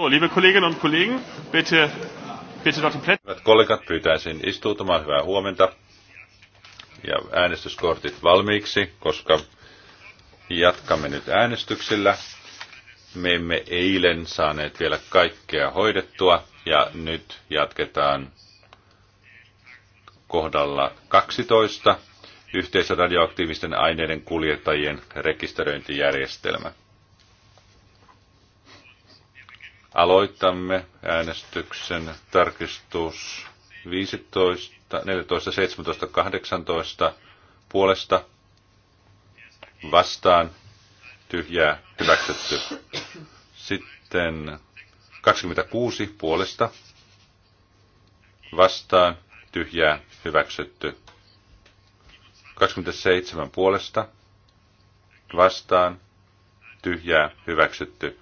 So, oh, liebe Kolleginnen und Kollegen, bitte, bitte Plätze. Hyvät kollegat, pyytäisin istuutumaan hyvää huomenta ja äänestyskortit valmiiksi, koska jatkamme nyt äänestyksillä. Me emme eilen saaneet vielä kaikkea hoidettua ja nyt jatketaan kohdalla 12 yhteisradioaktiivisten aineiden kuljettajien rekisteröintijärjestelmä. Aloitamme äänestyksen tarkistus 15, 14, 17, 18 puolesta vastaan tyhjää hyväksytty. Sitten 26 puolesta vastaan tyhjää hyväksytty. 27 puolesta vastaan tyhjää hyväksytty.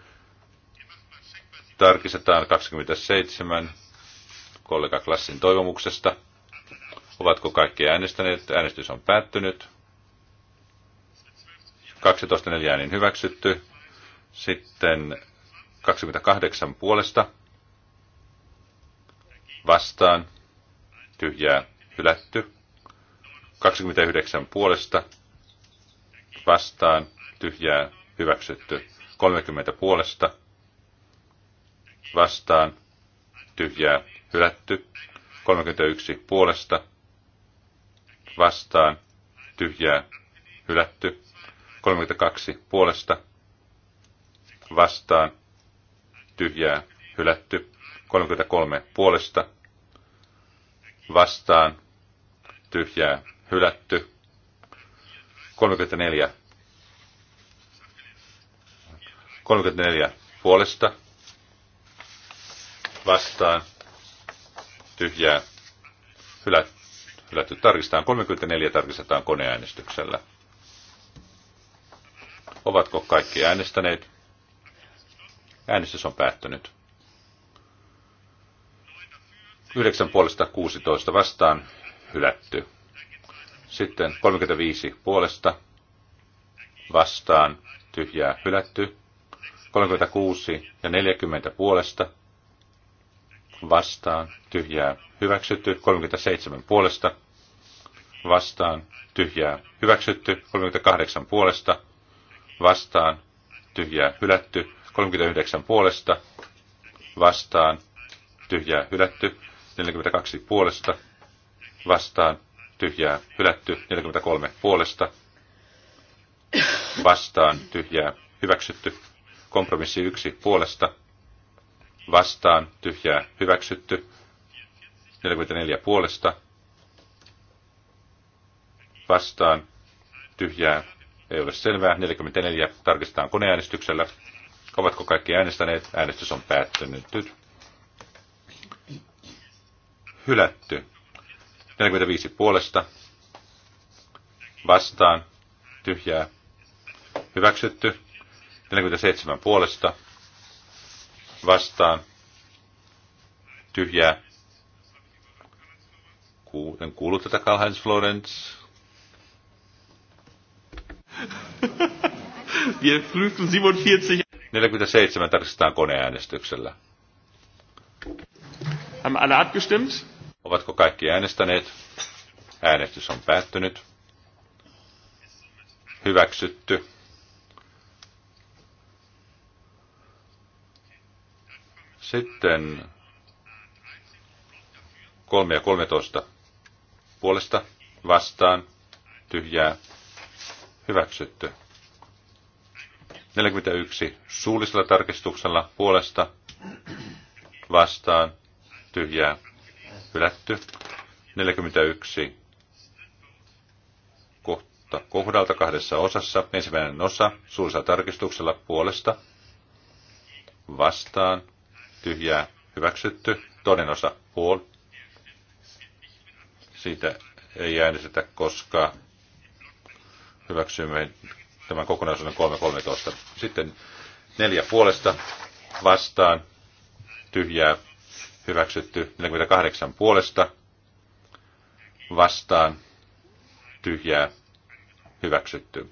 Tarkistetaan 27 kollega Klassin toivomuksesta. Ovatko kaikki äänestäneet? Äänestys on päättynyt. 12.4 äänin hyväksytty. Sitten 28 puolesta. Vastaan. Tyhjää hylätty. 29 puolesta. Vastaan. Tyhjää hyväksytty. 30 puolesta vastaan, tyhjää, hylätty. 31 puolesta, vastaan, tyhjää, hylätty. 32 puolesta, vastaan, tyhjää, hylätty. 33 puolesta, vastaan, tyhjää, hylätty. 34, 34 puolesta, vastaan tyhjää Hylät, hylätty. Tarkistetaan 34, tarkistetaan koneäänestyksellä. Ovatko kaikki äänestäneet? Äänestys on päättynyt. 9 puolesta 16 vastaan hylätty. Sitten 35 puolesta vastaan tyhjää hylätty. 36 ja 40 puolesta vastaan, tyhjää, hyväksytty. 37 puolesta, vastaan, tyhjää, hyväksytty. 38 puolesta, vastaan, tyhjää, hylätty. 39 puolesta, vastaan, tyhjää, hylätty. 42 puolesta, vastaan, tyhjää, hylätty. 43 puolesta, vastaan, tyhjää, hyväksytty. Kompromissi 1 puolesta, vastaan, tyhjää hyväksytty. 44 puolesta vastaan, tyhjää ei ole selvää. 44 tarkistetaan koneäänestyksellä. Ovatko kaikki äänestäneet? Äänestys on päättynyt. Hylätty. 45 puolesta. Vastaan. Tyhjää. Hyväksytty. 47 puolesta vastaan tyhjää. En kuulu tätä Karl-Heinz Florence. Wir flüchten 47. 47 tarkistetaan koneäänestyksellä. Haben alle abgestimmt? Ovatko kaikki äänestäneet? Äänestys on päättynyt. Hyväksytty. Sitten 3 ja 13 puolesta vastaan tyhjää hyväksytty. 41 suullisella tarkistuksella puolesta vastaan tyhjää hylätty. 41 kohta, kohdalta kahdessa osassa. Ensimmäinen osa suullisella tarkistuksella puolesta vastaan tyhjää hyväksytty. Toinen osa puol. Siitä ei äänestetä, koska hyväksymme tämän kokonaisuuden 3.13. Sitten neljä puolesta vastaan tyhjää hyväksytty 48 puolesta vastaan tyhjää hyväksytty.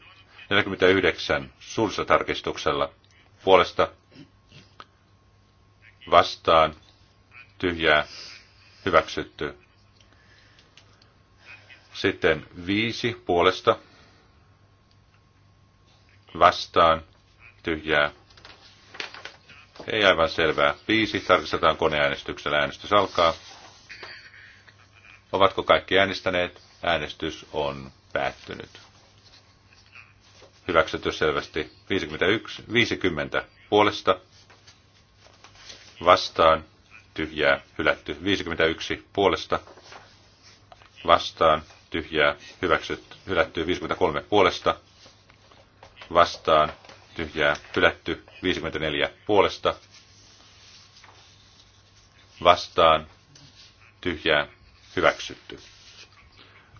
49 sulsa tarkistuksella puolesta vastaan tyhjää hyväksytty. Sitten viisi puolesta vastaan tyhjää. Ei aivan selvää. Viisi tarkistetaan koneäänestyksellä. Äänestys alkaa. Ovatko kaikki äänestäneet? Äänestys on päättynyt. Hyväksytty selvästi. 51, 50 puolesta vastaan, tyhjää, hylätty. 51 puolesta, vastaan, tyhjää, hyväksytty, hylätty. 53 puolesta, vastaan, tyhjää, hylätty. 54 puolesta, vastaan, tyhjää, hyväksytty.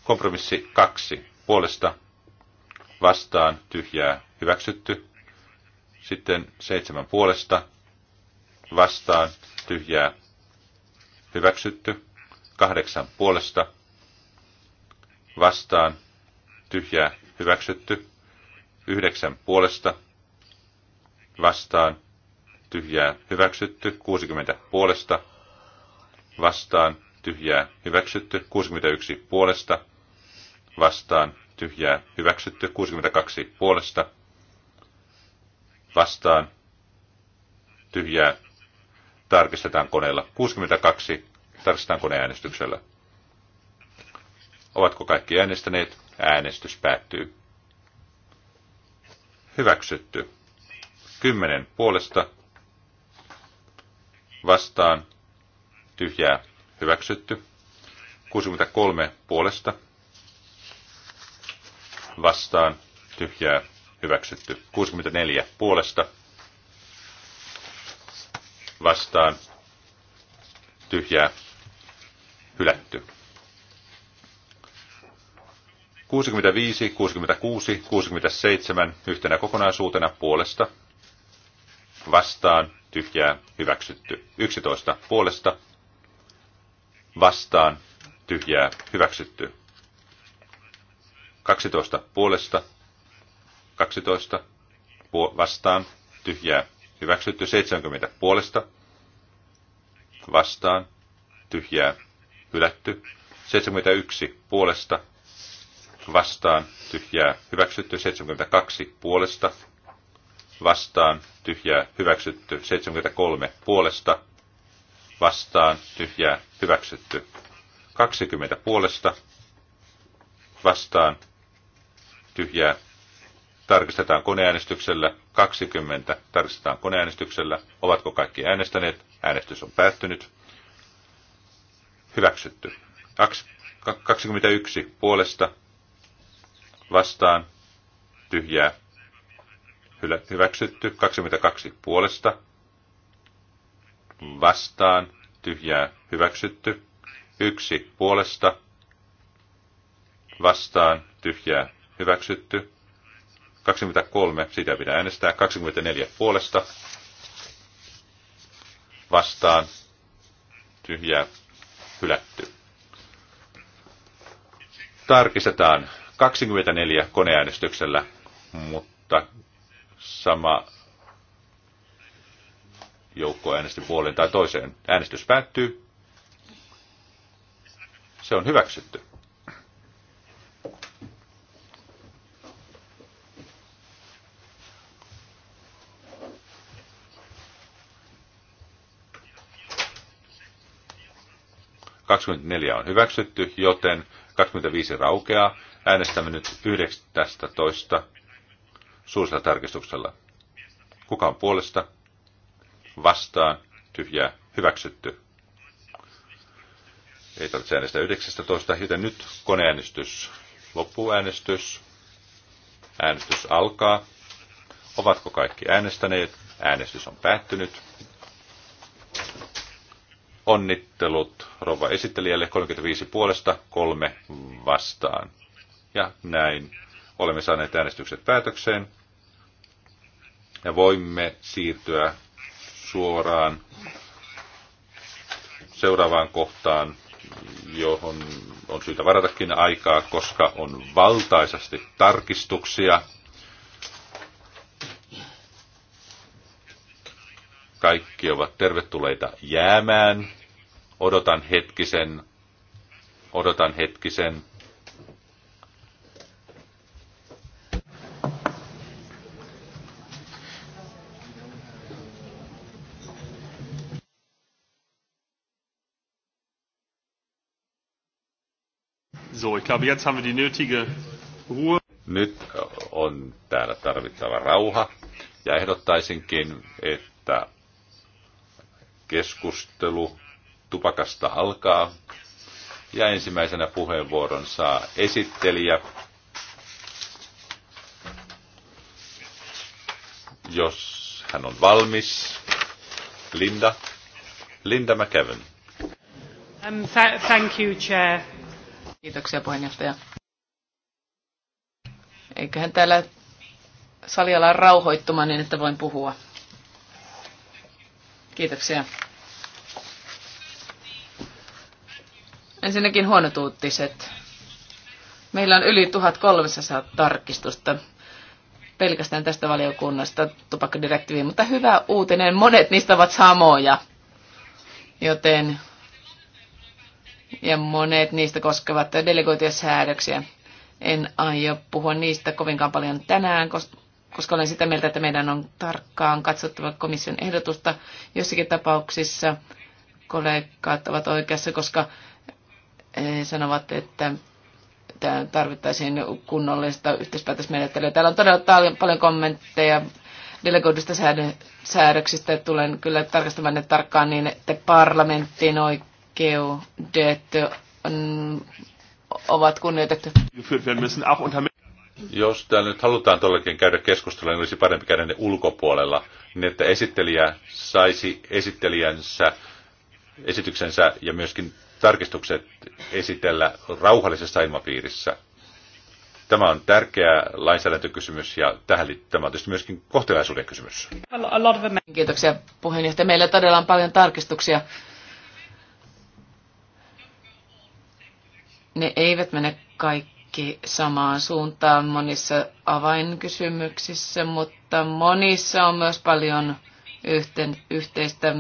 Kompromissi 2. Puolesta, vastaan, tyhjää, hyväksytty. Sitten seitsemän puolesta, vastaan tyhjää hyväksytty. Kahdeksan puolesta vastaan tyhjää hyväksytty. Yhdeksän puolesta vastaan tyhjää hyväksytty. 60 puolesta vastaan tyhjää hyväksytty. 61 puolesta vastaan tyhjää hyväksytty. 62 puolesta vastaan tyhjää tarkistetaan koneella. 62 tarkistetaan koneäänestyksellä. Ovatko kaikki äänestäneet? Äänestys päättyy. Hyväksytty. 10 puolesta vastaan tyhjää hyväksytty. 63 puolesta vastaan tyhjää hyväksytty. 64 puolesta vastaan tyhjää hylätty. 65, 66, 67 yhtenä kokonaisuutena puolesta vastaan tyhjää hyväksytty. 11 puolesta vastaan tyhjää hyväksytty. 12 puolesta 12 vastaan tyhjää hyväksytty. 70 puolesta vastaan, tyhjää, hylätty. 71 puolesta, vastaan, tyhjää, hyväksytty. 72 puolesta, vastaan, tyhjää, hyväksytty. 73 puolesta, vastaan, tyhjää, hyväksytty. 20 puolesta, vastaan, tyhjää, tarkistetaan koneäänestyksellä, 20 tarkistetaan koneäänestyksellä, ovatko kaikki äänestäneet, äänestys on päättynyt, hyväksytty. 21 puolesta vastaan tyhjää hyväksytty, 22 puolesta vastaan tyhjää hyväksytty, yksi puolesta vastaan tyhjää hyväksytty, 23, sitä pitää äänestää. 24 puolesta vastaan tyhjää hylätty. Tarkistetaan 24 koneäänestyksellä, mutta sama joukko äänesti puoleen tai toiseen. Äänestys päättyy. Se on hyväksytty. 24 on hyväksytty, joten 25 raukeaa. Äänestämme nyt 19 suurella tarkistuksella. Kuka on puolesta? Vastaan. Tyhjää. Hyväksytty. Ei tarvitse äänestää 19, joten nyt koneäänestys. Loppuäänestys. Äänestys alkaa. Ovatko kaikki äänestäneet? Äänestys on päättynyt. Onnittelut rouva esittelijälle 35 puolesta, kolme vastaan. Ja näin olemme saaneet äänestykset päätökseen. Ja voimme siirtyä suoraan seuraavaan kohtaan, johon on syytä varatakin aikaa, koska on valtaisasti tarkistuksia Kaikki ovat tervetulleita jäämään. Odotan hetkisen. Odotan hetkisen. So, ich glaube, jetzt haben wir die nötige Ruhe. Nyt on täällä tarvittava rauha ja ehdottaisinkin, että keskustelu tupakasta alkaa. Ja ensimmäisenä puheenvuoron saa esittelijä. Jos hän on valmis. Linda. Linda McKevin. Um, th- thank you, Chair. Kiitoksia puheenjohtaja. Eiköhän täällä saliala rauhoittumaan niin, että voin puhua. Kiitoksia. Ensinnäkin huonot uutiset. Meillä on yli 1300 tarkistusta pelkästään tästä valiokunnasta tupakkadirektiiviin, mutta hyvä uutinen, monet niistä ovat samoja. Joten, ja monet niistä koskevat delegoituja säädöksiä. En aio puhua niistä kovinkaan paljon tänään, koska koska olen sitä mieltä, että meidän on tarkkaan katsottava komission ehdotusta. Jossakin tapauksissa kollegat ovat oikeassa, koska he eh, sanovat, että tarvittaisiin kunnollista yhteispäätösmenettelyä. Täällä on todella paljon kommentteja delegoidusta säädöksistä. Tulen kyllä tarkastamaan ne tarkkaan niin, että parlamentin oikeudet mm, ovat kunnioitettu. Jos täällä nyt halutaan tuollakin käydä keskustelua, niin olisi parempi käydä ne ulkopuolella, niin että esittelijä saisi esittelijänsä, esityksensä ja myöskin tarkistukset esitellä rauhallisessa ilmapiirissä. Tämä on tärkeä lainsäädäntökysymys ja tähän tämä on tietysti myöskin kohtelaisuuden kysymys. Kiitoksia puheenjohtaja. Meillä todella on paljon tarkistuksia. Ne eivät mene kaikki kaikki samaan suuntaan monissa avainkysymyksissä, mutta monissa on myös paljon yhten, yhteistä.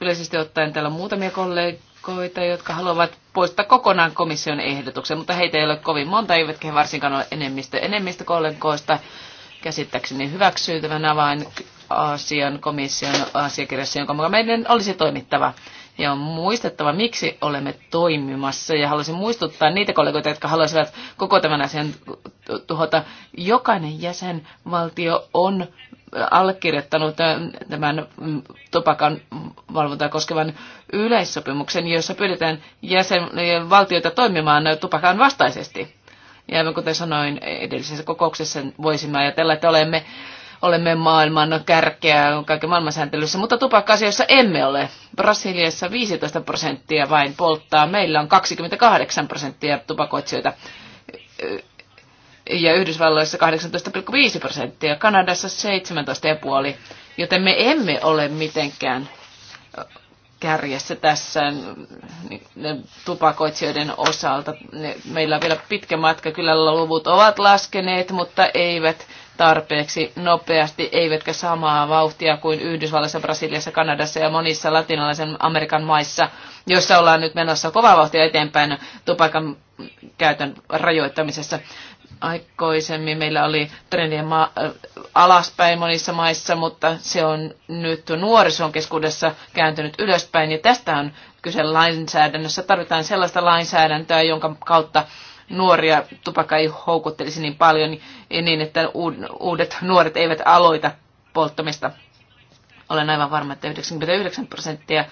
Yleisesti ottaen täällä on muutamia kollegoita, jotka haluavat poistaa kokonaan komission ehdotuksen, mutta heitä ei ole kovin monta, eivätkä he varsinkaan ole enemmistö. Enemmistö kollegoista käsittääkseni hyväksyy tämän avainasian komission asiakirjassa, jonka mukaan meidän olisi toimittava. Ja on muistettava, miksi olemme toimimassa. Ja haluaisin muistuttaa niitä kollegoita, jotka haluaisivat koko tämän asian tuhota. Jokainen jäsenvaltio on allekirjoittanut tämän tupakan valvontaa koskevan yleissopimuksen, jossa pyydetään jäsenvaltioita toimimaan tupakan vastaisesti. Ja kuten sanoin edellisessä kokouksessa, voisimme ajatella, että olemme olemme maailman kärkeä kaiken maailman sääntelyssä, mutta tupakka-asioissa emme ole. Brasiliassa 15 prosenttia vain polttaa, meillä on 28 prosenttia tupakoitsijoita ja Yhdysvalloissa 18,5 prosenttia, Kanadassa 17,5, joten me emme ole mitenkään kärjessä tässä niin, tupakoitsijoiden osalta. Meillä on vielä pitkä matka, kyllä luvut ovat laskeneet, mutta eivät tarpeeksi nopeasti, eivätkä samaa vauhtia kuin Yhdysvalloissa, Brasiliassa, Kanadassa ja monissa latinalaisen Amerikan maissa, joissa ollaan nyt menossa kovaa vauhtia eteenpäin tupakan käytön rajoittamisessa. Aikoisemmin meillä oli trendien ma- äh, alaspäin monissa maissa, mutta se on nyt nuorison keskuudessa kääntynyt ylöspäin, ja tästä on kyse lainsäädännössä. Tarvitaan sellaista lainsäädäntöä, jonka kautta nuoria tupakka ei houkuttelisi niin paljon niin, niin että uudet nuoret eivät aloita polttamista. Olen aivan varma, että 99 prosenttia äh,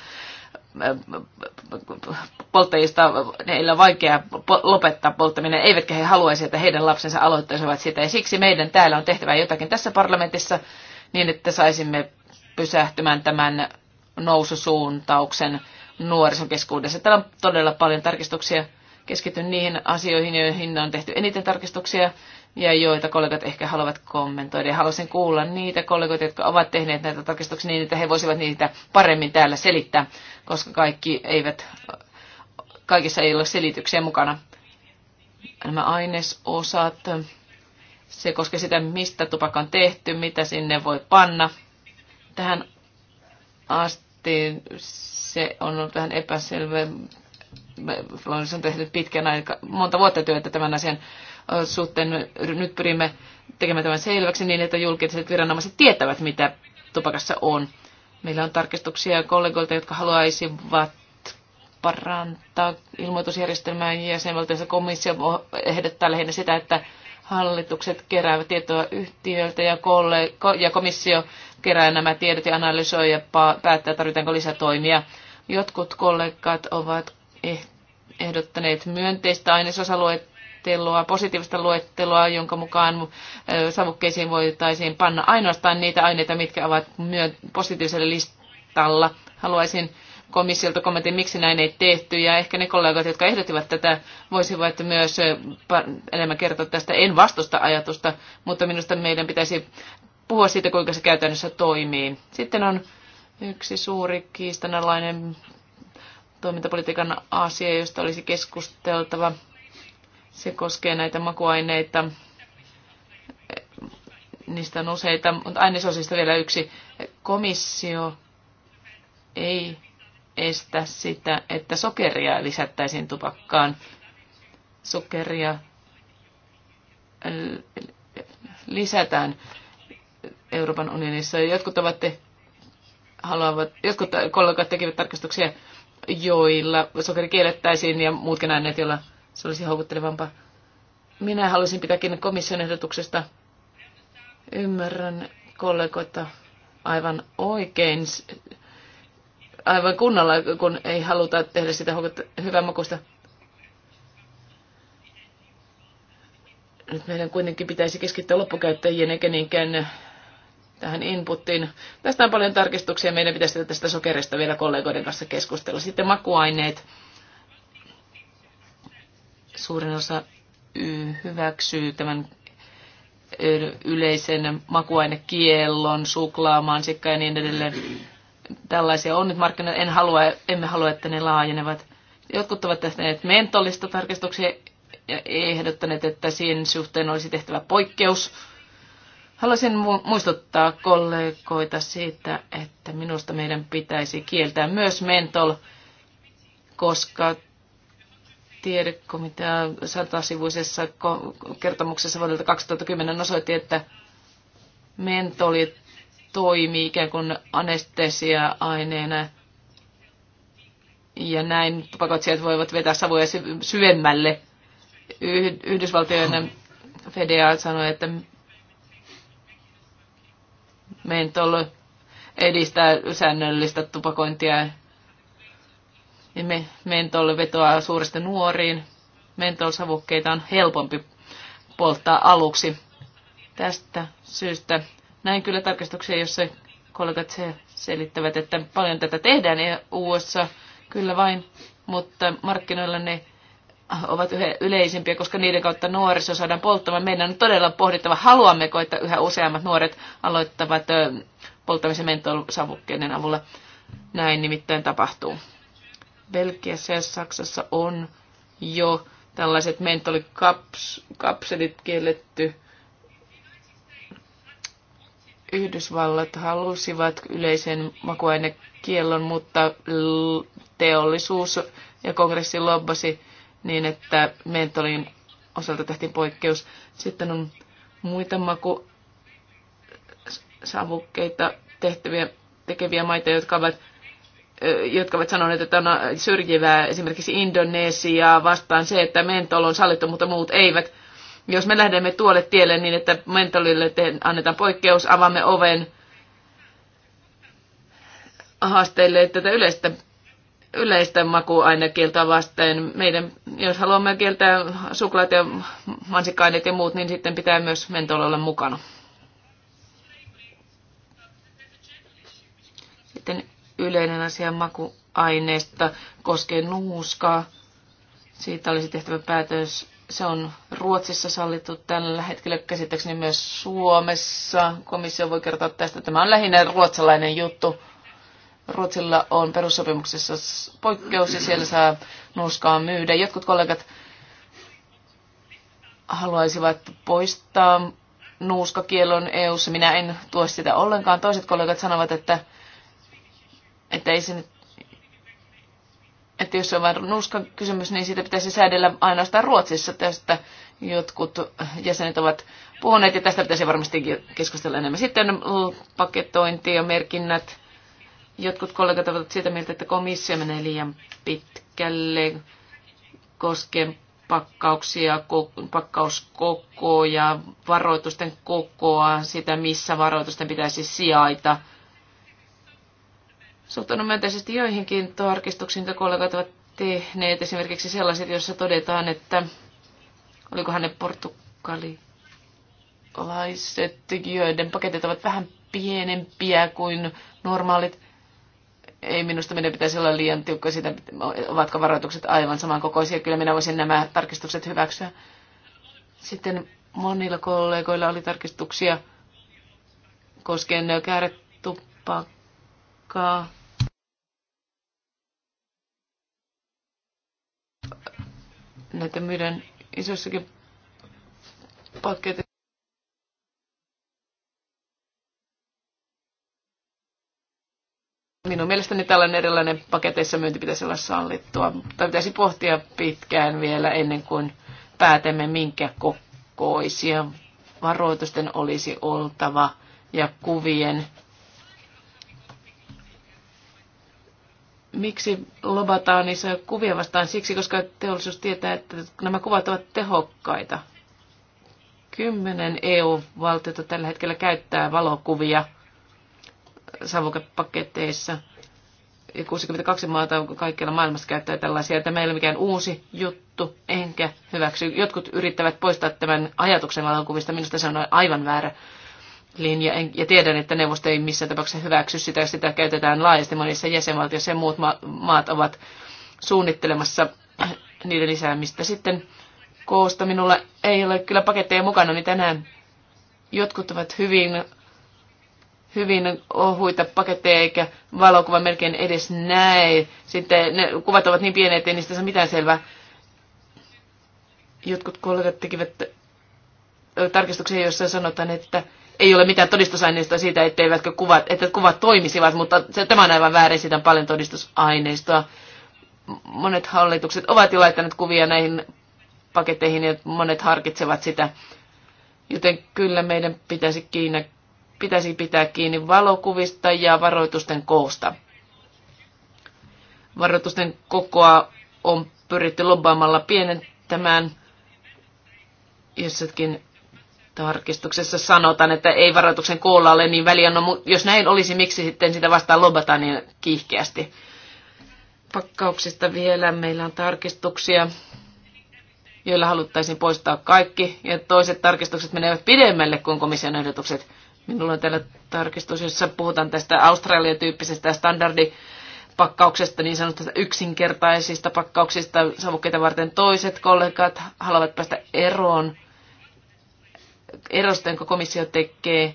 polttajista, heillä on vaikea lopettaa polttaminen, eivätkä he haluaisi, että heidän lapsensa aloittaisivat sitä. Ja siksi meidän täällä on tehtävä jotakin tässä parlamentissa niin, että saisimme pysähtymään tämän noususuuntauksen nuorisokeskuudessa. Täällä on todella paljon tarkistuksia keskityn niihin asioihin, joihin on tehty eniten tarkistuksia ja joita kollegat ehkä haluavat kommentoida. Ja haluaisin kuulla niitä kollegoita, jotka ovat tehneet näitä tarkistuksia niin, että he voisivat niitä paremmin täällä selittää, koska kaikki eivät, kaikissa ei ole selityksiä mukana. Nämä ainesosat, se koskee sitä, mistä tupakka on tehty, mitä sinne voi panna. Tähän asti se on ollut vähän epäselvä Florence on tehnyt pitkän aika, monta vuotta työtä tämän asian suhteen. Nyt pyrimme tekemään tämän selväksi niin, että julkiset viranomaiset tietävät, mitä tupakassa on. Meillä on tarkistuksia kollegoilta, jotka haluaisivat parantaa ilmoitusjärjestelmää ja jäsenvaltioissa. Komissio ehdottaa lähinnä sitä, että hallitukset keräävät tietoa yhtiöiltä ja, ja komissio kerää nämä tiedot ja analysoi ja päättää, tarvitaanko lisätoimia. Jotkut kollegat ovat Eh, ehdottaneet myönteistä ainesosaluettelua, positiivista luettelua, jonka mukaan savukkeisiin voitaisiin panna ainoastaan niitä aineita, mitkä ovat positiivisella listalla. Haluaisin komissiolta kommentin, miksi näin ei tehty, ja ehkä ne kollegat, jotka ehdottivat tätä, voisivat myös enemmän kertoa tästä. En vastusta ajatusta, mutta minusta meidän pitäisi puhua siitä, kuinka se käytännössä toimii. Sitten on yksi suuri kiistanalainen toimintapolitiikan asia, josta olisi keskusteltava. Se koskee näitä makuaineita. Niistä on useita, mutta ainesosista vielä yksi. Komissio ei estä sitä, että sokeria lisättäisiin tupakkaan. Sokeria äh, lisätään Euroopan unionissa. Jotkut ovat te, haluavat, jotkut kollegat tekevät tarkastuksia joilla sokeri kiellettäisiin ja muutkin aineet, joilla se olisi houkuttelevampaa. Minä haluaisin pitääkin komission ehdotuksesta. Ymmärrän kollegoita aivan oikein, aivan kunnolla, kun ei haluta tehdä sitä hyvää makusta. Nyt meidän kuitenkin pitäisi keskittyä loppukäyttäjien eikä niinkään tähän inputtiin. Tästä on paljon tarkistuksia. Meidän pitäisi tästä sokerista vielä kollegoiden kanssa keskustella. Sitten makuaineet. Suurin osa hyväksyy tämän yleisen makuainekiellon, suklaa, mansikka ja niin edelleen. Tällaisia on nyt markkinoilla. En halua, emme halua, että ne laajenevat. Jotkut ovat tehneet mentolista tarkistuksia ja ehdottaneet, että siihen suhteen olisi tehtävä poikkeus Haluaisin muistuttaa kollegoita siitä, että minusta meidän pitäisi kieltää myös mentol, koska tiedekomitea satasivuisessa kertomuksessa vuodelta 2010 osoitti, että mentoli toimii ikään kuin anestesia-aineena ja näin tupakoitsijat voivat vetää savuja syvemmälle. Yhdysvaltojen FDA sanoi, että mentol edistää säännöllistä tupakointia. Me, mentol vetoaa suuresti nuoriin. Mentol-savukkeita on helpompi polttaa aluksi. Tästä syystä näin kyllä tarkastuksia, se kollegat se selittävät, että paljon tätä tehdään EU:ssa kyllä vain, mutta markkinoilla ne ovat yhä yleisempiä, koska niiden kautta nuoriso saadaan polttamaan. Meidän on todella pohdittava, haluammeko, että yhä useammat nuoret aloittavat polttamisen mentolsavukkeiden avulla. Näin nimittäin tapahtuu. Belgiassa ja Saksassa on jo tällaiset mentolikapselit kielletty. Yhdysvallat halusivat yleisen makuainekiellon, mutta teollisuus ja kongressi lobbasi niin, että mentolin osalta tehtiin poikkeus. Sitten on muita maku savukkeita tehtäviä, tekeviä maita, jotka ovat, jotka ovat sanoneet, että on syrjivää esimerkiksi Indonesiaa vastaan se, että mentol on sallittu, mutta muut eivät. Jos me lähdemme tuolle tielle niin, että mentolille annetaan poikkeus, avaamme oven haasteille tätä yleistä yleistä makuainekieltoa vasten. Meidän, jos haluamme kieltää suklaat ja mansikaineet ja muut, niin sitten pitää myös mentolla olla mukana. Sitten yleinen asia makuaineesta koskee nuuskaa. Siitä olisi tehtävä päätös. Se on Ruotsissa sallittu tällä hetkellä käsittääkseni myös Suomessa. Komissio voi kertoa tästä. Tämä on lähinnä ruotsalainen juttu. Ruotsilla on perussopimuksessa poikkeus ja siellä saa nuuskaa myydä. Jotkut kollegat haluaisivat poistaa nuuskakielon EU-ssa. Minä en tuo sitä ollenkaan. Toiset kollegat sanovat, että, että ei se nyt että jos se on vain nuuskan kysymys, niin siitä pitäisi säädellä ainoastaan Ruotsissa. Tästä jotkut jäsenet ovat puhuneet ja tästä pitäisi varmasti keskustella enemmän. Sitten paketointi ja merkinnät. Jotkut kollegat ovat sitä mieltä, että komissio menee liian pitkälle koskien pakkauksia, pakkauskokoja, varoitusten kokoa, sitä missä varoitusten pitäisi sijaita. Suhtaudun myönteisesti joihinkin tarkistuksiin, joita kollegat ovat tehneet, esimerkiksi sellaiset, joissa todetaan, että olikohan ne portugalilaiset, joiden paketit ovat vähän pienempiä kuin normaalit ei minusta meidän pitäisi olla liian tiukka siitä, ovatko varoitukset aivan samankokoisia. Kyllä minä voisin nämä tarkistukset hyväksyä. Sitten monilla kollegoilla oli tarkistuksia koskien kääretupakkaa. Näitä myydään isossakin paketissa. minun mielestäni tällainen erilainen paketeissa myynti pitäisi olla sallittua, mutta pitäisi pohtia pitkään vielä ennen kuin päätämme, minkä kokoisia varoitusten olisi oltava ja kuvien. Miksi lobataan niissä kuvia vastaan? Siksi, koska teollisuus tietää, että nämä kuvat ovat tehokkaita. Kymmenen EU-valtiota tällä hetkellä käyttää valokuvia – savukepaketeissa. 62 maata kaikkialla maailmassa käyttää tällaisia. meillä ei ole mikään uusi juttu, enkä hyväksy. Jotkut yrittävät poistaa tämän ajatuksen valokuvista. Minusta se on aivan väärä linja. Ja tiedän, että neuvosto ei missään tapauksessa hyväksy sitä. Sitä käytetään laajasti monissa jäsenvaltioissa ja muut ma- maat ovat suunnittelemassa niiden lisäämistä. Sitten koosta minulla ei ole kyllä paketteja mukana niin tänään. Jotkut ovat hyvin hyvin ohuita paketteja, eikä valokuva melkein edes näe. Sitten ne kuvat ovat niin pieniä, ettei niistä saa mitään selvää. Jotkut kollegat tekivät tarkistuksen, jossa sanotaan, että ei ole mitään todistusaineistoa siitä, etteivätkö kuvat, että kuvat toimisivat, mutta se, tämä on aivan väärin, siitä on paljon todistusaineistoa. Monet hallitukset ovat jo laittaneet kuvia näihin paketteihin ja monet harkitsevat sitä. Joten kyllä meidän pitäisi kiinnittää pitäisi pitää kiinni valokuvista ja varoitusten koosta. Varoitusten kokoa on pyritty lobbaamalla pienentämään. Jossakin tarkistuksessa sanotaan, että ei varoituksen koolla ole niin väliä. No, jos näin olisi, miksi sitten sitä vastaan lobataan niin kiihkeästi? Pakkauksista vielä meillä on tarkistuksia joilla haluttaisiin poistaa kaikki, ja toiset tarkistukset menevät pidemmälle kuin komission ehdotukset. Minulla on täällä tarkistus, jossa puhutaan tästä Australia-tyyppisestä standardi pakkauksesta, niin sanotusta yksinkertaisista pakkauksista savukkeita varten toiset kollegat haluavat päästä eroon erosta, jonka komissio tekee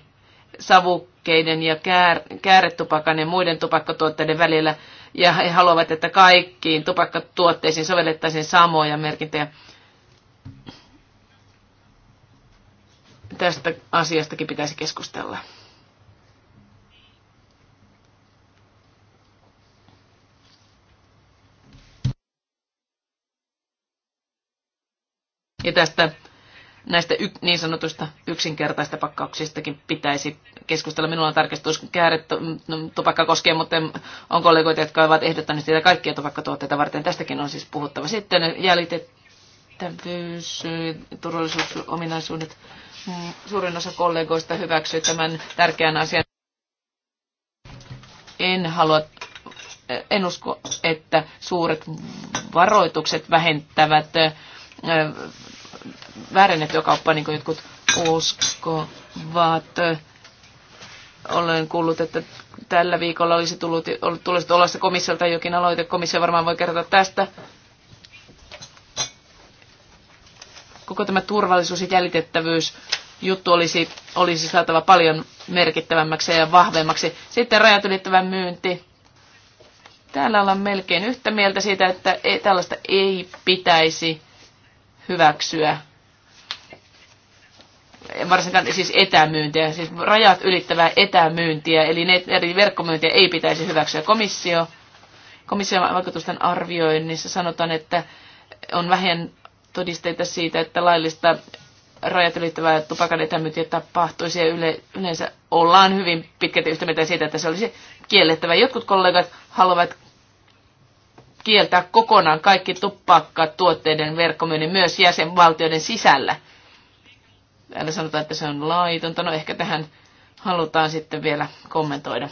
savukkeiden ja käär, kääretupakan ja muiden tupakkatuotteiden välillä, ja he haluavat, että kaikkiin tupakkatuotteisiin sovellettaisiin samoja merkintöjä tästä asiastakin pitäisi keskustella. Ja tästä näistä y- niin sanotuista yksinkertaista pakkauksistakin pitäisi keskustella. Minulla on tarkistus kääret no, tupakka koskee, mutta on kollegoita, jotka ovat ehdottaneet sitä kaikkia tupakkatuotteita varten. Tästäkin on siis puhuttava. Sitten jäljitettävyys, turvallisuusominaisuudet. Suurin osa kollegoista hyväksyy tämän tärkeän asian. En halua, en usko, että suuret varoitukset vähentävät väärennettyä kauppaa, niin kuin jotkut uskovat. Olen kuullut, että tällä viikolla olisi tullut, tullut olla komissiolta jokin aloite. Komissio varmaan voi kertoa tästä. Koko tämä turvallisuus ja jäljitettävyys juttu olisi, olisi saatava paljon merkittävämmäksi ja vahvemmaksi. Sitten rajat ylittävä myynti. Täällä ollaan melkein yhtä mieltä siitä, että ei, tällaista ei pitäisi hyväksyä. Varsinkaan siis etämyyntiä, siis rajat ylittävää etämyyntiä, eli ne eri verkkomyyntiä ei pitäisi hyväksyä. Komissio, komission vaikutusten arvioinnissa sanotaan, että on vähän todisteita siitä, että laillista rajat ylittävää tupakan etämyyntiä tapahtuisi ja yle, yleensä ollaan hyvin pitkälti yhtä mieltä siitä, että se olisi kiellettävä. Jotkut kollegat haluavat kieltää kokonaan kaikki tupakkatuotteiden verkkomyynnin myös jäsenvaltioiden sisällä. Täällä sanotaan, että se on laitonta. No ehkä tähän halutaan sitten vielä kommentoida.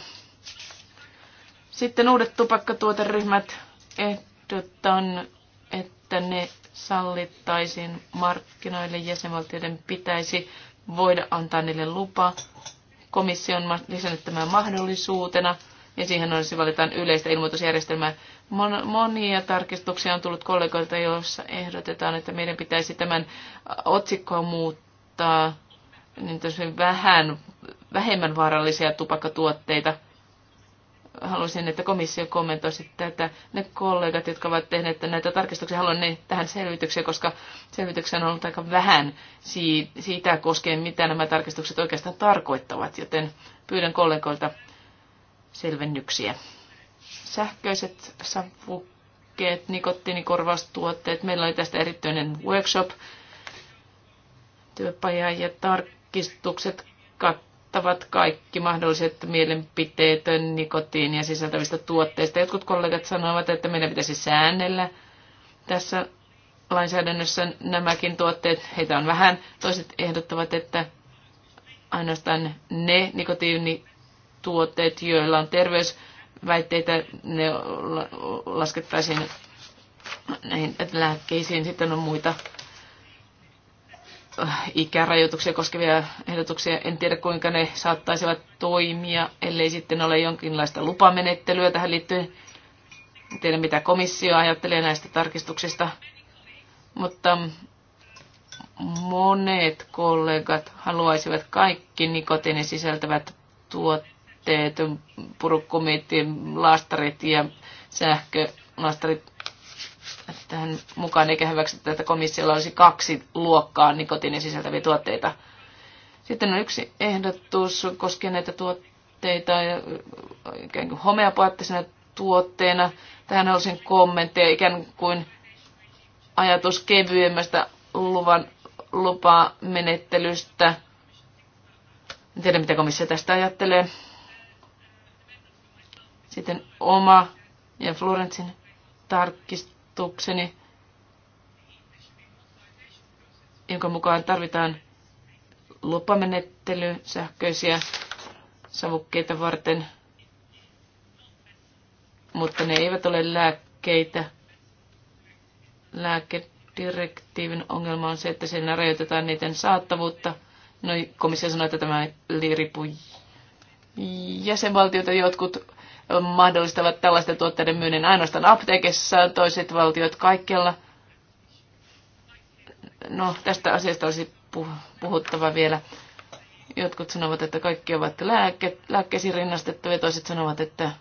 Sitten uudet tupakkatuoteryhmät ehdotan, että ne sallittaisiin markkinoille, jäsenvaltioiden pitäisi voida antaa niille lupa. Komissio on lisännyt tämän mahdollisuutena ja siihen on, se valitaan yleistä ilmoitusjärjestelmää. Monia tarkistuksia on tullut kollegoilta, joissa ehdotetaan, että meidän pitäisi tämän otsikkoa muuttaa niin vähän, vähemmän vaarallisia tupakkatuotteita – haluaisin, että komissio kommentoisi tätä. Ne kollegat, jotka ovat tehneet näitä tarkistuksia, haluan ne tähän selvitykseen, koska selvityksiä on ollut aika vähän siitä koskien, mitä nämä tarkistukset oikeastaan tarkoittavat, joten pyydän kollegoilta selvennyksiä. Sähköiset savukkeet, nikotiinikorvaustuotteet. Meillä oli tästä erityinen workshop, työpaja ja tarkistukset 2 kattavat kaikki mahdolliset mielenpiteet nikotiinia sisältävistä tuotteista. Jotkut kollegat sanoivat, että meidän pitäisi säännellä tässä lainsäädännössä nämäkin tuotteet, heitä on vähän. Toiset ehdottavat, että ainoastaan ne nikotiinituotteet, joilla on terveysväitteitä, ne laskettaisiin näihin lääkkeisiin. Sitten on muita ikärajoituksia koskevia ehdotuksia. En tiedä, kuinka ne saattaisivat toimia, ellei sitten ole jonkinlaista lupamenettelyä tähän liittyen. En tiedä, mitä komissio ajattelee näistä tarkistuksista. Mutta monet kollegat haluaisivat kaikki nikotiinin sisältävät tuotteet, purukkumit, laastarit ja sähkölastarit tähän mukaan, eikä hyväksytä, että komissiolla olisi kaksi luokkaa nikotiinin sisältäviä tuotteita. Sitten on yksi ehdotus koskien näitä tuotteita äh, ikään kuin homeopaattisena tuotteena. Tähän olisin kommentteja ikään kuin ajatus kevyemmästä luvan lupamenettelystä. En tiedä, mitä komissio tästä ajattelee. Sitten oma ja Florentsin tarkistus ehdotukseni, jonka mukaan tarvitaan lupamenettely sähköisiä savukkeita varten, mutta ne eivät ole lääkkeitä. Lääkedirektiivin ongelma on se, että siinä rajoitetaan niiden saattavuutta. No, komissio sanoi, että tämä liiripui jäsenvaltiota. Jotkut mahdollistavat tällaisten tuotteiden myynnin ainoastaan apteekissa, toiset valtiot kaikkialla. No, tästä asiasta olisi puhuttava vielä. Jotkut sanovat, että kaikki ovat lääke, lääkkeisiin rinnastettavia, toiset sanovat, että,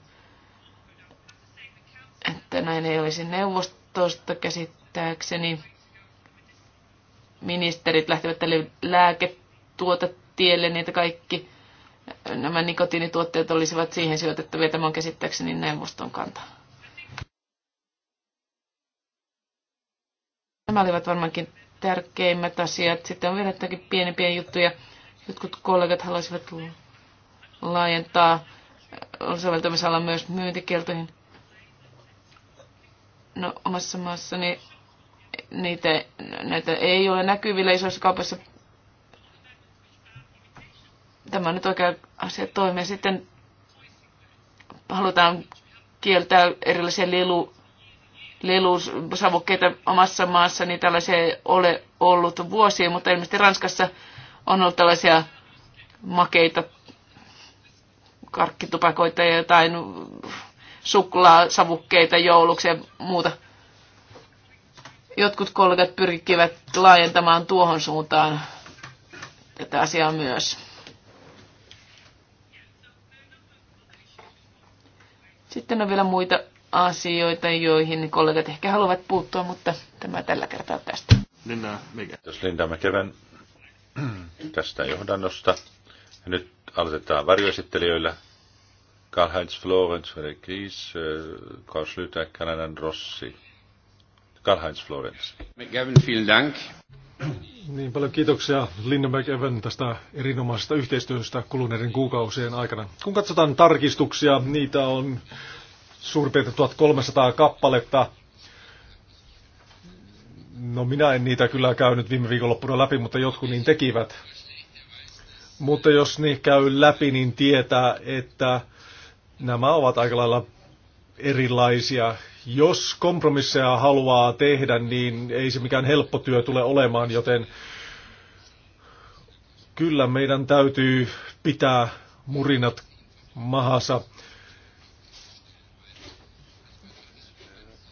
että näin ei olisi neuvostosta käsittääkseni. Ministerit lähtevät tälle lääketuotetielle, niitä kaikki nämä nikotiinituotteet olisivat siihen sijoitettavia. Tämä on käsittääkseni neuvoston kanta. Nämä olivat varmaankin tärkeimmät asiat. Sitten on vielä jotakin pienempiä juttuja. Jotkut kollegat haluaisivat laajentaa soveltamisala myös myyntikieltoihin. No omassa maassani niitä, näitä ei ole näkyvillä isoissa kaupassa tämä nyt oikein asia toimii. Sitten halutaan kieltää erilaisia lelu, lelusavukkeita omassa maassa, niin tällaisia ei ole ollut vuosia, mutta ilmeisesti Ranskassa on ollut tällaisia makeita karkkitupakoita ja jotain suklaasavukkeita jouluksi ja muuta. Jotkut kollegat pyrkivät laajentamaan tuohon suuntaan tätä asiaa myös. Sitten on vielä muita asioita, joihin kollegat ehkä haluavat puuttua, mutta tämä tällä kertaa tästä. Linda mikä? Jos Linda Mäkevän tästä johdannosta. Ja nyt aloitetaan varjoesittelijöillä. Karl-Heinz Florence, Frederik Kies, äh, Karl Schlüter, Kanadan Rossi. Karl-Heinz Florence. McGavin, vielen Dank. Niin paljon kiitoksia Lindenberg Even tästä erinomaisesta yhteistyöstä kuluneiden kuukausien aikana. Kun katsotaan tarkistuksia, niitä on suurin piirtein 1300 kappaletta. No minä en niitä kyllä käynyt viime viikonloppuna läpi, mutta jotkut niin tekivät. Mutta jos niin käy läpi, niin tietää, että nämä ovat aika lailla erilaisia jos kompromisseja haluaa tehdä, niin ei se mikään helppo työ tule olemaan, joten kyllä meidän täytyy pitää murinat mahassa.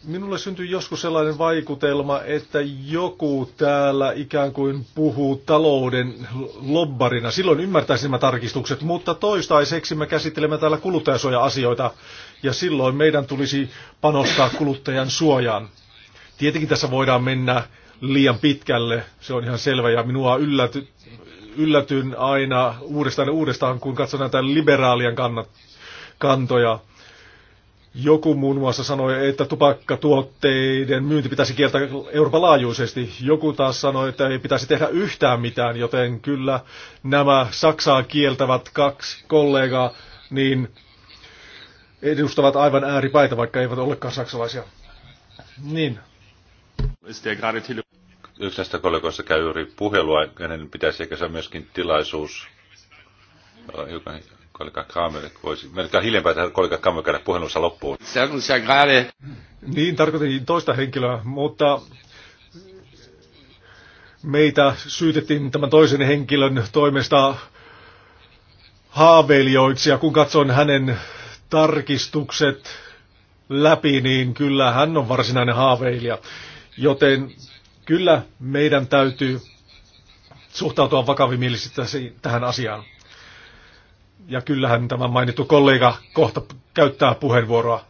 Minulle syntyi joskus sellainen vaikutelma, että joku täällä ikään kuin puhuu talouden lobbarina. Silloin ymmärtäisin nämä tarkistukset, mutta toistaiseksi me käsittelemme täällä kuluttajasuoja-asioita ja silloin meidän tulisi panostaa kuluttajan suojaan. Tietenkin tässä voidaan mennä liian pitkälle, se on ihan selvä ja minua ylläty, yllätyn aina uudestaan ja uudestaan, kun katson näitä liberaalien kannat, kantoja joku muun muassa sanoi, että tupakkatuotteiden myynti pitäisi kieltää Euroopan laajuisesti. Joku taas sanoi, että ei pitäisi tehdä yhtään mitään, joten kyllä nämä Saksaa kieltävät kaksi kollegaa niin edustavat aivan ääripäitä, vaikka eivät olekaan saksalaisia. Niin. Yksi näistä kollegoista käy juuri puhelua, hänen pitäisi ehkä saada myöskin tilaisuus, äh, kollega Kramer voisi, melkein hiljempää tähän kollega Kramer käydä puhelunsa loppuun. Niin, tarkoitin toista henkilöä, mutta meitä syytettiin tämän toisen henkilön toimesta haaveilijoiksi, ja kun katson hänen tarkistukset läpi, niin kyllä hän on varsinainen haaveilija. Joten kyllä meidän täytyy suhtautua vakavimielisesti tähän asiaan. Ja kyllähän tämä mainittu kollega kohta käyttää puheenvuoroa.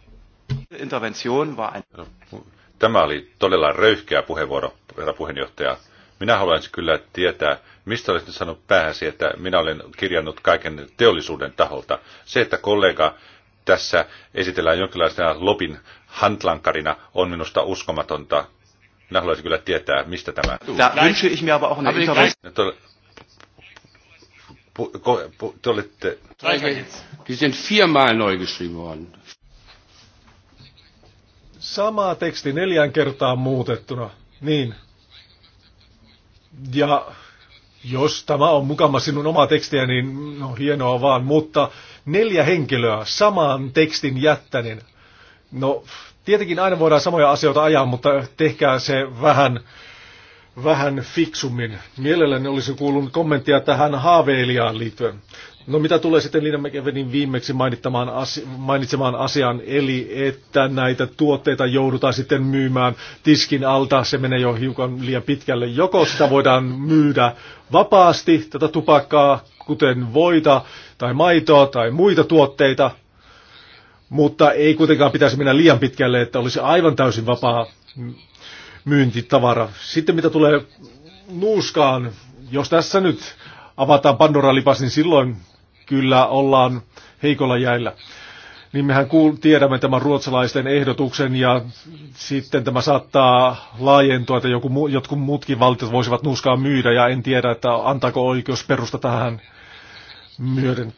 Tämä oli todella röyhkeä puheenvuoro, herra puheenjohtaja. Minä haluaisin kyllä tietää, mistä olisit sanonut päähäsi, että minä olen kirjannut kaiken teollisuuden taholta. Se, että kollega tässä esitellään jonkinlaisena lobin hantlankarina, on minusta uskomatonta. Minä haluaisin kyllä tietää, mistä tämä... ich mir aber auch eine Pu, olette... viermal neu geschrieben worden. teksti neljän kertaa muutettuna. Niin. Ja jos tämä on mukama sinun oma tekstiä, niin no hienoa vaan, mutta neljä henkilöä saman tekstin jättäneen, No, tietenkin aina voidaan samoja asioita ajaa, mutta tehkää se vähän vähän fiksummin. Mielelläni olisi kuullut kommenttia tähän haaveilijaan liittyen. No mitä tulee sitten Liina McEvenin viimeksi mainittamaan asi- mainitsemaan asiaan, eli että näitä tuotteita joudutaan sitten myymään tiskin alta, se menee jo hiukan liian pitkälle. Joko sitä voidaan myydä vapaasti, tätä tupakkaa, kuten voita tai maitoa tai muita tuotteita, mutta ei kuitenkaan pitäisi mennä liian pitkälle, että olisi aivan täysin vapaa myyntitavara. Sitten mitä tulee nuuskaan, jos tässä nyt avataan Pandora-lipas, niin silloin kyllä ollaan heikolla jäillä. Niin mehän kuul- tiedämme tämän ruotsalaisten ehdotuksen ja sitten tämä saattaa laajentua, että joku, jotkut muutkin valtiot voisivat nuuskaa myydä ja en tiedä, että antaako oikeus perusta tähän myöden.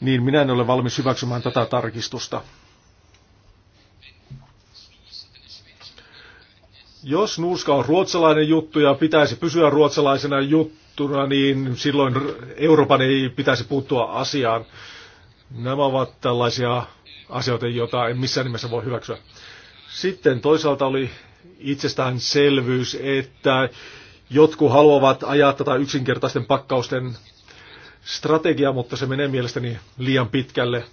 Niin minä en ole valmis hyväksymään tätä tarkistusta. Jos nuuska on ruotsalainen juttu ja pitäisi pysyä ruotsalaisena juttuna, niin silloin Euroopan ei pitäisi puuttua asiaan. Nämä ovat tällaisia asioita, joita en missään nimessä voi hyväksyä. Sitten toisaalta oli itsestäänselvyys, että jotkut haluavat ajaa tätä yksinkertaisten pakkausten strategiaa, mutta se menee mielestäni liian pitkälle.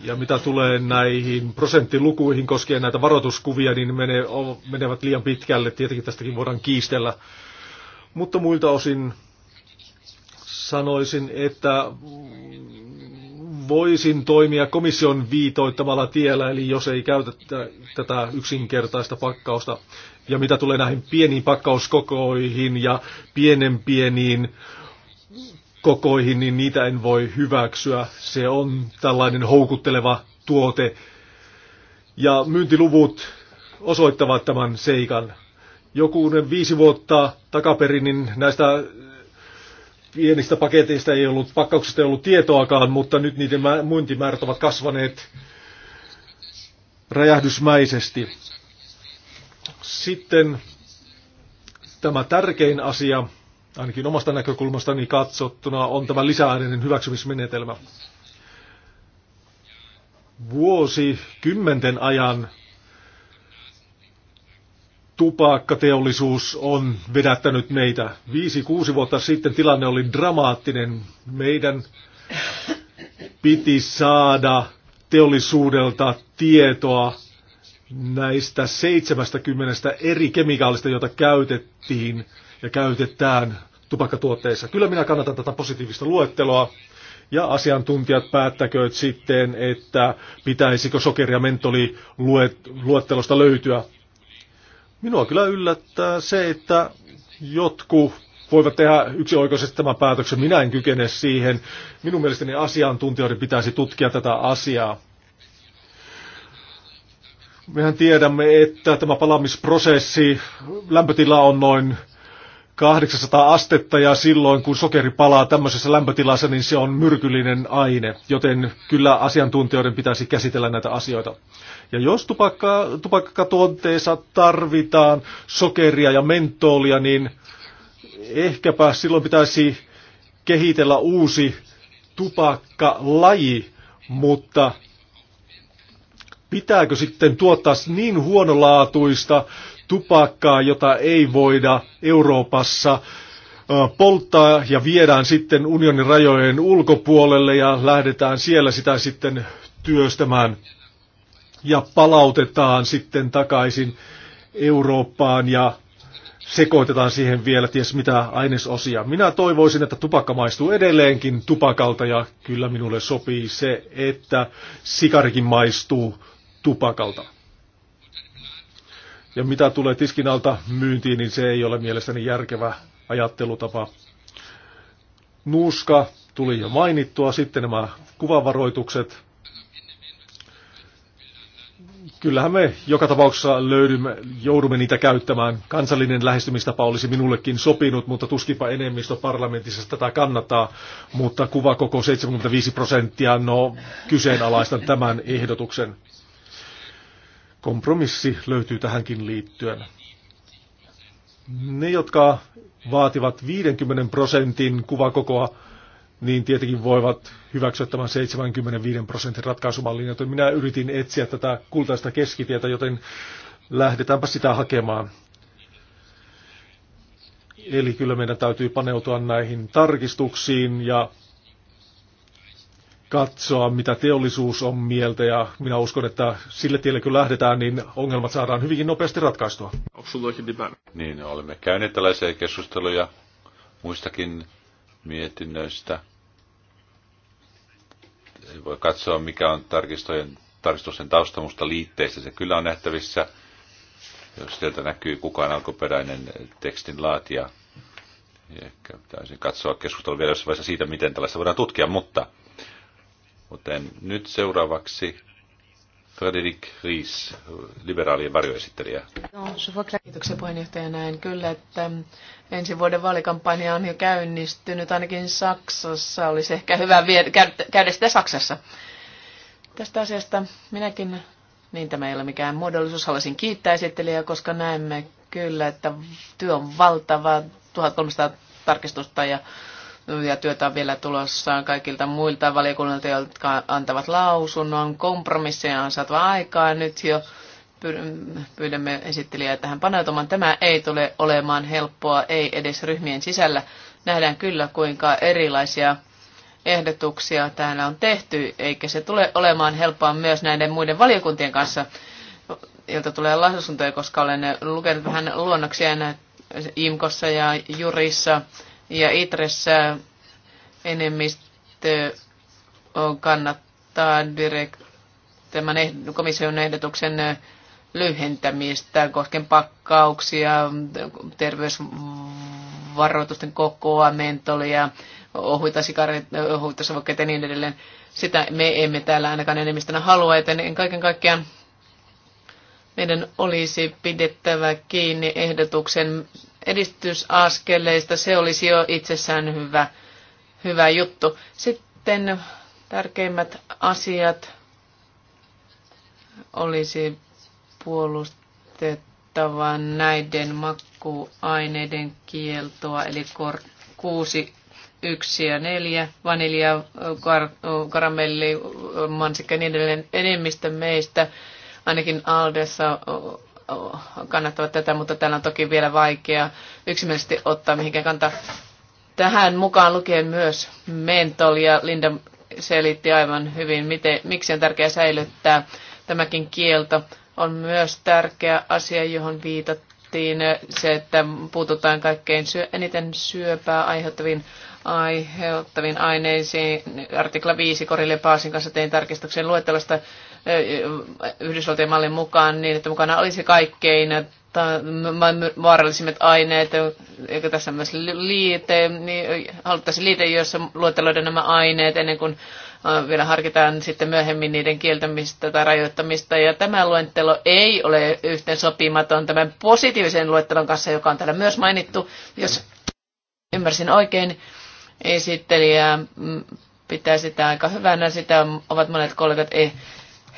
Ja mitä tulee näihin prosenttilukuihin koskien näitä varoituskuvia, niin ne menevät liian pitkälle. Tietenkin tästäkin voidaan kiistellä. Mutta muilta osin sanoisin, että voisin toimia komission viitoittamalla tiellä, eli jos ei käytetä tätä yksinkertaista pakkausta. Ja mitä tulee näihin pieniin pakkauskokoihin ja pienen pieniin kokoihin, niin niitä en voi hyväksyä. Se on tällainen houkutteleva tuote. Ja myyntiluvut osoittavat tämän seikan. Joku viisi vuotta takaperin niin näistä pienistä paketeista ei ollut, pakkauksista ei ollut tietoakaan, mutta nyt niiden myyntimäärät ovat kasvaneet räjähdysmäisesti. Sitten tämä tärkein asia, ainakin omasta näkökulmastani katsottuna, on tämä lisäaineiden hyväksymismenetelmä. Vuosi kymmenten ajan tupakkateollisuus on vedättänyt meitä. Viisi, kuusi vuotta sitten tilanne oli dramaattinen. Meidän piti saada teollisuudelta tietoa näistä 70 eri kemikaalista, joita käytettiin ja käytetään tupakkatuotteissa. Kyllä minä kannatan tätä positiivista luetteloa. Ja asiantuntijat päättäkööt sitten, että pitäisikö sokeri- ja mentoliluettelosta löytyä. Minua kyllä yllättää se, että jotkut voivat tehdä yksioikoisesti tämän päätöksen. Minä en kykene siihen. Minun mielestäni asiantuntijoiden pitäisi tutkia tätä asiaa. Mehän tiedämme, että tämä palamisprosessi, lämpötila on noin 800 astetta ja silloin kun sokeri palaa tämmöisessä lämpötilassa, niin se on myrkyllinen aine, joten kyllä asiantuntijoiden pitäisi käsitellä näitä asioita. Ja jos tupakka, tupakkatuonteessa tarvitaan sokeria ja mentoolia, niin ehkäpä silloin pitäisi kehitellä uusi tupakkalaji, mutta pitääkö sitten tuottaa niin huonolaatuista tupakkaa, jota ei voida Euroopassa polttaa ja viedään sitten unionin rajojen ulkopuolelle ja lähdetään siellä sitä sitten työstämään ja palautetaan sitten takaisin Eurooppaan ja sekoitetaan siihen vielä ties mitä ainesosia. Minä toivoisin, että tupakka maistuu edelleenkin tupakalta ja kyllä minulle sopii se, että sikarikin maistuu tupakalta. Ja mitä tulee tiskin alta myyntiin, niin se ei ole mielestäni järkevä ajattelutapa. Nuuska tuli jo mainittua, sitten nämä kuvavaroitukset. Kyllähän me joka tapauksessa löydymme, joudumme niitä käyttämään. Kansallinen lähestymistapa olisi minullekin sopinut, mutta tuskinpa enemmistö parlamentissa tätä kannattaa. Mutta koko 75 prosenttia, no kyseenalaistan tämän ehdotuksen. Kompromissi löytyy tähänkin liittyen. Ne, jotka vaativat 50 prosentin kuvakokoa, niin tietenkin voivat hyväksyä tämän 75 prosentin ratkaisumallin, joten minä yritin etsiä tätä kultaista keskitietä, joten lähdetäänpä sitä hakemaan. Eli kyllä meidän täytyy paneutua näihin tarkistuksiin ja katsoa, mitä teollisuus on mieltä ja minä uskon, että sille tielle kun lähdetään, niin ongelmat saadaan hyvinkin nopeasti ratkaistua. Niin, olemme käyneet tällaisia keskusteluja muistakin mietinnöistä. Ei voi katsoa, mikä on tarkistojen, tarkistusten taustamusta liitteistä. Se kyllä on nähtävissä, jos sieltä näkyy kukaan alkuperäinen tekstin laatija. Ehkä täysin katsoa keskustelua vielä jossain vaiheessa siitä, miten tällaista voidaan tutkia, mutta mutta nyt seuraavaksi Frederik Ries, liberaalien varjoesittelijä. Kiitoksia puheenjohtaja. näin. kyllä, että ensi vuoden vaalikampanja on jo käynnistynyt, ainakin Saksassa. Olisi ehkä hyvä käydä sitä Saksassa. Tästä asiasta minäkin, niin tämä ei ole mikään muodollisuus, haluaisin kiittää esittelijää, koska näemme kyllä, että työ on valtava, 1300 tarkistusta ja ja työtä on vielä tulossa kaikilta muilta valiokunnilta, jotka antavat lausunnon. Kompromisseja on saatava aikaa nyt jo. Pyydämme esittelijää tähän paneutumaan. Tämä ei tule olemaan helppoa, ei edes ryhmien sisällä. Nähdään kyllä, kuinka erilaisia ehdotuksia täällä on tehty, eikä se tule olemaan helppoa myös näiden muiden valiokuntien kanssa, joilta tulee lausuntoja, koska olen lukenut vähän luonnoksia IMKossa ja Jurissa ja Itressä enemmistö kannattaa direkt, tämän eh- komission ehdotuksen eh, lyhentämistä koskien pakkauksia, terveysvaroitusten kokoa, mentolia, ohuita sikareita, eh, ohuita savukkeita ja niin edelleen. Sitä me emme täällä ainakaan enemmistönä halua, joten kaiken kaikkiaan meidän olisi pidettävä kiinni ehdotuksen edistysaskeleista. Se olisi jo itsessään hyvä, hyvä juttu. Sitten tärkeimmät asiat olisi puolustettava näiden makkuaineiden kieltoa, eli kor- kuusi 1 ja 4, vanilja, kar- karamelli, mansikka ja niin edelleen. Enemmistö meistä, ainakin Aldessa, kannattavat tätä, mutta täällä on toki vielä vaikea yksimielisesti ottaa mihinkään kantaa. Tähän mukaan lukien myös mentol ja Linda selitti aivan hyvin, miten, miksi on tärkeää säilyttää tämäkin kielto. On myös tärkeä asia, johon viitattiin, se, että puututaan kaikkein syö, eniten syöpää aiheuttaviin aiheuttaviin aineisiin. Artikla 5 Korille Paasin kanssa tein tarkistuksen luettelosta Yhdysvaltojen mallin mukaan niin, että mukana olisi kaikkein vaarallisimmat aineet, eikä tässä myös liite, niin haluttaisiin liite, jossa luetteloidaan nämä aineet ennen kuin vielä harkitaan sitten myöhemmin niiden kieltämistä tai rajoittamista. Ja tämä luettelo ei ole yhteen sopimaton tämän positiivisen luettelon kanssa, joka on täällä myös mainittu, jos ymmärsin oikein esittelijä pitää sitä aika hyvänä. Sitä ovat monet kollegat eh,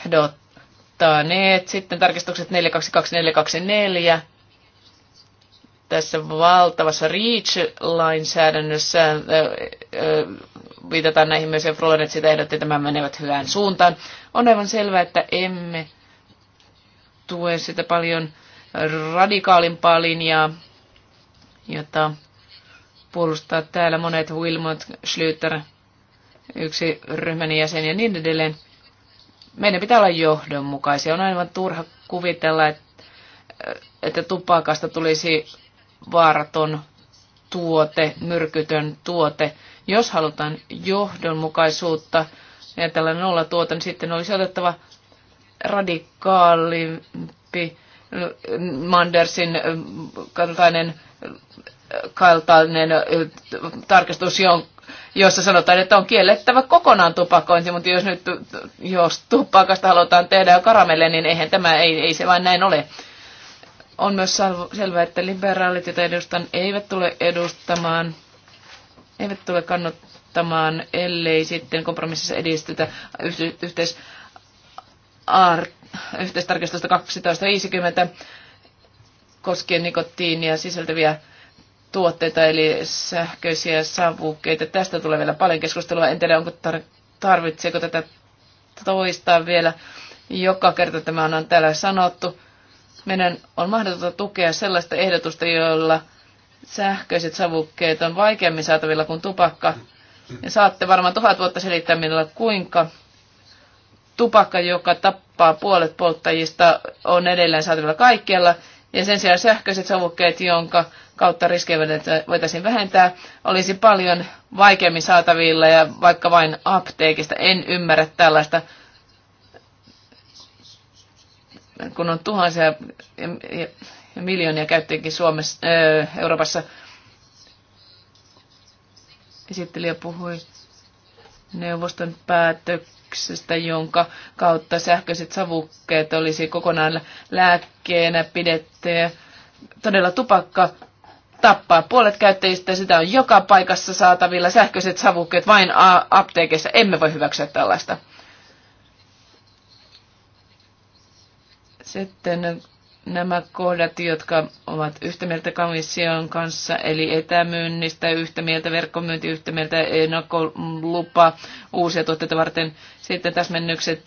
ehdottaneet. Sitten tarkistukset 422424. Tässä valtavassa REACH-lainsäädännössä viitataan näihin myös, ja Florent sitä ehdotti, että tämä menevät hyvään suuntaan. On aivan selvää, että emme tue sitä paljon radikaalimpaa linjaa, jota puolustaa täällä monet Wilmot, Schlüter, yksi ryhmän jäsen ja niin edelleen meidän pitää olla johdonmukaisia. On aivan turha kuvitella, että, että tupakasta tulisi vaaraton tuote, myrkytön tuote. Jos halutaan johdonmukaisuutta ja tällainen nolla tuote, niin sitten olisi otettava radikaalimpi Mandersin kaltainen, kaltainen tarkistus, jossa sanotaan, että on kiellettävä kokonaan tupakointi, mutta jos nyt jos tupakasta halutaan tehdä karamelle, niin eihän tämä, ei, ei se vain näin ole. On myös selvää, että liberaalit, joita edustan, eivät tule edustamaan, eivät tule kannattamaan, ellei sitten kompromississa edistytä yhteis, yhteistarkistusta 1250 koskien nikotiinia sisältäviä tuotteita, eli sähköisiä savukkeita. Tästä tulee vielä paljon keskustelua. En tiedä, onko tar- tarvitseeko tätä toistaa vielä. Joka kerta tämä on täällä sanottu. Meidän on mahdotonta tukea sellaista ehdotusta, jolla sähköiset savukkeet on vaikeammin saatavilla kuin tupakka. Ja saatte varmaan tuhat vuotta selittää minulle, kuinka tupakka, joka tappaa puolet polttajista, on edelleen saatavilla kaikkialla. Ja sen sijaan sähköiset savukkeet, jonka kautta riskejä voitaisiin vähentää, olisi paljon vaikeammin saatavilla ja vaikka vain apteekista. En ymmärrä tällaista, kun on tuhansia ja, ja, ja miljoonia käyttäjäkin Suomessa, ää, Euroopassa. Esittelijä puhui neuvoston päätöksestä, jonka kautta sähköiset savukkeet olisi kokonaan lääkkeenä pidetty. todella tupakka tappaa. Puolet käyttäjistä sitä on joka paikassa saatavilla. Sähköiset savukkeet vain apteekissa. Emme voi hyväksyä tällaista. Sitten nämä kohdat, jotka ovat yhtä mieltä komission kanssa, eli etämyynnistä yhtä mieltä, verkkomyynti yhtä mieltä, ennakkolupa uusia tuotteita varten, sitten täsmennykset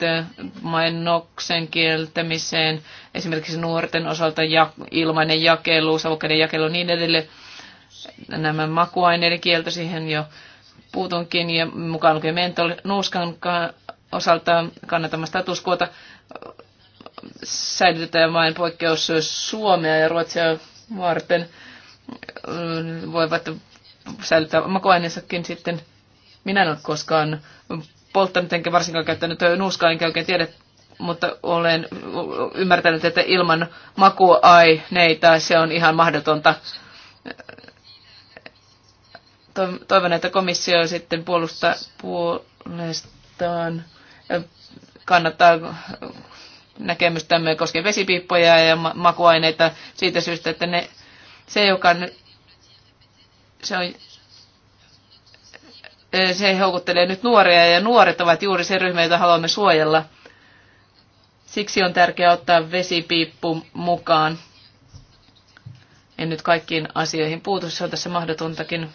mainoksen kieltämiseen, esimerkiksi nuorten osalta ja, ilmainen jakelu, savukkeiden jakelu niin edelleen, nämä makuaineiden kielto siihen jo puutunkin ja mukaan lukien mentol, nuuskan osalta kannatamme statuskuota säilytetään vain poikkeus Suomea ja Ruotsia varten. Voivat säilyttää makuaineensakin sitten. Minä en ole koskaan polttanut enkä varsinkaan käyttänyt nuuskaa, enkä oikein tiedä, mutta olen ymmärtänyt, että ilman makuaineita se on ihan mahdotonta. Toivon, että komissio sitten puolustaa puolestaan kannattaa näkemystämme koskien vesipiippoja ja makuaineita siitä syystä, että ne, se, joka se on eh, se houkuttelee nyt nuoria ja nuoret ovat juuri se ryhmä, jota haluamme suojella. Siksi on tärkeää ottaa vesipiippu mukaan. En nyt kaikkiin asioihin puutu, se on tässä mahdotontakin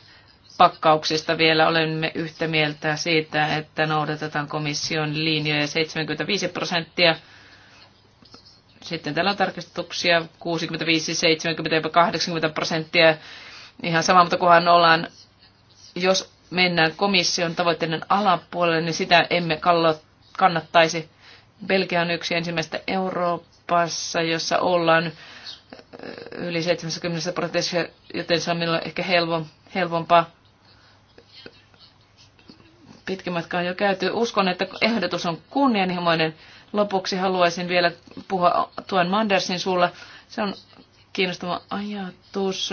pakkauksista vielä olemme yhtä mieltä siitä, että noudatetaan komission linjoja 75 prosenttia sitten täällä on tarkistuksia 65, 70, jopa 80 prosenttia. Ihan sama, mutta kunhan ollaan, jos mennään komission tavoitteiden alapuolelle, niin sitä emme kannattaisi. Belgia on yksi ensimmäistä Euroopassa, jossa ollaan eh, yli 70 prosenttia, joten se on minulle ehkä helpompaa Pitkin matka on jo käyty. Uskon, että ehdotus on kunnianhimoinen lopuksi haluaisin vielä puhua tuon Mandersin suulla. Se on kiinnostava ajatus.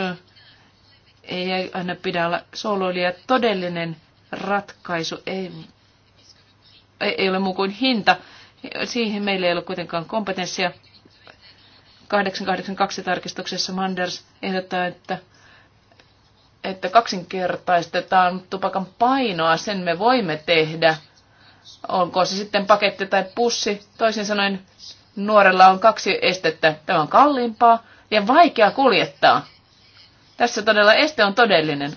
Ei aina pidä olla sooloilija. Todellinen ratkaisu ei, ei ole muu kuin hinta. Siihen meillä ei ole kuitenkaan kompetenssia. 882 tarkistuksessa Manders ehdottaa, että, että kaksinkertaistetaan tupakan painoa. Sen me voimme tehdä – Onko se sitten paketti tai pussi? Toisin sanoen nuorella on kaksi estettä. Tämä on kalliimpaa ja vaikea kuljettaa. Tässä todella este on todellinen.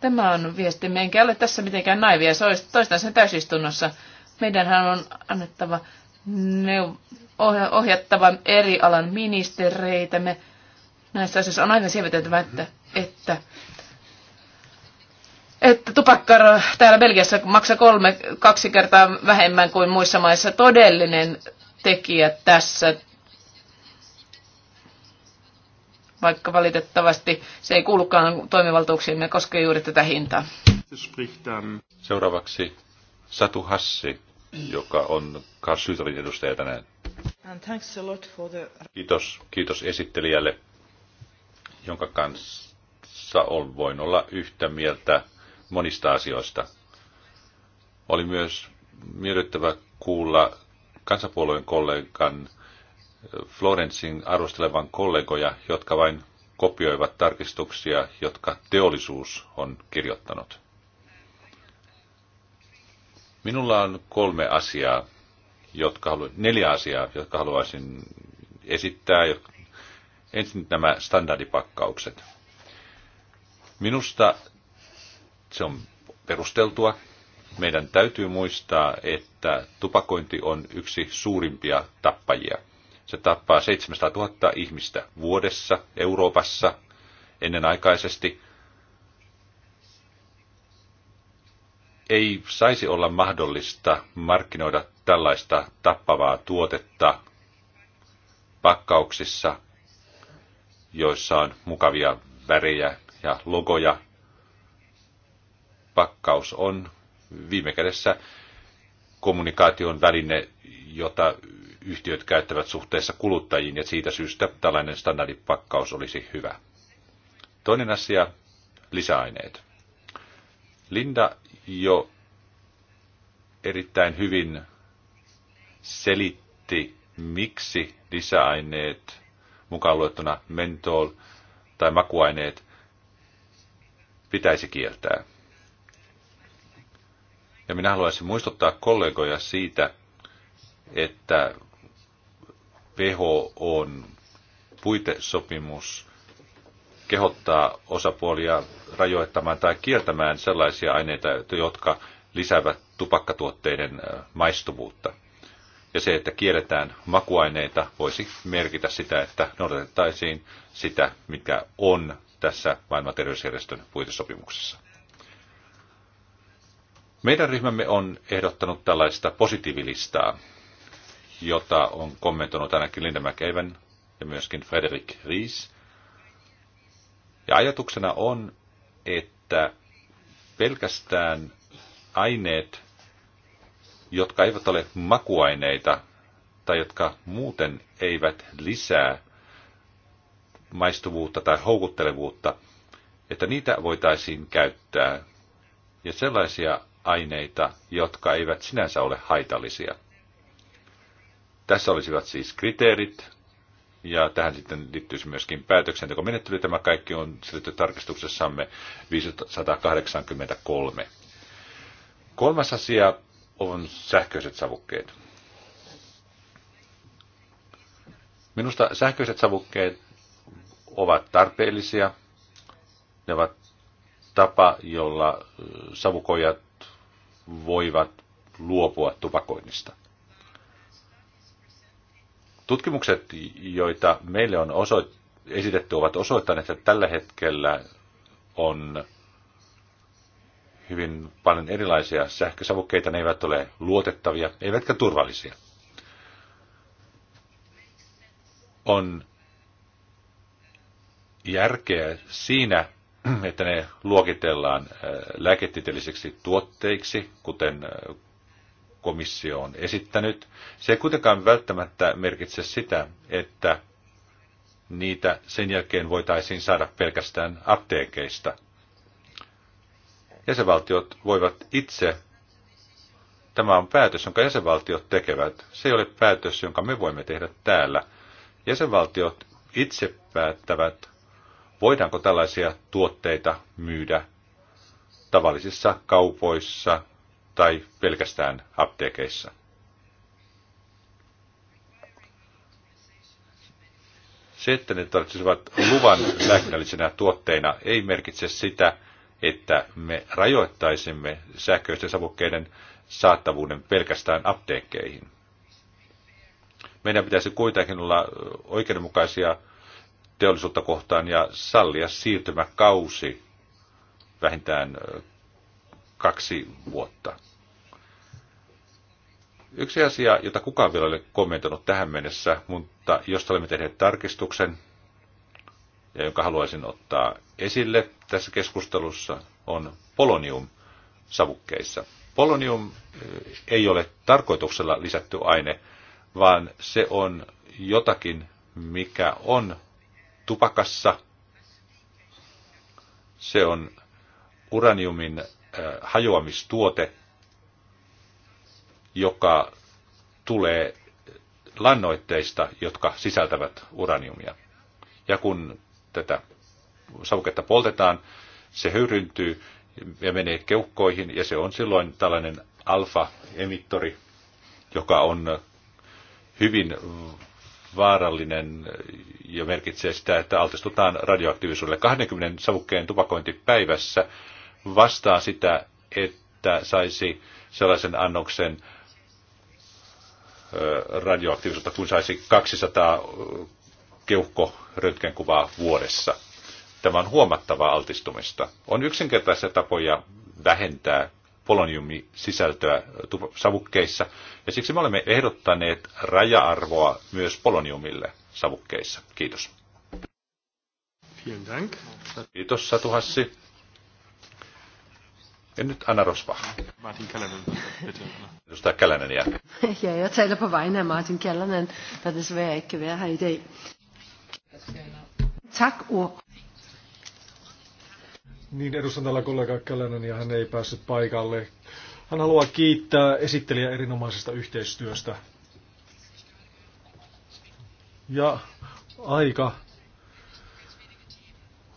Tämä on viesti. Me enkä ole tässä mitenkään naivia. toistaan sen täysistunnossa. Meidänhän on annettava neuv- ohjattava eri alan ministereitä. Me näissä asioissa on aivan sieveteltävä, että, että että tupakka täällä Belgiassa maksaa kolme, kaksi kertaa vähemmän kuin muissa maissa. Todellinen tekijä tässä, vaikka valitettavasti se ei kuulukaan me koskee juuri tätä hintaa. Seuraavaksi Satu Hassi, joka on Karl edustaja tänään. Kiitos, kiitos esittelijälle, jonka kanssa on, voin olla yhtä mieltä monista asioista. Oli myös miellyttävä kuulla kansapuolueen kollegan Florensin arvostelevan kollegoja, jotka vain kopioivat tarkistuksia, jotka teollisuus on kirjoittanut. Minulla on kolme asiaa, jotka halu- neljä asiaa, jotka haluaisin esittää. Ensin nämä standardipakkaukset. Minusta se on perusteltua. Meidän täytyy muistaa, että tupakointi on yksi suurimpia tappajia. Se tappaa 700 000 ihmistä vuodessa Euroopassa ennenaikaisesti. Ei saisi olla mahdollista markkinoida tällaista tappavaa tuotetta pakkauksissa, joissa on mukavia värejä ja logoja, pakkaus on viime kädessä kommunikaation väline, jota yhtiöt käyttävät suhteessa kuluttajiin, ja siitä syystä tällainen standardipakkaus olisi hyvä. Toinen asia, lisäaineet. Linda jo erittäin hyvin selitti, miksi lisäaineet, mukaan luettuna mentol tai makuaineet, pitäisi kieltää. Ja minä haluaisin muistuttaa kollegoja siitä, että WHO on puitesopimus kehottaa osapuolia rajoittamaan tai kieltämään sellaisia aineita, jotka lisäävät tupakkatuotteiden maistuvuutta. Ja se, että kielletään makuaineita, voisi merkitä sitä, että noudatettaisiin sitä, mikä on tässä maailman terveysjärjestön puitesopimuksessa. Meidän ryhmämme on ehdottanut tällaista positiivilistaa, jota on kommentoinut ainakin Linda McEwen ja myöskin Frederick Ries. Ja ajatuksena on, että pelkästään aineet, jotka eivät ole makuaineita tai jotka muuten eivät lisää maistuvuutta tai houkuttelevuutta, että niitä voitaisiin käyttää. Ja sellaisia aineita, jotka eivät sinänsä ole haitallisia. Tässä olisivat siis kriteerit, ja tähän sitten liittyisi myöskin päätöksentekomenettely. Tämä kaikki on selitetty tarkistuksessamme 583. Kolmas asia on sähköiset savukkeet. Minusta sähköiset savukkeet ovat tarpeellisia. Ne ovat tapa, jolla savukojat voivat luopua tupakoinnista. Tutkimukset, joita meille on osoit- esitetty, ovat osoittaneet, että tällä hetkellä on hyvin paljon erilaisia sähkösavukkeita. Ne eivät ole luotettavia, eivätkä turvallisia. On järkeä siinä, että ne luokitellaan äh, lääketieteellisiksi tuotteiksi, kuten äh, komissio on esittänyt. Se ei kuitenkaan välttämättä merkitse sitä, että niitä sen jälkeen voitaisiin saada pelkästään apteekeista. Jäsenvaltiot voivat itse, tämä on päätös, jonka jäsenvaltiot tekevät. Se ei ole päätös, jonka me voimme tehdä täällä. Jäsenvaltiot itse päättävät, Voidaanko tällaisia tuotteita myydä tavallisissa kaupoissa tai pelkästään apteekeissa? Se, että ne tarvitsisivat luvan lääkinnällisenä tuotteina, ei merkitse sitä, että me rajoittaisimme sähköisten savukkeiden saattavuuden pelkästään apteekkeihin. Meidän pitäisi kuitenkin olla oikeudenmukaisia teollisuutta kohtaan ja sallia siirtymäkausi vähintään kaksi vuotta. Yksi asia, jota kukaan vielä ei ole kommentoinut tähän mennessä, mutta josta olemme tehneet tarkistuksen, ja jonka haluaisin ottaa esille tässä keskustelussa, on polonium-savukkeissa. Polonium ei ole tarkoituksella lisätty aine, vaan se on jotakin, mikä on tupakassa. Se on uraniumin äh, hajoamistuote, joka tulee lannoitteista, jotka sisältävät uraniumia. Ja kun tätä savuketta poltetaan, se höyryntyy ja menee keuhkoihin, ja se on silloin tällainen alfa-emittori, joka on hyvin vaarallinen ja merkitsee sitä, että altistutaan radioaktiivisuudelle. 20 savukkeen tupakointi päivässä vastaa sitä, että saisi sellaisen annoksen radioaktiivisuutta, kun saisi 200 keuhkoröntgenkuvaa vuodessa. Tämä on huomattavaa altistumista. On yksinkertaisia tapoja vähentää poloniumisisältöä savukkeissa, ja siksi me olemme ehdottaneet raja-arvoa myös poloniumille savukkeissa. Kiitos. Kiitos Satu Hassi. Ja nyt Anna Rosva. Martin Kälänen. Edustaja Kälänen jää. Ja, jag talar på vägnar Martin Kälänen, där dessvärre inte är här idag. Tack och... Niin edustantalla kollega Kälänen ja hän ei päässyt paikalle. Hän haluaa kiittää esittelijä erinomaisesta yhteistyöstä. Ja aika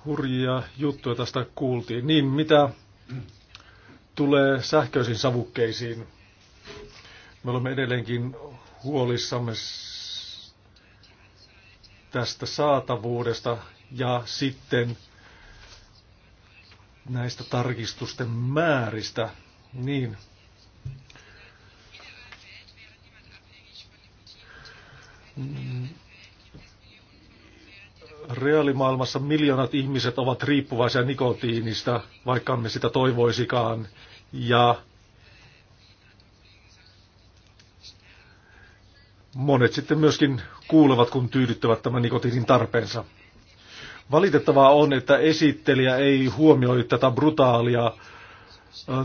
hurjia juttuja tästä kuultiin. Niin, mitä tulee sähköisiin savukkeisiin? Me olemme edelleenkin huolissamme tästä saatavuudesta ja sitten näistä tarkistusten määristä. Niin. Reaalimaailmassa miljoonat ihmiset ovat riippuvaisia nikotiinista, vaikka me sitä toivoisikaan. Ja monet sitten myöskin kuulevat, kun tyydyttävät tämän nikotiinin tarpeensa. Valitettavaa on, että esittelijä ei huomioi tätä brutaalia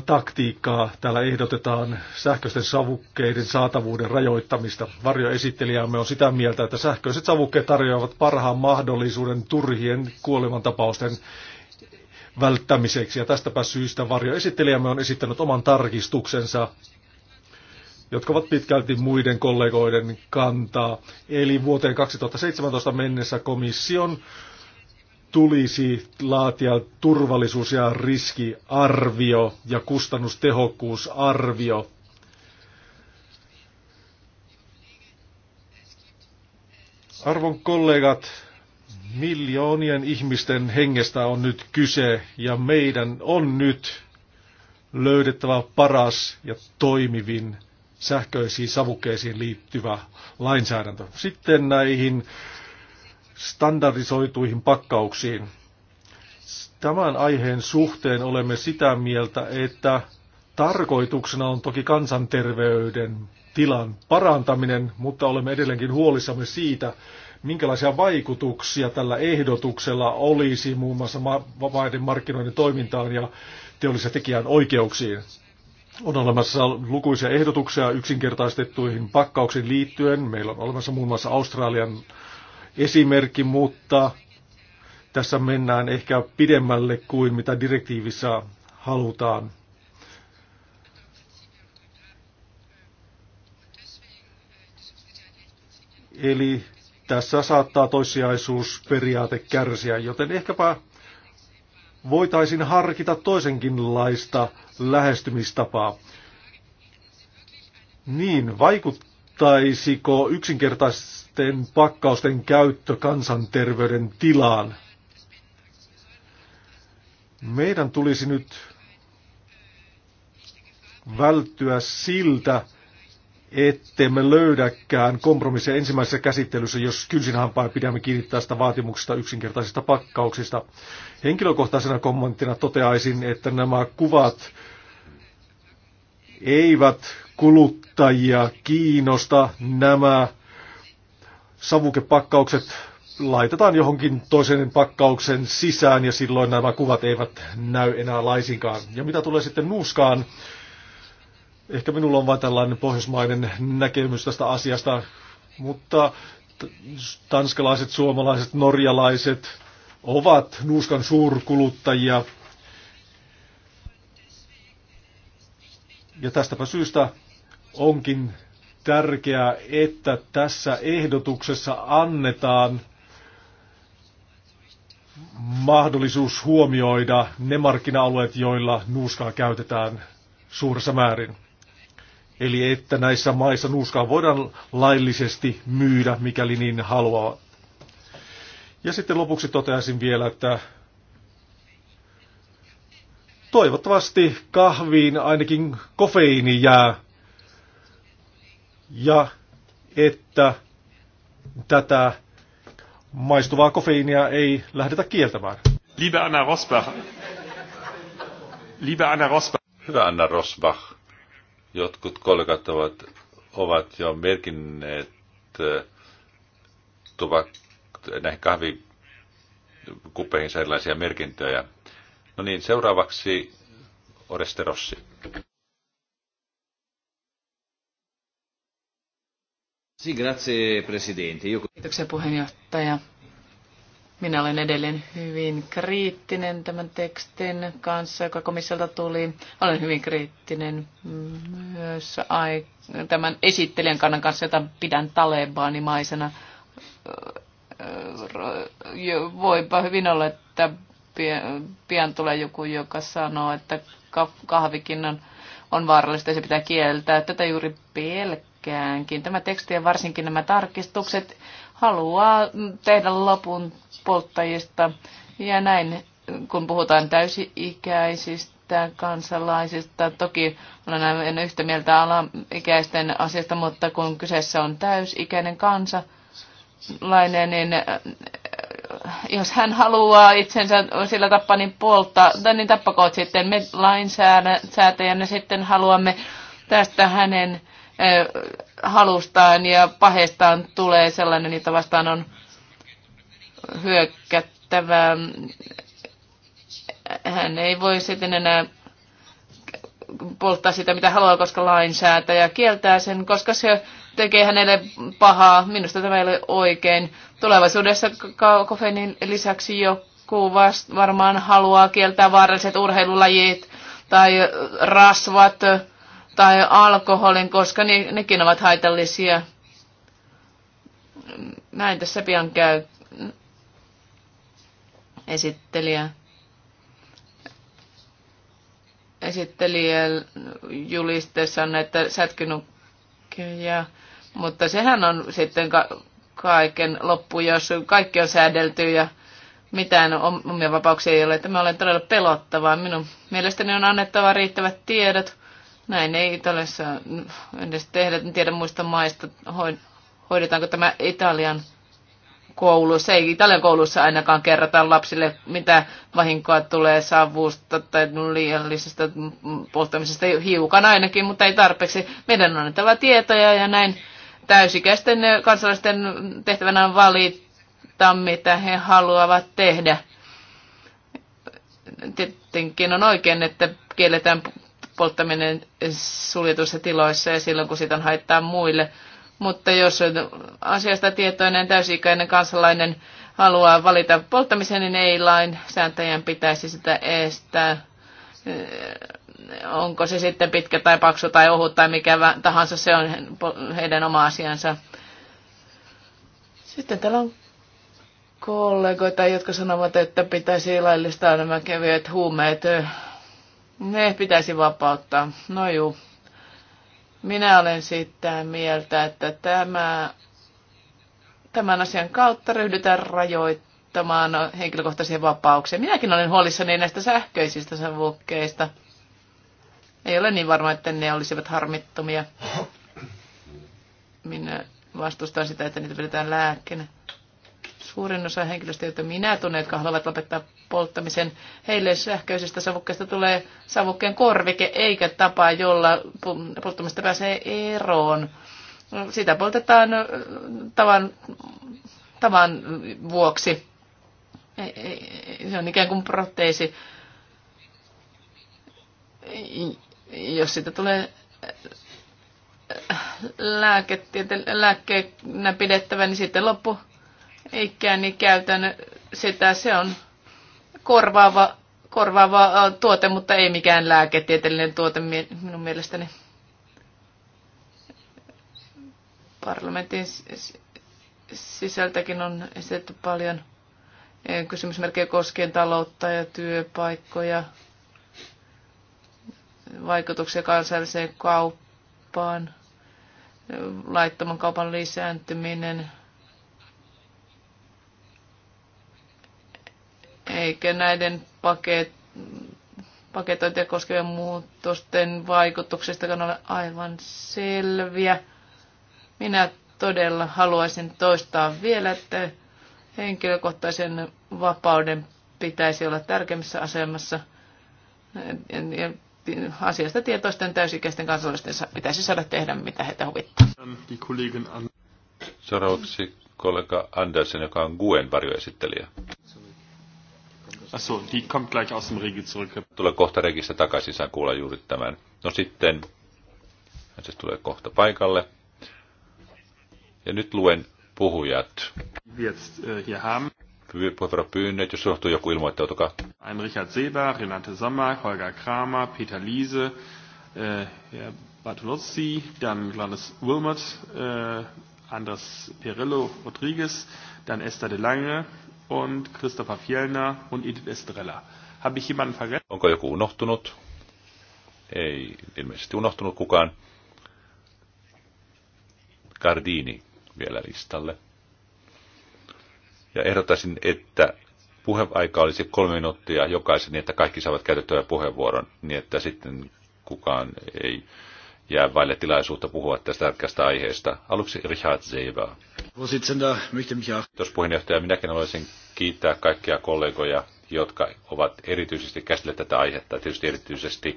taktiikkaa. Täällä ehdotetaan sähköisten savukkeiden saatavuuden rajoittamista. Varjoesittelijämme on sitä mieltä, että sähköiset savukkeet tarjoavat parhaan mahdollisuuden turhien kuolemantapausten välttämiseksi. Ja tästäpä syystä varjoesittelijämme on esittänyt oman tarkistuksensa, jotka ovat pitkälti muiden kollegoiden kantaa. Eli vuoteen 2017 mennessä komission tulisi laatia turvallisuus- ja riskiarvio ja kustannustehokkuusarvio. Arvon kollegat, miljoonien ihmisten hengestä on nyt kyse ja meidän on nyt löydettävä paras ja toimivin sähköisiin savukkeisiin liittyvä lainsäädäntö. Sitten näihin standardisoituihin pakkauksiin. Tämän aiheen suhteen olemme sitä mieltä, että tarkoituksena on toki kansanterveyden tilan parantaminen, mutta olemme edelleenkin huolissamme siitä, minkälaisia vaikutuksia tällä ehdotuksella olisi muun muassa vapaiden markkinoiden toimintaan ja teollisen tekijän oikeuksiin. On olemassa lukuisia ehdotuksia yksinkertaistettuihin pakkauksiin liittyen. Meillä on olemassa muun muassa Australian esimerkki, mutta tässä mennään ehkä pidemmälle kuin mitä direktiivissä halutaan. Eli tässä saattaa toissijaisuusperiaate kärsiä, joten ehkäpä voitaisiin harkita toisenkinlaista lähestymistapaa. Niin, vaikuttaisiko yksinkertais sitten pakkausten käyttö kansanterveyden tilaan. Meidän tulisi nyt välttyä siltä, ettemme löydäkään kompromissia ensimmäisessä käsittelyssä, jos kynsinhampaa pidämme kiinni tästä vaatimuksesta yksinkertaisista pakkauksista. Henkilökohtaisena kommenttina toteaisin, että nämä kuvat eivät kuluttajia kiinnosta. Nämä savukepakkaukset laitetaan johonkin toisen pakkauksen sisään ja silloin nämä kuvat eivät näy enää laisinkaan. Ja mitä tulee sitten nuuskaan, ehkä minulla on vain tällainen pohjoismainen näkemys tästä asiasta, mutta tanskalaiset, suomalaiset, norjalaiset ovat nuuskan suurkuluttajia. Ja tästäpä syystä onkin tärkeää, että tässä ehdotuksessa annetaan mahdollisuus huomioida ne markkina-alueet, joilla nuuskaa käytetään suuressa määrin. Eli että näissä maissa nuuskaa voidaan laillisesti myydä, mikäli niin haluaa. Ja sitten lopuksi toteaisin vielä, että toivottavasti kahviin ainakin kofeiini jää ja että tätä maistuvaa kofeiinia ei lähdetä kieltämään. Liebe Anna Rosbach. Liebe Anna Rosbach. Hyvä Anna Rosbach. Jotkut kollegat ovat, ovat jo merkinneet äh, näihin kahvikupeihin sellaisia merkintöjä. No niin, seuraavaksi Oreste Rossi. Si, grazie, presidente. Io... Kiitoksia puheenjohtaja. Minä olen edelleen hyvin kriittinen tämän tekstin kanssa, joka komissiolta tuli. Olen hyvin kriittinen myös tämän esittelijän kannan kanssa, jota pidän talebanimaisena. Voipa hyvin olla, että pian tulee joku, joka sanoo, että kahvikin on, on vaarallista ja se pitää kieltää. Tätä juuri pelkkää pitkäänkin. Tämä teksti ja varsinkin nämä tarkistukset haluaa tehdä lapun polttajista. Ja näin, kun puhutaan täysi-ikäisistä kansalaisista, toki olen yhtä mieltä alaikäisten asiasta, mutta kun kyseessä on täysikäinen kansalainen, niin äh, jos hän haluaa itsensä sillä tappaa, niin polttaa, niin tappakoot sitten me lainsäätäjänä sitten haluamme tästä hänen halustaan ja pahestaan tulee sellainen, niitä vastaan on hyökkättävä. Hän ei voi sitten enää polttaa sitä, mitä haluaa, koska lainsäätäjä kieltää sen, koska se tekee hänelle pahaa. Minusta tämä ei ole oikein. Tulevaisuudessa kofeinin lisäksi joku varmaan haluaa kieltää vaaralliset urheilulajit tai rasvat tai alkoholin, koska ne, nekin ovat haitallisia. Näin tässä pian käy esittelijä. Esittelijä julisteessa on näitä sätkynukkeja, mutta sehän on sitten ka- kaiken loppu, jos kaikki on säädelty ja mitään omia vapauksia ei ole. Tämä olen todella pelottavaa. Minun mielestäni on annettava riittävät tiedot näin ei Italiassa edes tehdä. En tiedä muista maista, hoidetaanko tämä Italian koulussa. Ei Italian koulussa ainakaan kerrata lapsille, mitä vahinkoa tulee savusta tai liiallisesta polttamisesta. Hiukan ainakin, mutta ei tarpeeksi. Meidän on annettava tietoja ja näin täysikäisten kansalaisten tehtävänä on valita, mitä he haluavat tehdä. Tietenkin on oikein, että kielletään polttaminen suljetuissa tiloissa ja silloin, kun sitä on haittaa muille. Mutta jos asiasta tietoinen täysikäinen kansalainen haluaa valita polttamisen, niin ei lain sääntäjän pitäisi sitä estää. Onko se sitten pitkä tai paksu tai ohut tai mikä tahansa, se on heidän oma asiansa. Sitten täällä on kollegoita, jotka sanovat, että pitäisi laillistaa nämä kevyet huumeet ne pitäisi vapauttaa. No juu. Minä olen sitä mieltä, että tämä, tämän asian kautta ryhdytään rajoittamaan henkilökohtaisia vapauksia. Minäkin olen huolissani näistä sähköisistä savukkeista. Ei ole niin varma, että ne olisivat harmittomia. Minä vastustan sitä, että niitä pidetään lääkkeenä. Suurin osa henkilöstä, joita minä tunnen, jotka haluavat lopettaa polttamisen, heille sähköisestä savukkeesta tulee savukkeen korvike, eikä tapa, jolla polttamista pääsee eroon. Sitä poltetaan tavan, tavan vuoksi. Se on ikään kuin proteesi. Jos sitä tulee lääketieteen, lääkkeenä pidettävä, niin sitten loppu niin käytän sitä. Se on korvaava, korvaava tuote, mutta ei mikään lääketieteellinen tuote minun mielestäni. Parlamentin sisältäkin on esitetty paljon kysymysmerkkejä koskien taloutta ja työpaikkoja, vaikutuksia kansalliseen kauppaan, laittoman kaupan lisääntyminen, Eikä näiden paket, paketointia koskevien muutosten vaikutuksista ole aivan selviä. Minä todella haluaisin toistaa vielä, että henkilökohtaisen vapauden pitäisi olla tärkeimmässä asemassa. Ja asiasta tietoisten täysikäisten kansalaisten pitäisi saada tehdä, mitä heitä huvittaa. Seuraavaksi kollega Andersen, joka on Guen varjoesittelijä. Achso, die kommt gleich aus dem Regi zurück. Tulee kohta registä takaisin, saan kuulla juuri tämän. No sitten, hän siis tulee kohta paikalle. Ja nyt luen puhujat. Jetzt, äh, hier haben. Puheenvuoropyynnöt, jos johtuu joku ilmoittautukaa. Ein Richard Seber, Renate Sommer, Holger Kramer, Peter Liese, äh, Herr Bartolozzi, dann Gladys Wilmot, äh, Andres Perillo Rodriguez, dann Esther de Lange, und Christopher Fjellner und Edith Estrella. Habe ich jemanden vergessen? Onko joku unohtunut? Ei ilmeisesti unohtunut kukaan. Gardini vielä listalle. Ja ehdottaisin, että puheaika olisi kolme minuuttia jokaisen, niin että kaikki saavat käytettyä puheenvuoron, niin että sitten kukaan ei jää vaille tilaisuutta puhua tästä tärkeästä aiheesta. Aluksi Richard Zeber. Kiitos puheenjohtaja. Minäkin haluaisin kiittää kaikkia kollegoja, jotka ovat erityisesti käsitelleet tätä aihetta. Tietysti erityisesti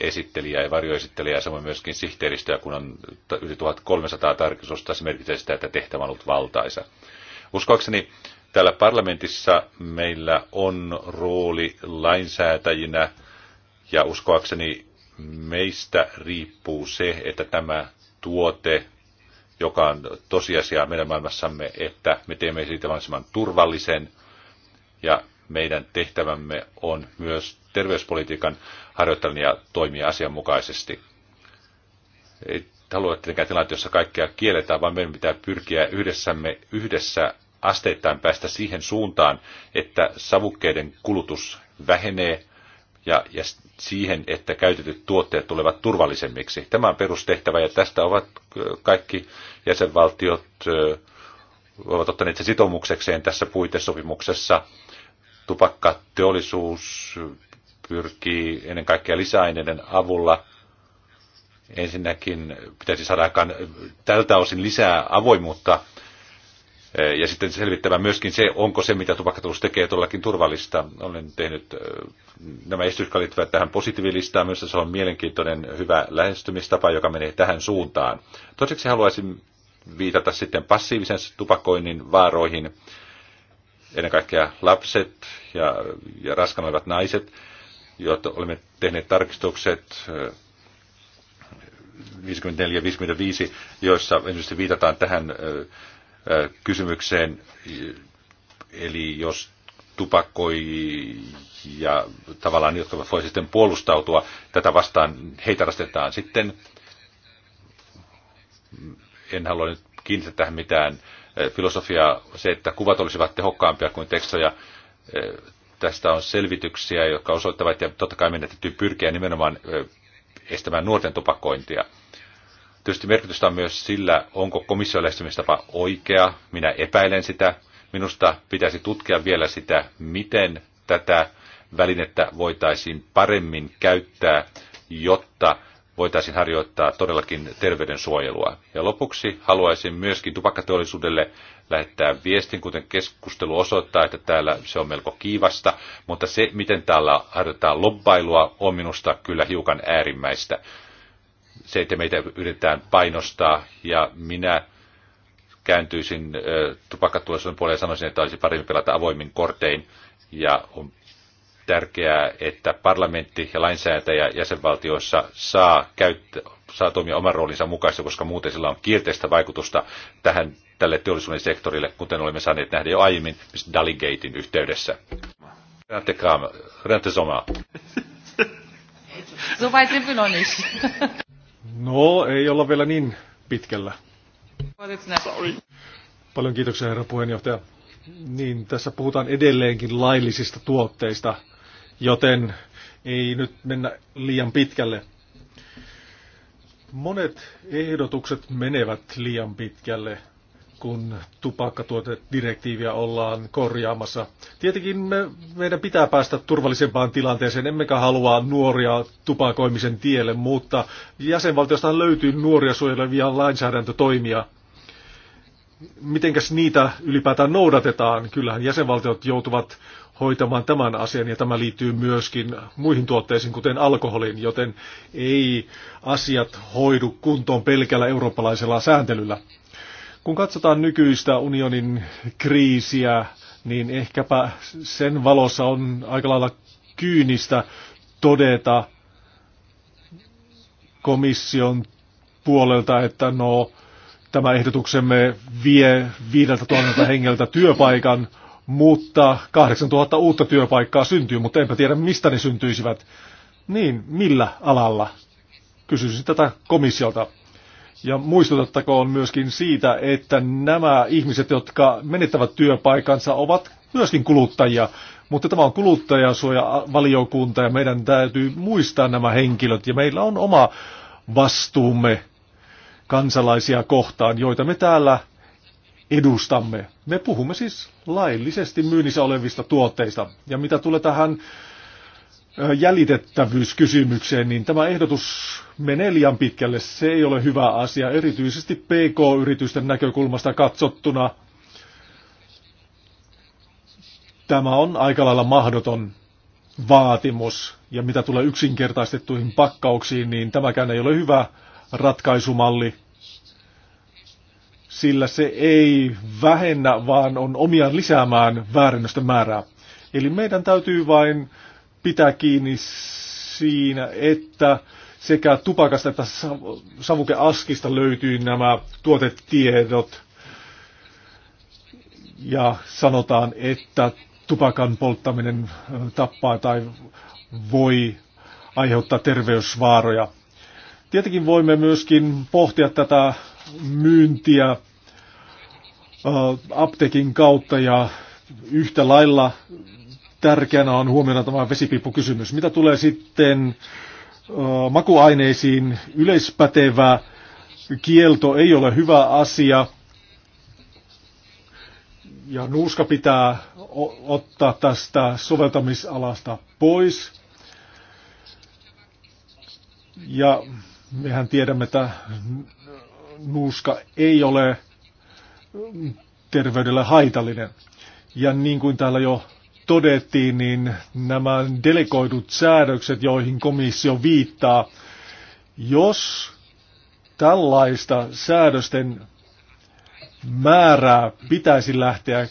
esittelijä ja varjoesittelijä ja samoin myöskin sihteeristöä, kun on yli 1300 tarkistusta. Se merkitsee sitä, että tehtävä on ollut valtaisa. Uskoakseni täällä parlamentissa meillä on rooli lainsäätäjinä ja uskoakseni meistä riippuu se, että tämä tuote, joka on tosiasia meidän maailmassamme, että me teemme siitä mahdollisimman turvallisen ja meidän tehtävämme on myös terveyspolitiikan harjoittaminen ja toimia asianmukaisesti. Ei halua tietenkään tilanteessa jossa kaikkea kielletään, vaan meidän pitää pyrkiä yhdessämme yhdessä asteittain päästä siihen suuntaan, että savukkeiden kulutus vähenee ja, ja siihen, että käytetyt tuotteet tulevat turvallisemmiksi. Tämä on perustehtävä ja tästä ovat kaikki jäsenvaltiot ovat ottaneet se sitoumuksekseen tässä puitesopimuksessa. Tupakkateollisuus pyrkii ennen kaikkea lisäaineiden avulla ensinnäkin pitäisi saada tältä osin lisää avoimuutta ja sitten selvittämään myöskin se, onko se, mitä tupakkatulos tekee, todellakin turvallista. Olen tehnyt nämä esitykset liittyvät tähän positiivilistaan. myös se on mielenkiintoinen, hyvä lähestymistapa, joka menee tähän suuntaan. Toiseksi haluaisin viitata sitten passiivisen tupakoinnin vaaroihin. Ennen kaikkea lapset ja, ja raskana olevat naiset, joita olemme tehneet tarkistukset 54-55, joissa esimerkiksi viitataan tähän kysymykseen. Eli jos tupakoi ja tavallaan, jotka voi sitten puolustautua tätä vastaan, heitä rastetaan sitten. En halua nyt kiinnittää tähän mitään filosofiaa, se, että kuvat olisivat tehokkaampia kuin tekstoja. Tästä on selvityksiä, jotka osoittavat, ja totta kai meidän täytyy pyrkiä nimenomaan estämään nuorten tupakointia. Tietysti merkitystä on myös sillä, onko komission lähestymistapa oikea. Minä epäilen sitä. Minusta pitäisi tutkia vielä sitä, miten tätä välinettä voitaisiin paremmin käyttää, jotta voitaisiin harjoittaa todellakin terveydensuojelua. Ja lopuksi haluaisin myöskin tupakkateollisuudelle lähettää viestin, kuten keskustelu osoittaa, että täällä se on melko kiivasta, mutta se, miten täällä harjoitetaan lobbailua, on minusta kyllä hiukan äärimmäistä se, että meitä yritetään painostaa ja minä kääntyisin tupakkatuotannon puolelle ja sanoisin, että olisi parempi pelata avoimin kortein ja on tärkeää, että parlamentti ja lainsäätäjä jäsenvaltioissa saa, käyttä, saa toimia oman roolinsa mukaisesti, koska muuten sillä on kielteistä vaikutusta tähän tälle teollisuuden sektorille, kuten olemme saaneet nähdä jo aiemmin Daligatein yhteydessä. Renate Kram, Renate Soma. So weit sind wir noch nicht. No, ei olla vielä niin pitkällä. Paljon kiitoksia, herra puheenjohtaja. Niin, tässä puhutaan edelleenkin laillisista tuotteista, joten ei nyt mennä liian pitkälle. Monet ehdotukset menevät liian pitkälle kun tupakkatuotedirektiiviä ollaan korjaamassa. Tietenkin me, meidän pitää päästä turvallisempaan tilanteeseen, emmekä halua nuoria tupakoimisen tielle, mutta jäsenvaltiosta löytyy nuoria suojelevia lainsäädäntötoimia. Mitenkäs niitä ylipäätään noudatetaan? Kyllähän jäsenvaltiot joutuvat hoitamaan tämän asian, ja tämä liittyy myöskin muihin tuotteisiin, kuten alkoholiin, joten ei asiat hoidu kuntoon pelkällä eurooppalaisella sääntelyllä. Kun katsotaan nykyistä unionin kriisiä, niin ehkäpä sen valossa on aika lailla kyynistä todeta komission puolelta, että no, tämä ehdotuksemme vie 5000 hengeltä työpaikan, mutta 8000 uutta työpaikkaa syntyy, mutta enpä tiedä mistä ne syntyisivät. Niin, millä alalla? Kysyisin tätä komissiolta. Ja muistutettakoon myöskin siitä, että nämä ihmiset, jotka menettävät työpaikansa, ovat myöskin kuluttajia. Mutta tämä on valiokunta ja meidän täytyy muistaa nämä henkilöt. Ja meillä on oma vastuumme kansalaisia kohtaan, joita me täällä edustamme. Me puhumme siis laillisesti myynnissä olevista tuotteista. Ja mitä tulee tähän jäljitettävyyskysymykseen, niin tämä ehdotus menee liian pitkälle. Se ei ole hyvä asia, erityisesti PK-yritysten näkökulmasta katsottuna. Tämä on aika lailla mahdoton vaatimus. Ja mitä tulee yksinkertaistettuihin pakkauksiin, niin tämäkään ei ole hyvä ratkaisumalli, sillä se ei vähennä, vaan on omiaan lisäämään väärennösten määrää. Eli meidän täytyy vain pitää kiinni siinä, että sekä tupakasta että savukeaskista löytyy nämä tuotetiedot. Ja sanotaan, että tupakan polttaminen tappaa tai voi aiheuttaa terveysvaaroja. Tietenkin voimme myöskin pohtia tätä myyntiä apteekin kautta ja yhtä lailla tärkeänä on huomioida tämä vesipiippukysymys. Mitä tulee sitten makuaineisiin, yleispätevä kielto ei ole hyvä asia. Ja nuuska pitää ottaa tästä soveltamisalasta pois. Ja mehän tiedämme, että nuuska ei ole terveydelle haitallinen. Ja niin kuin täällä jo todettiin, niin nämä delegoidut säädökset, joihin komissio viittaa, jos tällaista säädösten määrää pitäisi lähteä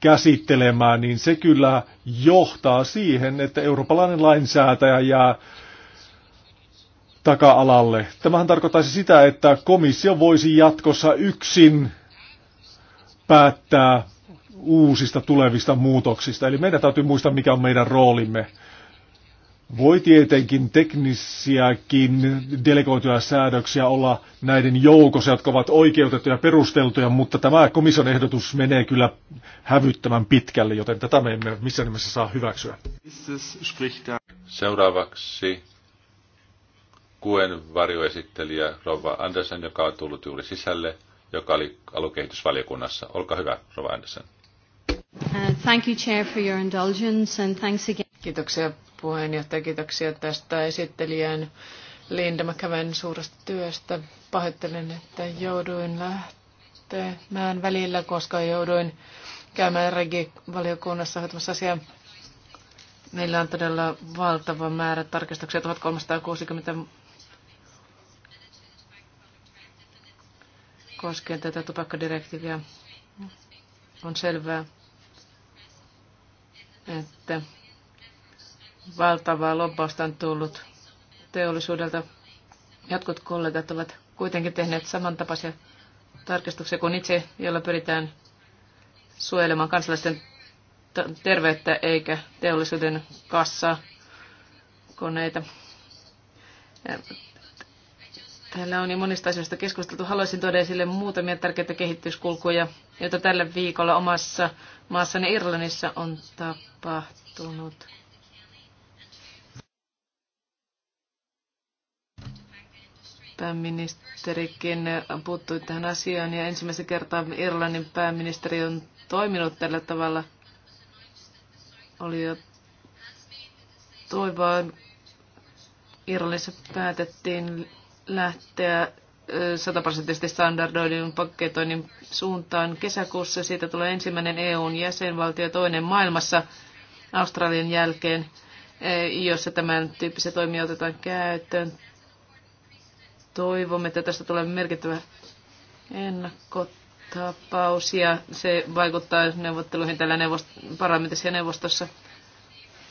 käsittelemään, niin se kyllä johtaa siihen, että eurooppalainen lainsäätäjä jää taka-alalle. Tämähän tarkoittaisi sitä, että komissio voisi jatkossa yksin päättää uusista tulevista muutoksista. Eli meidän täytyy muistaa, mikä on meidän roolimme. Voi tietenkin teknisiäkin delegoituja säädöksiä olla näiden joukossa, jotka ovat oikeutettuja ja perusteltuja, mutta tämä komission ehdotus menee kyllä hävyttävän pitkälle, joten tätä me emme missään nimessä saa hyväksyä. Seuraavaksi Kuen varjoesittelijä Rova Andersen, joka on tullut juuri sisälle, joka oli alukehitysvaliokunnassa. Olkaa hyvä, Rova Andersen. Uh, thank you, Chair, for your indulgence and thanks again. Kiitoksia puheenjohtaja, kiitoksia tästä esittelijän Linda McCaven suuresta työstä. Pahoittelen, että jouduin lähtemään välillä, koska jouduin käymään regivaliokunnassa hoitamassa asiaa. Meillä on todella valtava määrä tarkistuksia, 1360 koskien tätä tupakkadirektiiviä. On selvää, että valtavaa lobbausta on tullut teollisuudelta. Jotkut kollegat ovat kuitenkin tehneet samantapaisia tarkistuksia kuin itse, jolla pyritään suojelemaan kansalaisten terveyttä eikä teollisuuden kassaa koneita. Täällä on jo monista asioista keskusteltu. Haluaisin tuoda esille muutamia tärkeitä kehityskulkuja, joita tällä viikolla omassa maassani Irlannissa on tapahtunut. Pääministerikin puuttui tähän asiaan ja ensimmäisen kertaa Irlannin pääministeri on toiminut tällä tavalla. Oli jo toivoa. Irlannissa päätettiin lähteä sataprosenttisesti standardoidun paketoinnin suuntaan kesäkuussa. Siitä tulee ensimmäinen EUn jäsenvaltio toinen maailmassa Australian jälkeen, jossa tämän tyyppisiä toimia otetaan käyttöön. Toivomme, että tästä tulee merkittävä ennakkotapaus ja se vaikuttaa neuvotteluihin tällä neuvost- parlamentissa ja neuvostossa.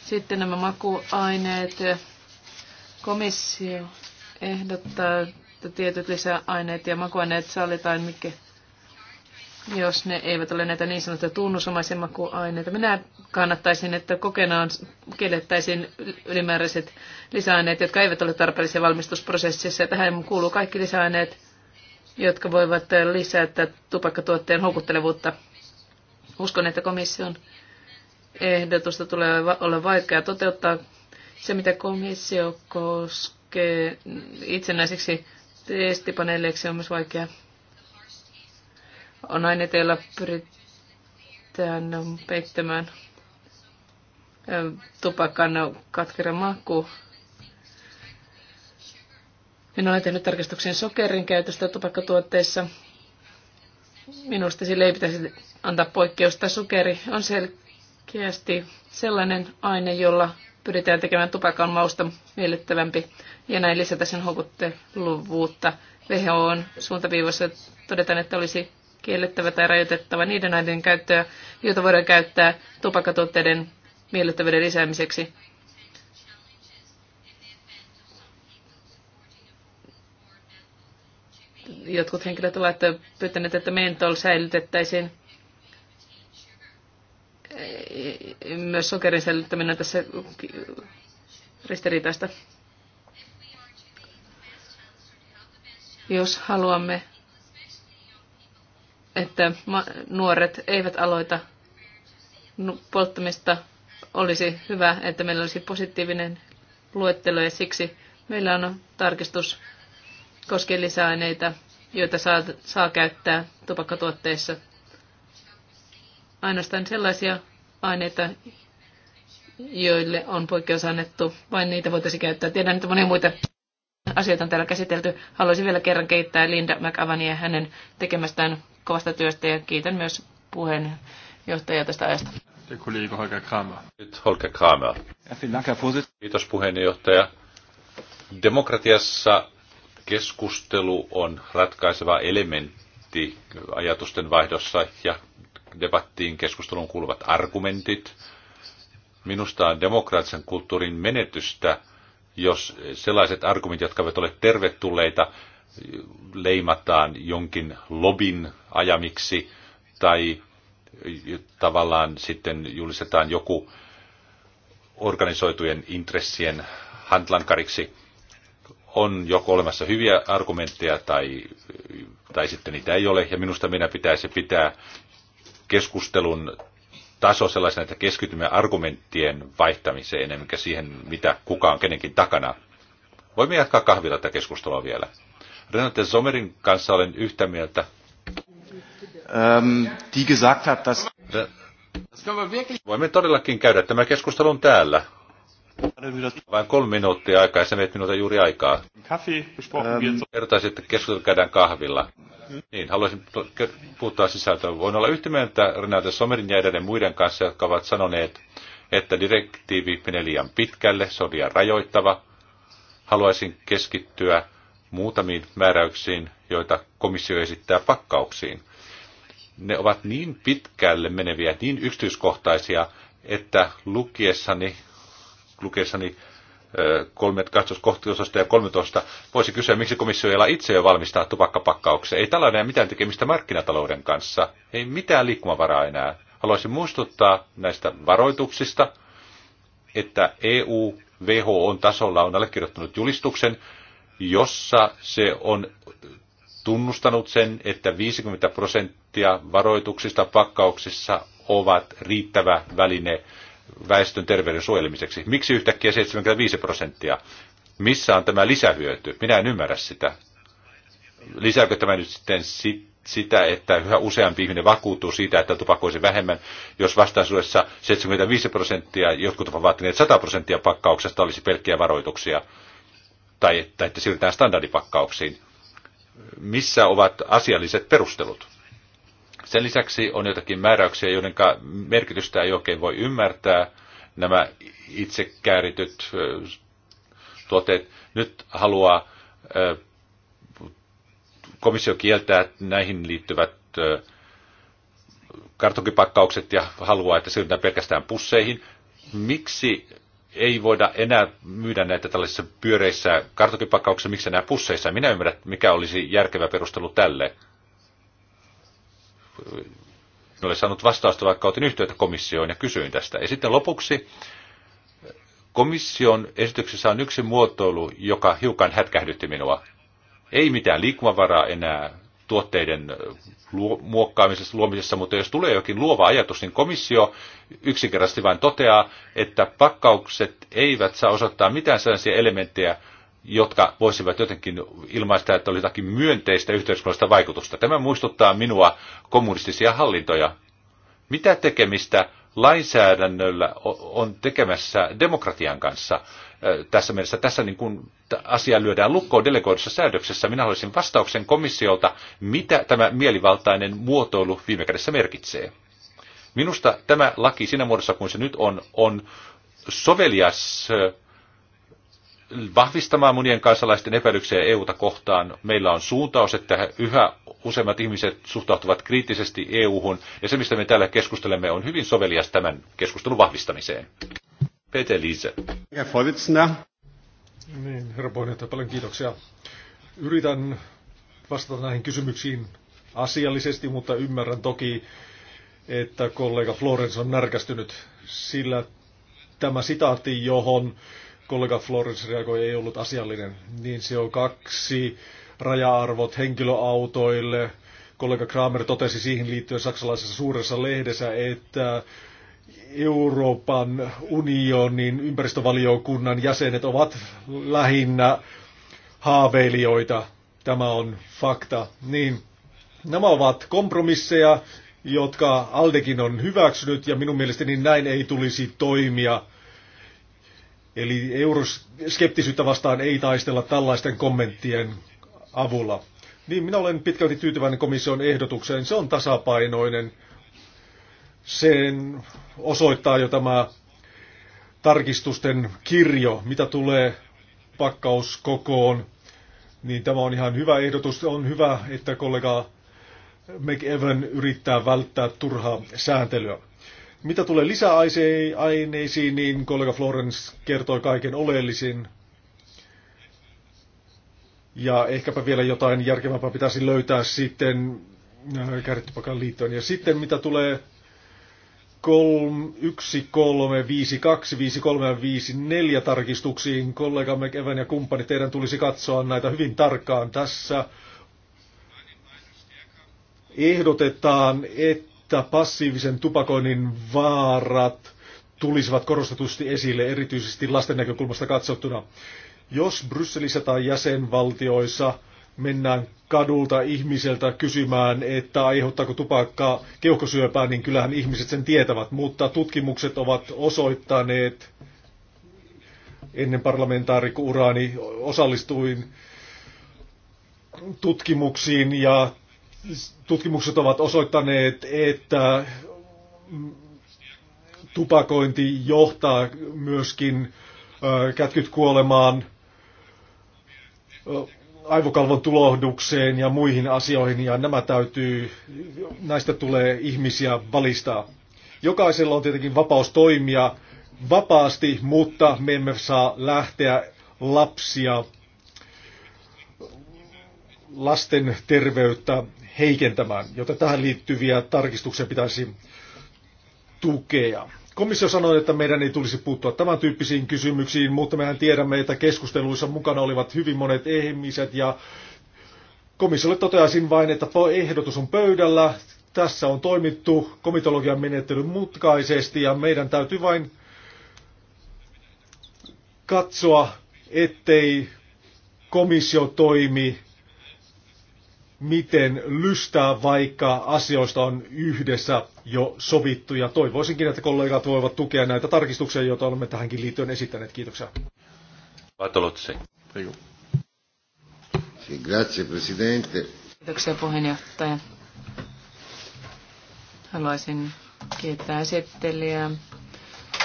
Sitten nämä makuaineet. Komissio ehdottaa, että tietyt lisäaineet ja makuaineet sallitaan, mikä, jos ne eivät ole näitä niin sanottuja tunnusomaisia makuaineita. Minä kannattaisin, että kokenaan kiellettäisiin ylimääräiset lisäaineet, jotka eivät ole tarpeellisia valmistusprosessissa. Tähän kuuluu kaikki lisäaineet, jotka voivat lisätä tupakkatuotteen houkuttelevuutta. Uskon, että komission ehdotusta tulee olla vaikea toteuttaa. Se, mitä komissio koskee itsenäiseksi testipaneeleiksi on myös vaikea. On aineita, joilla pyritään peittämään tupakan katkera maku. Minä olen tehnyt tarkistuksen sokerin käytöstä tupakkatuotteissa. Minusta sille ei pitäisi antaa poikkeusta. Sokeri on selkeästi sellainen aine, jolla pyritään tekemään tupakan mausta miellyttävämpi ja näin lisätä sen houkutteluvuutta. WHO on suuntaviivoissa todetaan, että olisi kiellettävä tai rajoitettava niiden aineiden käyttöä, joita voidaan käyttää tupakkatuotteiden miellyttävyyden lisäämiseksi. Jotkut henkilöt ovat pyytäneet, että mentol säilytettäisiin myös sokerin säilyttäminen tässä ristiriitaista. Jos haluamme, että nuoret eivät aloita polttamista, olisi hyvä, että meillä olisi positiivinen luettelo ja siksi meillä on tarkistus koskien lisäaineita, joita saa, saa käyttää tupakkatuotteissa. Ainoastaan sellaisia aineita, joille on poikkeus annettu, vain niitä voitaisiin käyttää. Tiedän, että monia muita asioita on täällä käsitelty. Haluaisin vielä kerran keittää Linda McAvania hänen tekemästään kovasta työstä ja kiitän myös puheenjohtajaa tästä ajasta. Holger Kramer. Kiitos puheenjohtaja. Demokratiassa keskustelu on ratkaiseva elementti ajatusten vaihdossa ja debattiin keskustelun kuuluvat argumentit. Minusta on demokraattisen kulttuurin menetystä, jos sellaiset argumentit, jotka eivät ole tervetulleita, leimataan jonkin lobin ajamiksi tai tavallaan sitten julistetaan joku organisoitujen intressien hantlankariksi. On joko olemassa hyviä argumentteja tai, tai sitten niitä ei ole, ja minusta meidän pitäisi pitää keskustelun taso sellaisena, että keskitymme argumenttien vaihtamiseen, kuin siihen, mitä kukaan on kenenkin takana. Voimme jatkaa kahvilla tätä keskustelua vielä. Renate Sommerin kanssa olen yhtä mieltä. Um, die gesagt hat, dass... Voimme todellakin käydä tämä keskustelun täällä. Vain kolme minuuttia aikaa, sä menet minulta juuri aikaa. Ähm. Kertaisi, että keskustelu käydään kahvilla. Niin, haluaisin puuttaa sisältöön. Voin olla yhtä mieltä Renate Somerin ja edelleen muiden kanssa, jotka ovat sanoneet, että direktiivi menee liian pitkälle, se on liian rajoittava. Haluaisin keskittyä muutamiin määräyksiin, joita komissio esittää pakkauksiin. Ne ovat niin pitkälle meneviä, niin yksityiskohtaisia, että lukiessani lukeessani kolme, katsos kohti ja 13, voisi kysyä, miksi komissio ei ala itse jo valmistaa tupakkapakkauksia. Ei tällainen mitään tekemistä markkinatalouden kanssa. Ei mitään liikkumavaraa enää. Haluaisin muistuttaa näistä varoituksista, että EU WHO-tasolla on allekirjoittanut julistuksen, jossa se on tunnustanut sen, että 50 prosenttia varoituksista pakkauksissa ovat riittävä väline väestön terveyden suojelemiseksi. Miksi yhtäkkiä 75 prosenttia? Missä on tämä lisähyöty? Minä en ymmärrä sitä. Lisääkö tämä nyt sitten sitä, että yhä useampi ihminen vakuutuu siitä, että tupakoisi vähemmän, jos vastaisuudessa 75 prosenttia, jotkut ovat vaatineet 100 prosenttia pakkauksesta, olisi pelkkiä varoituksia, tai että, että siirrytään standardipakkauksiin. Missä ovat asialliset perustelut? Sen lisäksi on jotakin määräyksiä, joiden merkitystä ei oikein voi ymmärtää. Nämä itse käärityt tuotteet nyt haluaa komissio kieltää näihin liittyvät kartonkipakkaukset ja haluaa, että siirrytään pelkästään pusseihin. Miksi ei voida enää myydä näitä tällaisissa pyöreissä kartonkipakkauksissa, miksi nämä pusseissa? Minä ymmärrän, mikä olisi järkevä perustelu tälle en ole saanut vastausta, vaikka otin yhteyttä komissioon ja kysyin tästä. Ja sitten lopuksi komission esityksessä on yksi muotoilu, joka hiukan hätkähdytti minua. Ei mitään liikkumavaraa enää tuotteiden muokkaamisessa, luomisessa, mutta jos tulee jokin luova ajatus, niin komissio yksinkertaisesti vain toteaa, että pakkaukset eivät saa osoittaa mitään sellaisia elementtejä, jotka voisivat jotenkin ilmaista, että oli jotakin myönteistä yhteiskunnallista vaikutusta. Tämä muistuttaa minua kommunistisia hallintoja. Mitä tekemistä lainsäädännöllä on tekemässä demokratian kanssa? Tässä mielessä tässä niin kuin asia lyödään lukkoon delegoidussa säädöksessä. Minä haluaisin vastauksen komissiolta, mitä tämä mielivaltainen muotoilu viime kädessä merkitsee. Minusta tämä laki siinä muodossa, kuin se nyt on, on sovelias vahvistamaan monien kansalaisten epäilyksiä EUta kohtaan. Meillä on suuntaus, että yhä useimmat ihmiset suhtautuvat kriittisesti EUhun, ja se, mistä me täällä keskustelemme, on hyvin sovelias tämän keskustelun vahvistamiseen. Pete Liise. Niin, herra puheenjohtaja, paljon kiitoksia. Yritän vastata näihin kysymyksiin asiallisesti, mutta ymmärrän toki, että kollega Florence on närkästynyt, sillä tämä sitaatti, johon kollega Flores reagoi, ei ollut asiallinen. Niin on kaksi raja-arvot henkilöautoille. Kollega Kramer totesi siihen liittyen saksalaisessa suuressa lehdessä, että Euroopan unionin ympäristövaliokunnan jäsenet ovat lähinnä haaveilijoita. Tämä on fakta. Niin, nämä ovat kompromisseja, jotka Aldekin on hyväksynyt ja minun mielestäni näin ei tulisi toimia. Eli euroskeptisyyttä vastaan ei taistella tällaisten kommenttien avulla. Niin, minä olen pitkälti tyytyväinen komission ehdotukseen. Se on tasapainoinen. Sen osoittaa jo tämä tarkistusten kirjo, mitä tulee pakkauskokoon. Niin tämä on ihan hyvä ehdotus. On hyvä, että kollega McEvan yrittää välttää turhaa sääntelyä. Mitä tulee lisäaineisiin, niin kollega Florence kertoi kaiken oleellisin. Ja ehkäpä vielä jotain järkevämpää pitäisi löytää sitten äh, kärjettupakan liittoon. Ja sitten mitä tulee 1, 3, 5, 2, 5, 3 ja 5, 4 tarkistuksiin. Kollega McEvan ja kumppani, teidän tulisi katsoa näitä hyvin tarkkaan. Tässä ehdotetaan, että että passiivisen tupakoinnin vaarat tulisivat korostetusti esille, erityisesti lasten näkökulmasta katsottuna. Jos Brysselissä tai jäsenvaltioissa mennään kadulta ihmiseltä kysymään, että aiheuttaako tupakka keuhkosyöpää, niin kyllähän ihmiset sen tietävät, mutta tutkimukset ovat osoittaneet, ennen parlamentaarikuraani osallistuin tutkimuksiin ja Tutkimukset ovat osoittaneet, että tupakointi johtaa myöskin kätkyt kuolemaan, aivokalvon tulohdukseen ja muihin asioihin, ja nämä täytyy, näistä tulee ihmisiä valistaa. Jokaisella on tietenkin vapaus toimia vapaasti, mutta me emme saa lähteä lapsia lasten terveyttä heikentämään, joten tähän liittyviä tarkistuksia pitäisi tukea. Komissio sanoi, että meidän ei tulisi puuttua tämän tyyppisiin kysymyksiin, mutta mehän tiedämme, että keskusteluissa mukana olivat hyvin monet ihmiset ja komissiolle toteaisin vain, että ehdotus on pöydällä, tässä on toimittu komitologian menettelyn mutkaisesti ja meidän täytyy vain katsoa, ettei komissio toimi miten lystää, vaikka asioista on yhdessä jo sovittu. Ja toivoisinkin, että kollegat voivat tukea näitä tarkistuksia, joita olemme tähänkin liittyen esittäneet. Kiitoksia. Vatolotse. Grazie, Presidente. Kiitoksia puheenjohtaja. Haluaisin kiittää esittelijää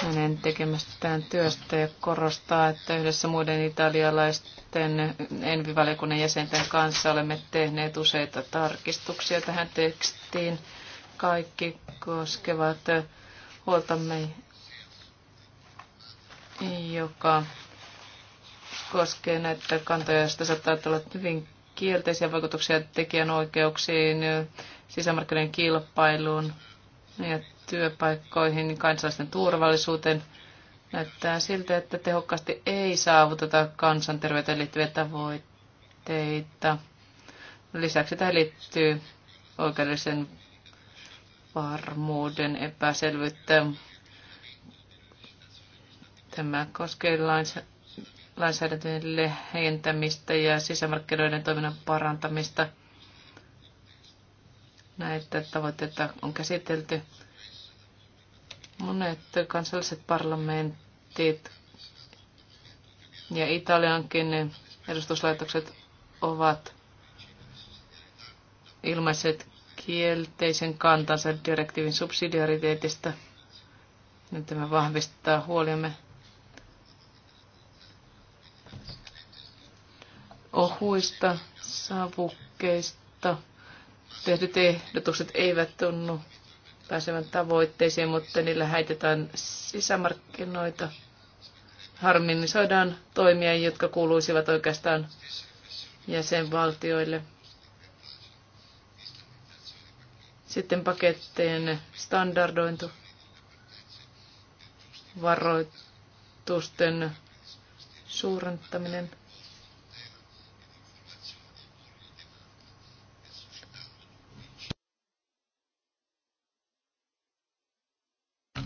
hänen tekemästään työstä ja korostaa, että yhdessä muiden italialaisten envivaliokunnan jäsenten kanssa olemme tehneet useita tarkistuksia tähän tekstiin. Kaikki koskevat huoltamme, joka koskee näitä kantoja, joista saattaa olla hyvin kielteisiä vaikutuksia tekijänoikeuksiin, sisämarkkinoiden kilpailuun ja työpaikkoihin, kansalaisten turvallisuuteen. Näyttää siltä, että tehokkaasti ei saavuteta kansanterveyteen liittyviä tavoitteita. Lisäksi tähän liittyy oikeudellisen varmuuden epäselvyyttä. Tämä koskee lainsäädäntöjen lehentämistä ja sisämarkkinoiden toiminnan parantamista. Näitä tavoitteita on käsitelty Monet kansalliset parlamentit ja Italiankin edustuslaitokset ovat ilmaiset kielteisen kantansa direktiivin subsidiariteetista. Nyt tämä vahvistaa huoliamme. Ohuista savukkeista tehdyt ehdotukset eivät tunnu pääsevän tavoitteisiin, mutta niillä häitetään sisämarkkinoita. Harminisoidaan toimia, jotka kuuluisivat oikeastaan jäsenvaltioille. Sitten pakettien standardointu, varoitusten suurentaminen –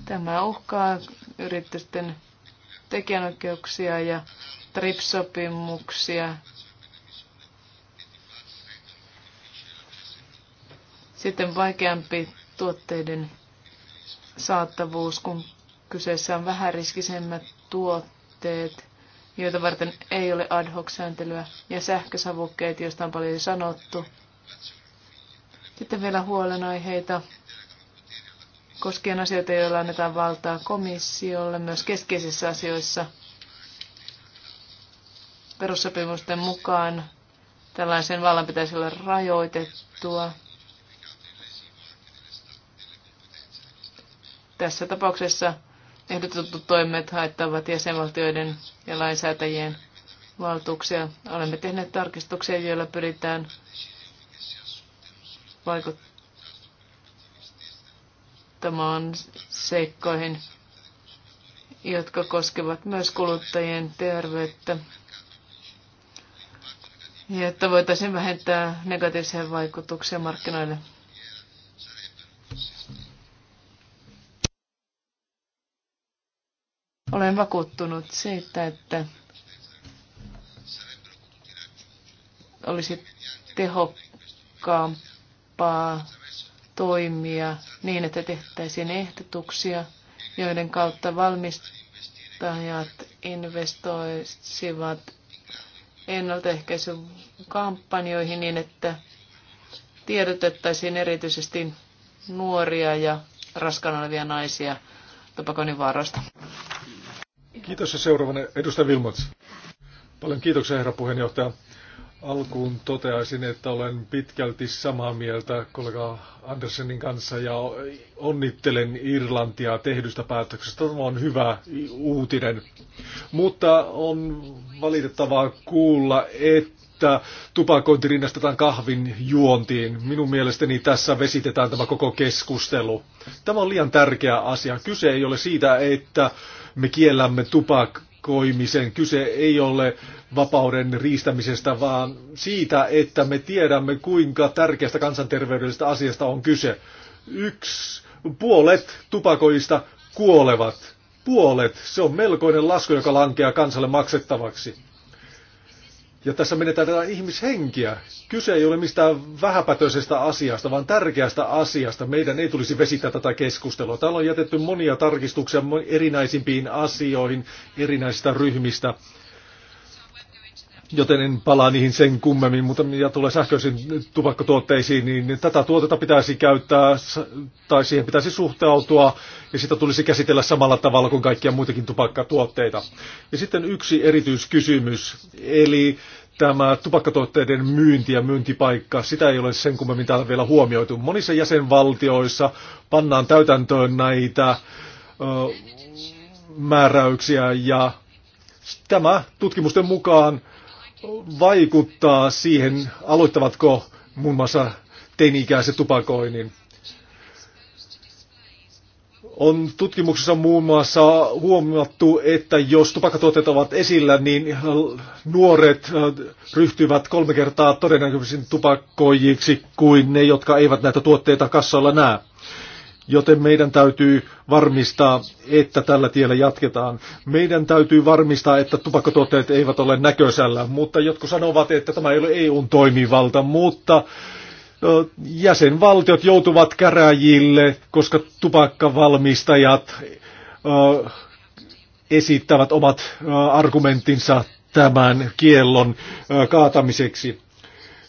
Tämä uhkaa yritysten tekijänoikeuksia ja TRIPS-sopimuksia. Sitten vaikeampi tuotteiden saattavuus, kun kyseessä on riskisemmät tuotteet, joita varten ei ole ad hoc-sääntelyä, ja sähkösavukkeet, joista on paljon sanottu. Sitten vielä huolenaiheita koskien asioita, joilla annetaan valtaa komissiolle myös keskeisissä asioissa. Perussopimusten mukaan tällaisen vallan pitäisi olla rajoitettua. Tässä tapauksessa ehdotetut toimet haittavat jäsenvaltioiden ja lainsäätäjien valtuuksia. Olemme tehneet tarkistuksia, joilla pyritään vaikuttamaan vaikuttamaan seikkoihin, jotka koskevat myös kuluttajien terveyttä. Ja että voitaisiin vähentää negatiivisia vaikutuksia markkinoille. Olen vakuuttunut siitä, että olisi tehokkaampaa toimia niin, että tehtäisiin ehdotuksia, joiden kautta valmistajat investoisivat ennaltaehkäisyn kampanjoihin niin, että tiedotettaisiin erityisesti nuoria ja raskaana olevia naisia tupakoinnin vaarasta. Kiitos ja seuraavana edustaja Vilmots. Paljon kiitoksia herra puheenjohtaja. Alkuun toteaisin, että olen pitkälti samaa mieltä kollega Andersenin kanssa ja onnittelen Irlantia tehdystä päätöksestä. Tämä on hyvä uutinen. Mutta on valitettavaa kuulla, että tupakointi rinnastetaan kahvin juontiin. Minun mielestäni tässä vesitetään tämä koko keskustelu. Tämä on liian tärkeä asia. Kyse ei ole siitä, että me kiellämme tupak rikkoimisen. Kyse ei ole vapauden riistämisestä, vaan siitä, että me tiedämme, kuinka tärkeästä kansanterveydellisestä asiasta on kyse. Yksi puolet tupakoista kuolevat. Puolet. Se on melkoinen lasku, joka lankeaa kansalle maksettavaksi. Ja tässä menetään ihmishenkiä. Kyse ei ole mistään vähäpätöisestä asiasta, vaan tärkeästä asiasta. Meidän ei tulisi vesittää tätä keskustelua. Täällä on jätetty monia tarkistuksia erinäisimpiin asioihin erinäisistä ryhmistä joten en palaa niihin sen kummemmin, mutta mitä tulee sähköisiin tupakkatuotteisiin, niin tätä tuotetta pitäisi käyttää tai siihen pitäisi suhtautua ja sitä tulisi käsitellä samalla tavalla kuin kaikkia muitakin tupakkatuotteita. Ja sitten yksi erityiskysymys, eli tämä tupakkatuotteiden myynti ja myyntipaikka, sitä ei ole sen kummemmin täällä vielä huomioitu. Monissa jäsenvaltioissa pannaan täytäntöön näitä ö, määräyksiä ja tämä tutkimusten mukaan vaikuttaa siihen, aloittavatko muun muassa teini-ikäiset tupakoinnin. On tutkimuksessa muun muassa huomattu, että jos tupakkatuotteet ovat esillä, niin nuoret äh, ryhtyvät kolme kertaa todennäköisesti tupakkoijiksi kuin ne, jotka eivät näitä tuotteita kassalla näe joten meidän täytyy varmistaa, että tällä tiellä jatketaan. Meidän täytyy varmistaa, että tupakkatuotteet eivät ole näköisellä, mutta jotkut sanovat, että tämä ei ole EUn toimivalta, mutta jäsenvaltiot joutuvat käräjille, koska tupakkavalmistajat esittävät omat argumenttinsa tämän kiellon kaatamiseksi.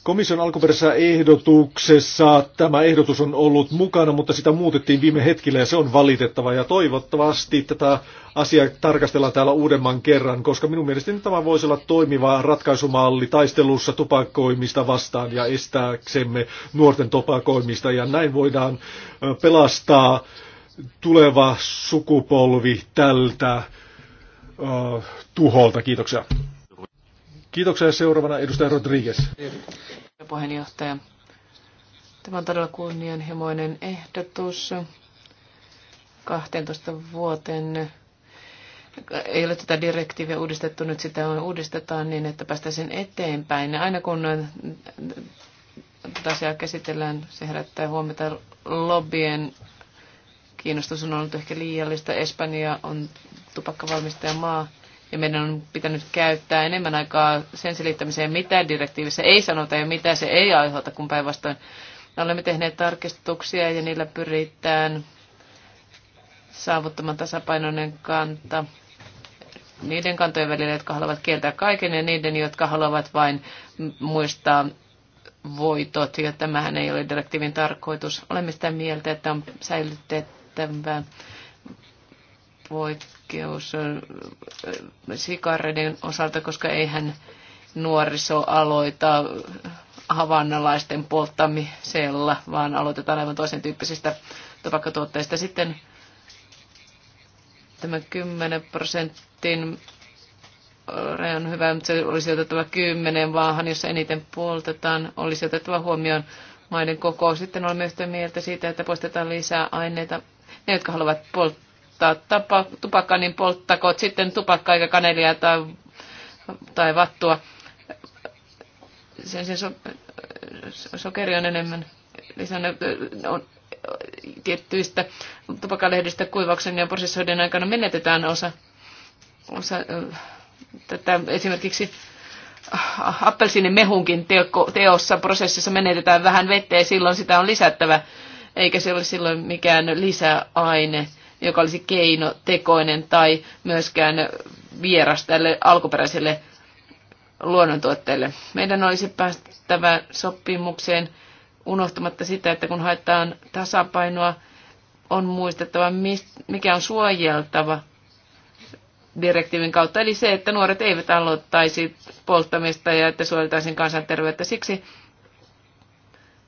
Komission alkuperäisessä ehdotuksessa tämä ehdotus on ollut mukana, mutta sitä muutettiin viime hetkellä ja se on valitettava. Ja toivottavasti tätä asiaa tarkastellaan täällä uudemman kerran, koska minun mielestäni tämä voisi olla toimiva ratkaisumalli taistelussa tupakoimista vastaan ja estääksemme nuorten tupakoimista. Ja näin voidaan pelastaa tuleva sukupolvi tältä uh, tuholta. Kiitoksia. Kiitoksia. Seuraavana edustaja Rodriguez. Puheenjohtaja. Tämä on todella kunnianhimoinen ehdotus. 12 vuoteen ei ole tätä direktiiviä uudistettu, nyt sitä on, uudistetaan niin, että päästäisiin eteenpäin. Aina kun tätä asiaa käsitellään, se herättää huomiota lobbyen kiinnostus on ollut ehkä liiallista. Espanja on tupakkavalmistaja maa ja meidän on pitänyt käyttää enemmän aikaa sen selittämiseen, mitä direktiivissä ei sanota ja mitä se ei aiheuta, kun päinvastoin olemme tehneet tarkistuksia ja niillä pyritään saavuttamaan tasapainoinen kanta niiden kantojen välillä, jotka haluavat kieltää kaiken ja niiden, jotka haluavat vain muistaa voitot, ja tämähän ei ole direktiivin tarkoitus. Olemme sitä mieltä, että on säilytettävä voitto poikkeus sikareiden osalta, koska eihän nuoriso aloita havannalaisten polttamisella, vaan aloitetaan aivan toisen tyyppisistä tupakkatuotteista. Sitten tämä 10 prosentin on hyvä, mutta se olisi otettava 10 maahan, jossa eniten poltetaan, olisi otettava huomioon maiden koko. Sitten olemme yhtä mieltä siitä, että poistetaan lisää aineita. Ne, jotka haluavat polttaa polttaa tapa, tupakka niin polttakoot sitten tupakkaa eikä kanelia tai, tai vattua. Sen se so, sokeri on enemmän lisännyt on, tiettyistä tupakalehdistä kuivauksen ja prosessoiden aikana menetetään osa, osa tätä esimerkiksi mehunkin teossa prosessissa menetetään vähän vettä ja silloin sitä on lisättävä, eikä se ole silloin mikään lisäaine joka olisi keinotekoinen tai myöskään vieras tälle alkuperäiselle luonnontuotteille. Meidän olisi päästävä sopimukseen unohtamatta sitä, että kun haetaan tasapainoa, on muistettava, mikä on suojeltava direktiivin kautta, eli se, että nuoret eivät aloittaisi polttamista ja että suojeltaisiin kansanterveyttä. Siksi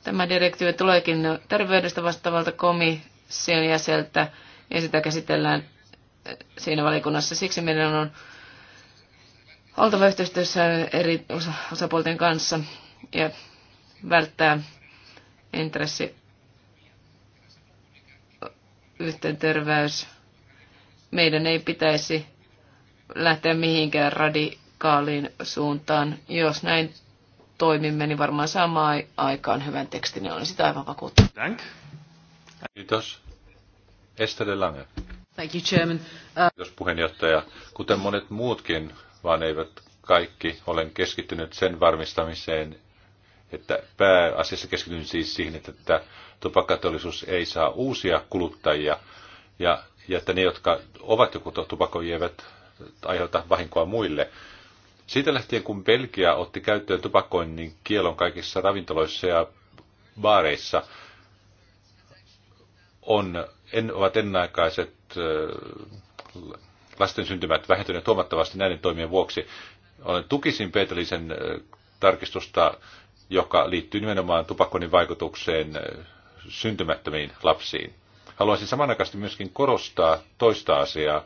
tämä direktiivi tuleekin terveydestä vastaavalta komission jäseltä ja sitä käsitellään äh, siinä valikunnassa. Siksi meidän on oltava yhteistyössä eri osapuolten kanssa ja välttää intressi terveys. Meidän ei pitäisi lähteä mihinkään radikaaliin suuntaan. Jos näin toimimme, niin varmaan samaan aikaan hyvän tekstin, niin on sitä aivan vakuuttunut. Kiitos. Esther de Lange. Thank you, Chairman. Uh... puheenjohtaja. Kuten monet muutkin, vaan eivät kaikki, olen keskittynyt sen varmistamiseen, että pääasiassa keskityn siis siihen, että tupakkateollisuus ei saa uusia kuluttajia ja, ja että ne, jotka ovat joku tupakoijia, eivät aiheuta vahinkoa muille. Siitä lähtien, kun Belgia otti käyttöön tupakoinnin kielon kaikissa ravintoloissa ja baareissa, on en, ovat ennenaikaiset lasten syntymät vähentyneet huomattavasti näiden toimien vuoksi. Olen tukisin Peetelisen tarkistusta, joka liittyy nimenomaan tupakkonin vaikutukseen syntymättömiin lapsiin. Haluaisin samanaikaisesti myöskin korostaa toista asiaa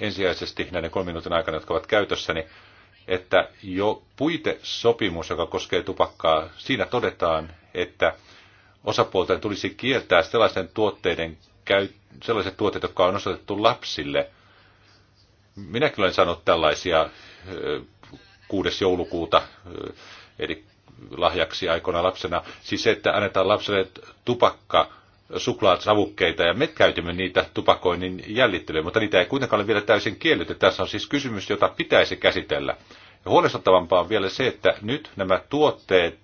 ensisijaisesti näiden kolmen minuutin aikana, jotka ovat käytössäni, että jo puitesopimus, joka koskee tupakkaa, siinä todetaan, että osapuolten tulisi kieltää sellaisten tuotteiden sellaiset tuotteet, jotka on osoitettu lapsille. Minäkin olen saanut tällaisia 6. joulukuuta, eli lahjaksi aikoina lapsena. Siis se, että annetaan lapselle tupakka, suklaat, savukkeita ja me käytimme niitä tupakoinnin jäljittelyä, mutta niitä ei kuitenkaan ole vielä täysin kielletty. Tässä on siis kysymys, jota pitäisi käsitellä. Ja huolestuttavampaa on vielä se, että nyt nämä tuotteet,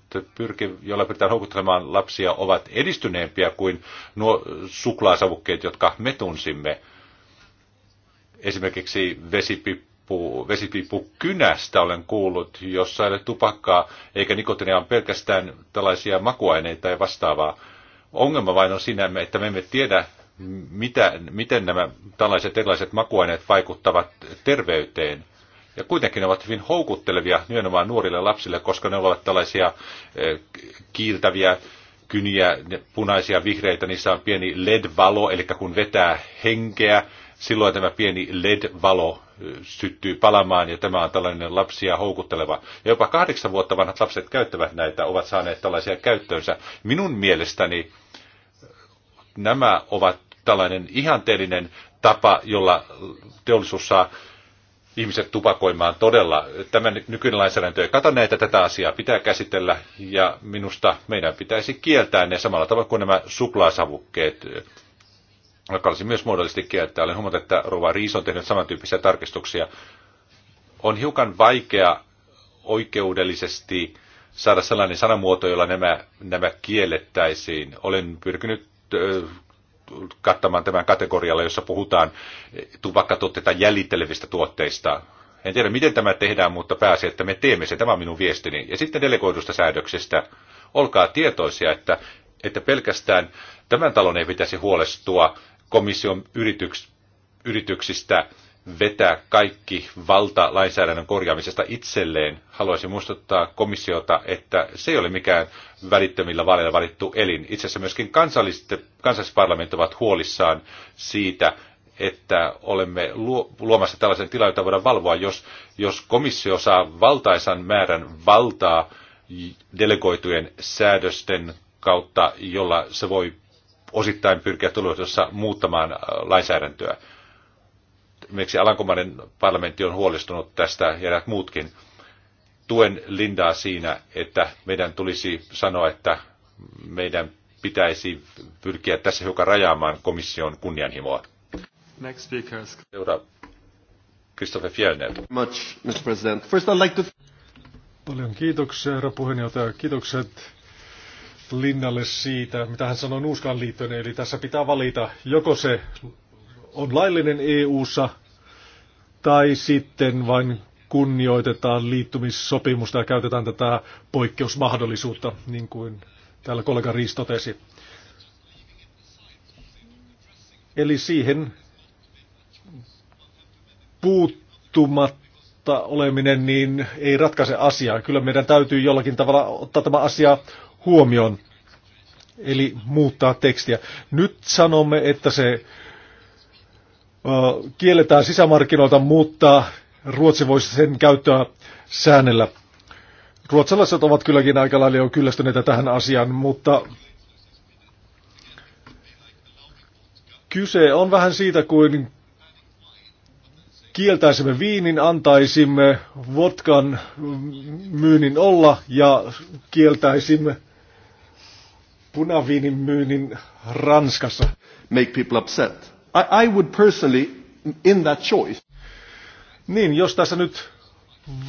joilla pyritään houkuttelemaan lapsia, ovat edistyneempiä kuin nuo suklaasavukkeet, jotka me tunsimme. Esimerkiksi vesipippu, vesipippu kynästä olen kuullut, jossa ei ole tupakkaa eikä nikotiinia, on pelkästään tällaisia makuaineita ja vastaavaa. Ongelma vain on siinä, että me emme tiedä, mitä, miten nämä tällaiset erilaiset makuaineet vaikuttavat terveyteen – ja kuitenkin ne ovat hyvin houkuttelevia nimenomaan nuorille lapsille, koska ne ovat tällaisia eh, kiiltäviä kyniä, punaisia, vihreitä, niissä on pieni LED-valo, eli kun vetää henkeä, silloin tämä pieni LED-valo eh, syttyy palamaan ja tämä on tällainen lapsia houkutteleva. Ja jopa kahdeksan vuotta vanhat lapset käyttävät näitä, ovat saaneet tällaisia käyttöönsä. Minun mielestäni nämä ovat tällainen ihanteellinen tapa, jolla teollisuus saa ihmiset tupakoimaan todella. Tämä nykyinen lainsäädäntö ei kata näitä, tätä asiaa pitää käsitellä ja minusta meidän pitäisi kieltää ne samalla tavalla kuin nämä suklaasavukkeet. Joka olisi myös muodollisesti kieltää. Olen huomannut, että Rova Riis on tehnyt samantyyppisiä tarkistuksia. On hiukan vaikea oikeudellisesti saada sellainen sanamuoto, jolla nämä, nämä kiellettäisiin. Olen pyrkinyt kattamaan tämän kategorialla, jossa puhutaan tupakkatuotteita jäljittelevistä tuotteista. En tiedä, miten tämä tehdään, mutta pääsi, että me teemme sen. Tämä on minun viestini. Ja sitten delegoidusta säädöksestä. Olkaa tietoisia, että, että pelkästään tämän talon ei pitäisi huolestua komission yrityks, yrityksistä, vetää kaikki valta lainsäädännön korjaamisesta itselleen. Haluaisin muistuttaa komissiota, että se ei ole mikään välittömillä vaaleilla valittu elin. Itse asiassa myöskin kansallisparlamentit ovat huolissaan siitä, että olemme luomassa tällaisen tilan, jota voidaan valvoa, jos, jos komissio saa valtaisan määrän valtaa delegoitujen säädösten kautta, jolla se voi osittain pyrkiä tulevaisuudessa muuttamaan äh, lainsäädäntöä. Miksi alankomainen parlamentti on huolestunut tästä ja näitä muutkin. Tuen Lindaa siinä, että meidän tulisi sanoa, että meidän pitäisi pyrkiä tässä hiukan rajaamaan komission kunnianhimoa. Next speaker. Seura Christopher Fjellner. Much, Mr. President. First I'd like to... Paljon kiitoksia, herra puheenjohtaja. Kiitokset Linnalle siitä, mitä hän sanoi Nuuskaan liittyen. Eli tässä pitää valita joko se on laillinen EU:ssa tai sitten vain kunnioitetaan liittymissopimusta ja käytetään tätä poikkeusmahdollisuutta, niin kuin täällä kollega Riis totesi. Eli siihen puuttumatta oleminen niin ei ratkaise asiaa. Kyllä meidän täytyy jollakin tavalla ottaa tämä asia huomioon, eli muuttaa tekstiä. Nyt sanomme, että se kielletään sisämarkkinoilta, mutta Ruotsi voisi sen käyttöä säännellä. Ruotsalaiset ovat kylläkin aika lailla jo kyllästyneitä tähän asiaan, mutta kyse on vähän siitä kuin kieltäisimme viinin, antaisimme vodkan myynnin olla ja kieltäisimme punaviinin myynnin Ranskassa. Make people upset. I, I would personally, in that choice. Niin, jos tässä nyt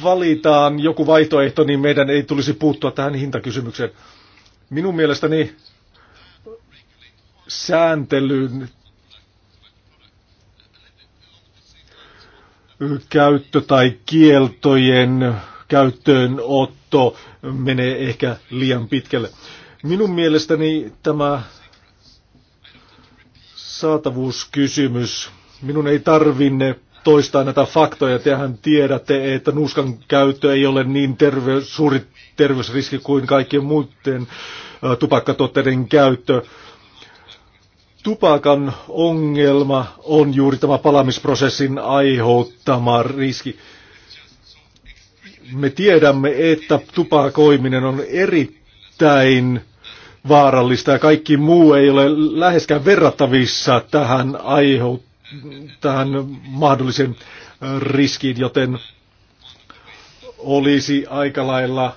valitaan joku vaihtoehto, niin meidän ei tulisi puuttua tähän hintakysymykseen. Minun mielestäni sääntelyn käyttö tai kieltojen käyttöönotto menee ehkä liian pitkälle. Minun mielestäni tämä saatavuuskysymys. Minun ei tarvinne toistaa näitä faktoja. Tehän tiedätte, että nuuskan käyttö ei ole niin terve, suuri terveysriski kuin kaikkien muiden tupakkatuotteiden käyttö. Tupakan ongelma on juuri tämä palamisprosessin aiheuttama riski. Me tiedämme, että tupakoiminen on erittäin vaarallista ja kaikki muu ei ole läheskään verrattavissa tähän, aiheut, tähän mahdollisen riskiin, joten olisi aika lailla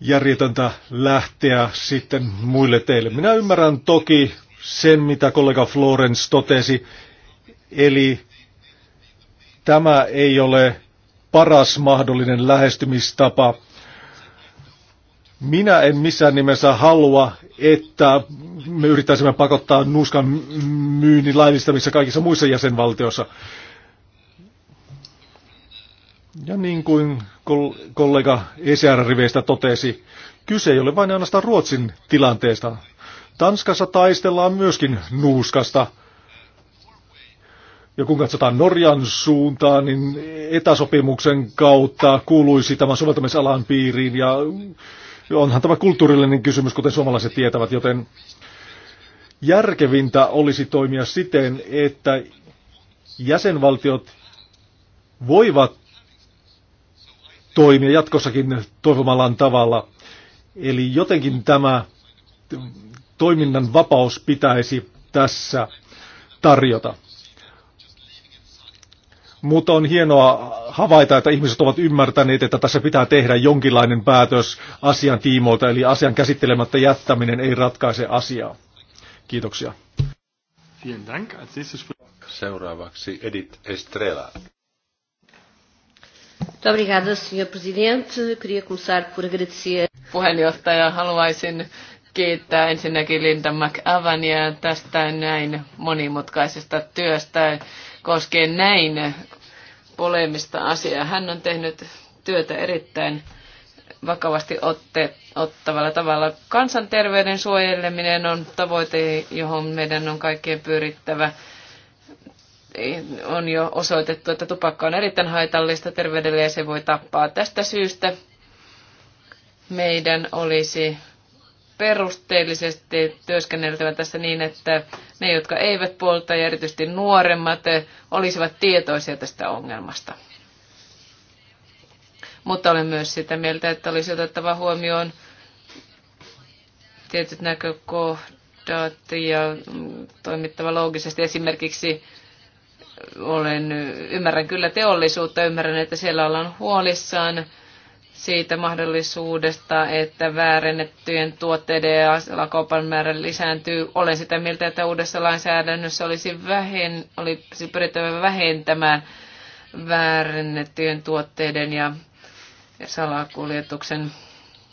järjetöntä lähteä sitten muille teille. Minä ymmärrän toki sen, mitä kollega Florence totesi, eli tämä ei ole paras mahdollinen lähestymistapa – minä en missään nimessä halua, että me yrittäisimme pakottaa nuuskan myynnin laillistamissa kaikissa muissa jäsenvaltioissa. Ja niin kuin kollega ECR-riveistä totesi, kyse ei ole vain ainoastaan Ruotsin tilanteesta. Tanskassa taistellaan myöskin nuuskasta. Ja kun katsotaan Norjan suuntaan, niin etäsopimuksen kautta kuuluisi tämän soveltamisalan piiriin ja Onhan tämä kulttuurillinen kysymys, kuten suomalaiset tietävät, joten järkevintä olisi toimia siten, että jäsenvaltiot voivat toimia jatkossakin toivomallaan tavalla. Eli jotenkin tämä toiminnan vapaus pitäisi tässä tarjota. Mutta on hienoa havaita, että ihmiset ovat ymmärtäneet, että tässä pitää tehdä jonkinlainen päätös asian tiimoilta, eli asian käsittelemättä jättäminen ei ratkaise asiaa. Kiitoksia. Seuraavaksi Edith Estrela. Obrigada, senhor presidente. Queria começar por agradecer. Puheenjohtaja, haluaisin kiittää ensinnäkin Linda McAvania tästä näin monimutkaisesta työstä koskien näin poleemista asiaa. Hän on tehnyt työtä erittäin vakavasti otte, ottavalla tavalla. Kansanterveyden suojeleminen on tavoite, johon meidän on kaikkien pyrittävä. On jo osoitettu, että tupakka on erittäin haitallista terveydelle ja se voi tappaa. Tästä syystä meidän olisi perusteellisesti työskenneltävä tässä niin, että ne, jotka eivät polta ja erityisesti nuoremmat, eh, olisivat tietoisia tästä ongelmasta. Mutta olen myös sitä mieltä, että olisi otettava huomioon tietyt näkökohdat ja mm, toimittava loogisesti. Esimerkiksi eh, olen, ymmärrän kyllä teollisuutta, ymmärrän, että siellä ollaan huolissaan siitä mahdollisuudesta, että väärennettyjen tuotteiden ja lakopan määrä lisääntyy. Olen sitä mieltä, että uudessa lainsäädännössä olisi, vähen, olisi pyrittävä vähentämään väärennettyjen tuotteiden ja salakuljetuksen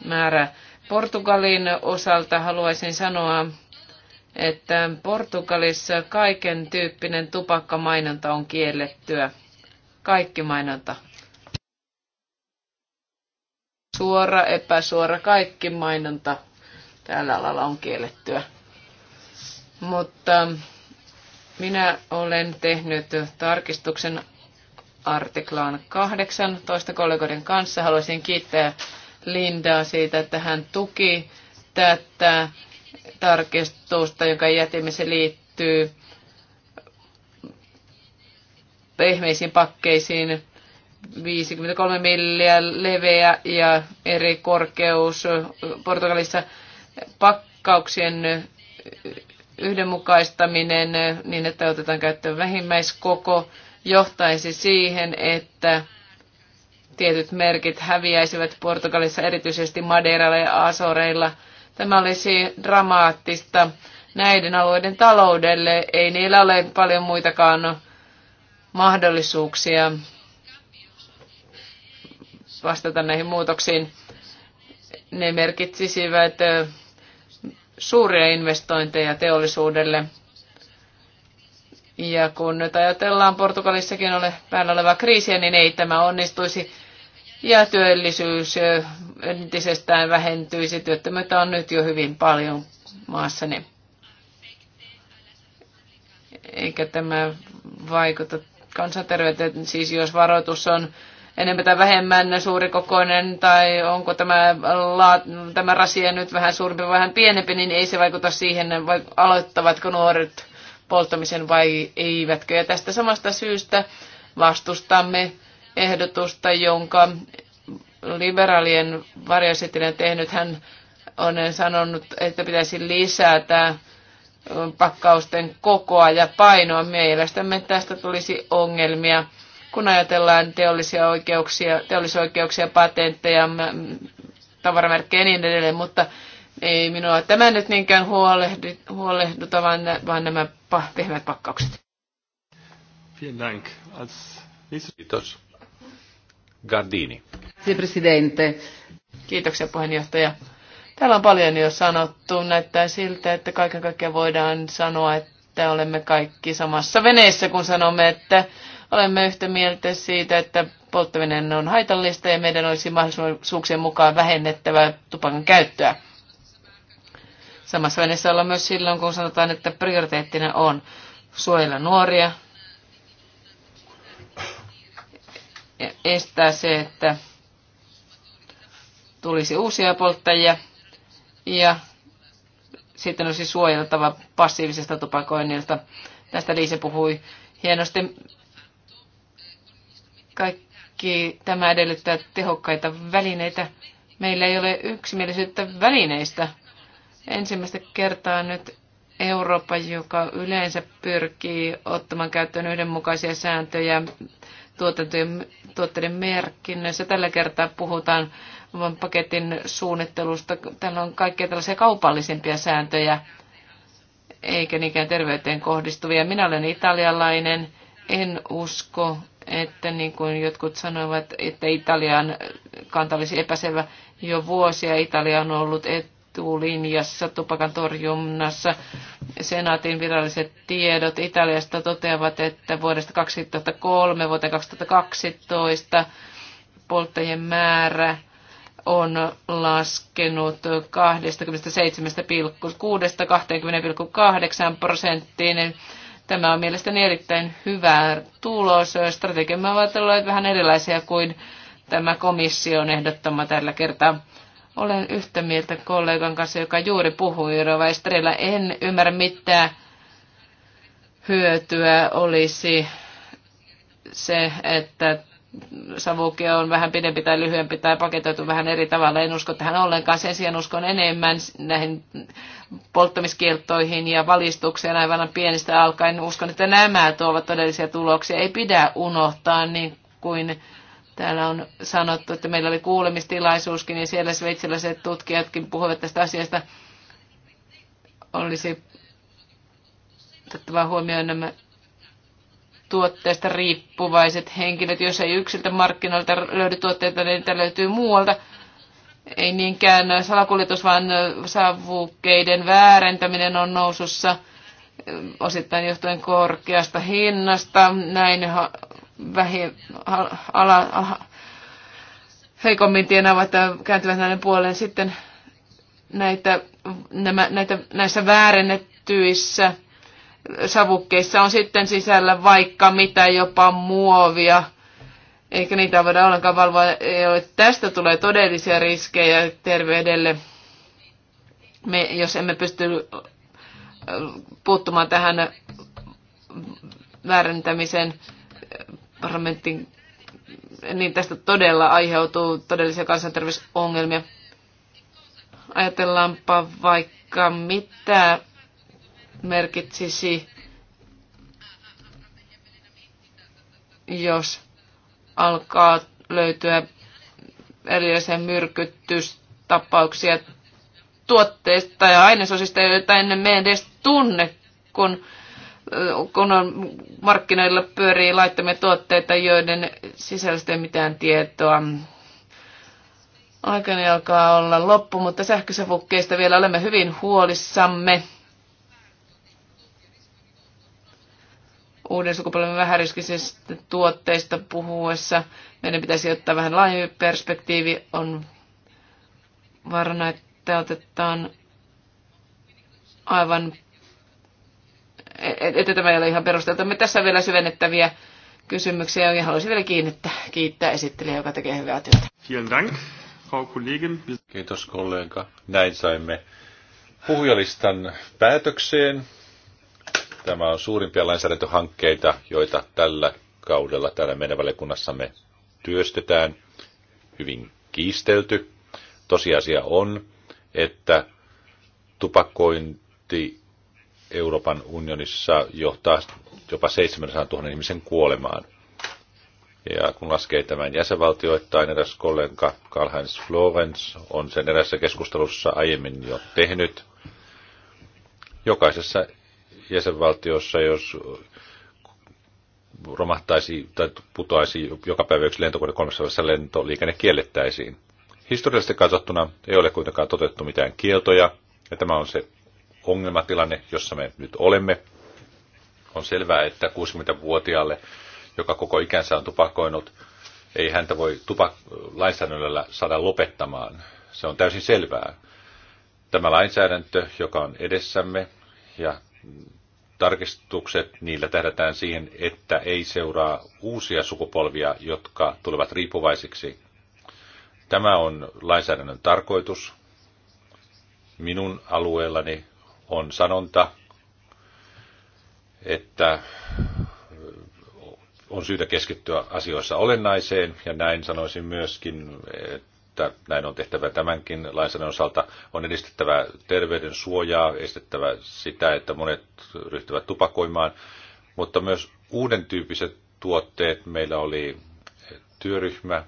määrää. Portugalin osalta haluaisin sanoa, että Portugalissa kaiken tyyppinen tupakkamainonta on kiellettyä. Kaikki mainonta Suora, epäsuora, kaikki mainonta tällä alalla on kiellettyä. Mutta minä olen tehnyt tarkistuksen artiklaan 18 kollegoiden kanssa. Haluaisin kiittää Lindaa siitä, että hän tuki tätä tarkistusta, jonka jätimme se liittyy pehmeisiin pakkeisiin 53 milliä leveä ja eri korkeus Portugalissa. Pakkauksien yhdenmukaistaminen niin, että otetaan käyttöön vähimmäiskoko, johtaisi siihen, että tietyt merkit häviäisivät Portugalissa, erityisesti Madeiralla ja Asoreilla. Tämä olisi dramaattista näiden alueiden taloudelle. Ei niillä ole paljon muitakaan mahdollisuuksia vastata näihin muutoksiin. Ne merkitsisivät suuria investointeja teollisuudelle. Ja kun nyt ajatellaan Portugalissakin ole päällä olevaa kriisiä, niin ei tämä onnistuisi. Ja työllisyys entisestään vähentyisi. Työttömyyttä on nyt jo hyvin paljon maassani. Eikä tämä vaikuta kansanterveyteen, siis jos varoitus on enemmän tai vähemmän suurikokoinen tai onko tämä, la, tämä rasia nyt vähän suurempi vai vähän pienempi, niin ei se vaikuta siihen, vai aloittavatko nuoret polttamisen vai eivätkö. Ja tästä samasta syystä vastustamme ehdotusta, jonka liberaalien varjoesittelijä tehnyt. Hän on sanonut, että pitäisi lisätä pakkausten kokoa ja painoa. Mielestämme tästä tulisi ongelmia kun ajatellaan teollisia oikeuksia, teollisoikeuksia, patentteja, tavaramerkkejä ja niin edelleen, mutta ei minua tämä nyt niinkään huolehduta, vaan, vaan nämä pehmeät pakkaukset. Kiitos. Gardini. Presidente. Kiitoksia puheenjohtaja. Täällä on paljon jo sanottu. Näyttää siltä, että kaiken kaikkiaan voidaan sanoa, että olemme kaikki samassa veneessä, kun sanomme, että Olemme yhtä mieltä siitä, että polttaminen on haitallista ja meidän olisi mahdollisuuksien mukaan vähennettävä tupakan käyttöä. Samassa veneessä ollaan myös silloin, kun sanotaan, että prioriteettina on suojella nuoria, ja estää se, että tulisi uusia polttajia ja sitten olisi suojeltava passiivisesta tupakoinnilta. Tästä Liise puhui hienosti. Kaikki tämä edellyttää tehokkaita välineitä. Meillä ei ole yksimielisyyttä välineistä. Ensimmäistä kertaa nyt Eurooppa, joka yleensä pyrkii ottamaan käyttöön yhdenmukaisia sääntöjä tuotteiden merkinnöissä. Tällä kertaa puhutaan paketin suunnittelusta. Täällä on kaikkia tällaisia kaupallisimpia sääntöjä, eikä niinkään terveyteen kohdistuvia. Minä olen italialainen, en usko, että niin kuin jotkut sanoivat, että Italian kanta olisi epäselvä jo vuosia. Italia on ollut etulinjassa tupakan torjunnassa. Senaatin viralliset tiedot Italiasta toteavat, että vuodesta 2003 vuoteen 2012 polttajien määrä on laskenut 27,6-20,8 prosenttiin Tämä on mielestäni erittäin hyvä tulos. Strategiamme ovat olleet vähän erilaisia kuin tämä komission ehdottama tällä kertaa. Olen yhtä mieltä kollegan kanssa, joka juuri puhui Rova Estrella. En ymmärrä mitä hyötyä olisi se, että savuke on vähän pidempi tai lyhyempi tai paketoitu vähän eri tavalla. En usko tähän ollenkaan. Sen sijaan uskon enemmän näihin polttamiskieltoihin ja valistukseen aivan pienistä alkaen. Uskon, että nämä tuovat todellisia tuloksia. Ei pidä unohtaa niin kuin täällä on sanottu, että meillä oli kuulemistilaisuuskin ja siellä sveitsiläiset tutkijatkin puhuivat tästä asiasta. Olisi otettava huomioon nämä tuotteesta riippuvaiset henkilöt. Jos ei yksiltä markkinoilta löydy tuotteita, niin niitä löytyy muualta. Ei niinkään salakuljetus, vaan savukkeiden väärentäminen on nousussa osittain johtuen korkeasta hinnasta. Näin vähi, ala, ala, heikommin tienaavat äh, kääntyvät näiden puoleen sitten näitä, nämä, näitä, näissä väärennettyissä savukkeissa on sitten sisällä vaikka mitä, jopa muovia. Eikä niitä voida ollenkaan valvoa. Tästä tulee todellisia riskejä terveydelle, me, jos emme pysty puuttumaan tähän väärentämisen parlamentin, niin tästä todella aiheutuu todellisia kansanterveysongelmia. Ajatellaanpa vaikka mitä merkitsisi, jos alkaa löytyä erilaisia myrkytystapauksia tuotteista ja ainesosista, joita ennen me edes tunne, kun, kun on markkinoilla pyörii laittamia tuotteita, joiden sisällöstä ei mitään tietoa. Aikani alkaa olla loppu, mutta sähkösavukkeista vielä olemme hyvin huolissamme. uuden sukupolven vähäriskisistä tuotteista puhuessa meidän pitäisi ottaa vähän laajempi perspektiivi. On varana, että otetaan aivan, että tämä ei ole ihan perusteltu. Me tässä on vielä syvennettäviä kysymyksiä ja haluaisin vielä kiinnittää, kiittää esittelijä, joka tekee hyvää työtä. Kiitos kollega. Näin saimme puhujalistan päätökseen. Tämä on suurimpia lainsäädäntöhankkeita, joita tällä kaudella täällä meidän valiokunnassamme työstetään. Hyvin kiistelty. Tosiasia on, että tupakointi Euroopan unionissa johtaa jopa 700 000 ihmisen kuolemaan. Ja kun laskee tämän jäsenvaltioittain, eräs kollega Karl-Heinz Florence on sen erässä keskustelussa aiemmin jo tehnyt. Jokaisessa jäsenvaltiossa, jos romahtaisi tai putoaisi joka päivä yksi lentokone kolmessa lentoliikenne kiellettäisiin. Historiallisesti katsottuna ei ole kuitenkaan toteutettu mitään kieltoja, ja tämä on se ongelmatilanne, jossa me nyt olemme. On selvää, että 60-vuotiaalle, joka koko ikänsä on tupakoinut, ei häntä voi tupak- lainsäädännöllä saada lopettamaan. Se on täysin selvää. Tämä lainsäädäntö, joka on edessämme ja tarkistukset, niillä tähdätään siihen, että ei seuraa uusia sukupolvia, jotka tulevat riippuvaisiksi. Tämä on lainsäädännön tarkoitus. Minun alueellani on sanonta, että on syytä keskittyä asioissa olennaiseen, ja näin sanoisin myöskin että näin on tehtävä tämänkin lainsäädännön osalta. On edistettävä terveyden suojaa, estettävä sitä, että monet ryhtyvät tupakoimaan, mutta myös uuden tyyppiset tuotteet. Meillä oli työryhmä.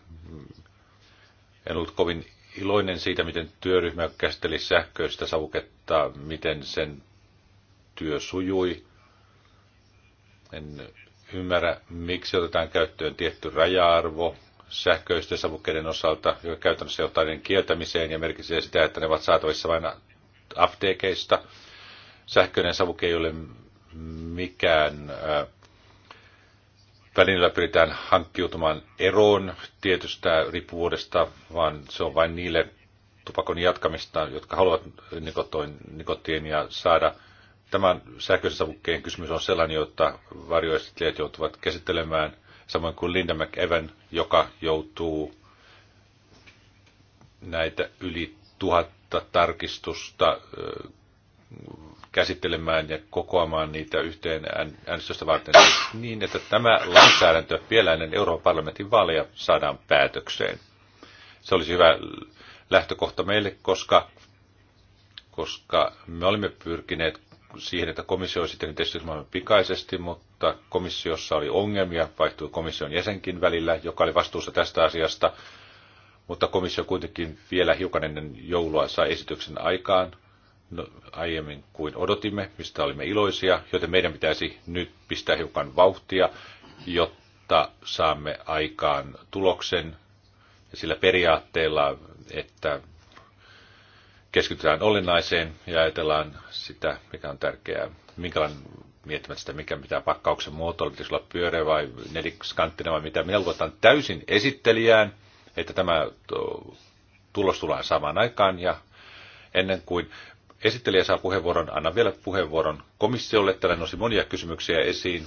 En ollut kovin iloinen siitä, miten työryhmä käsitteli sähköistä savuketta, miten sen työ sujui. En ymmärrä, miksi otetaan käyttöön tietty raja-arvo, sähköisten savukkeiden osalta, joka käytännössä johtaa niiden kieltämiseen ja merkitsee sitä, että ne ovat saatavissa vain apteekeista. Sähköinen savuke ei ole mikään äh, välineellä pyritään hankkiutumaan eroon tietystä riippuvuudesta, vaan se on vain niille tupakon jatkamista, jotka haluavat nikotoin, nikotiinia saada. Tämän sähköisen savukkeen kysymys on sellainen, jota varjoesittelijät joutuvat käsittelemään samoin kuin Linda McEvan, joka joutuu näitä yli tuhatta tarkistusta käsittelemään ja kokoamaan niitä yhteen äänestystä varten siis niin, että tämä lainsäädäntö vielä ennen Euroopan parlamentin vaaleja saadaan päätökseen. Se olisi hyvä lähtökohta meille, koska, koska me olimme pyrkineet siihen, että komissio olisi tehnyt esitysmaailman pikaisesti, mutta komissiossa oli ongelmia, vaihtui komission jäsenkin välillä, joka oli vastuussa tästä asiasta, mutta komissio kuitenkin vielä hiukan ennen joulua sai esityksen aikaan no, aiemmin kuin odotimme, mistä olimme iloisia, joten meidän pitäisi nyt pistää hiukan vauhtia, jotta saamme aikaan tuloksen ja sillä periaatteella, että keskitytään olennaiseen ja ajatellaan sitä, mikä on tärkeää. Minkälainen miettimään sitä, mikä pitää pakkauksen muotoilla, pitäisi olla pyöreä vai neliskanttinen vai mitä. Minä luotan täysin esittelijään, että tämä tulos tulee samaan aikaan ja ennen kuin esittelijä saa puheenvuoron, anna vielä puheenvuoron komissiolle. Täällä nosi monia kysymyksiä esiin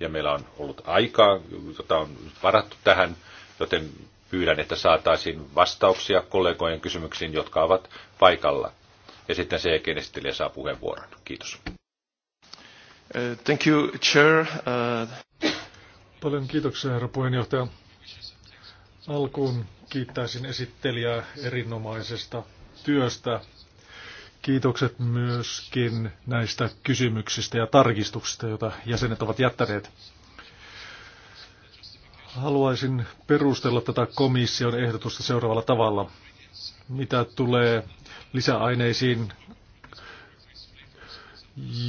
ja meillä on ollut aikaa, jota on varattu tähän, joten pyydän, että saataisiin vastauksia kollegojen kysymyksiin, jotka ovat paikalla. Ja sitten se esittelijä saa puheenvuoron. Kiitos. Uh, thank you, Chair. Uh... Paljon kiitoksia, herra puheenjohtaja. Alkuun kiittäisin esittelijää erinomaisesta työstä. Kiitokset myöskin näistä kysymyksistä ja tarkistuksista, joita jäsenet ovat jättäneet haluaisin perustella tätä komission ehdotusta seuraavalla tavalla. Mitä tulee lisäaineisiin,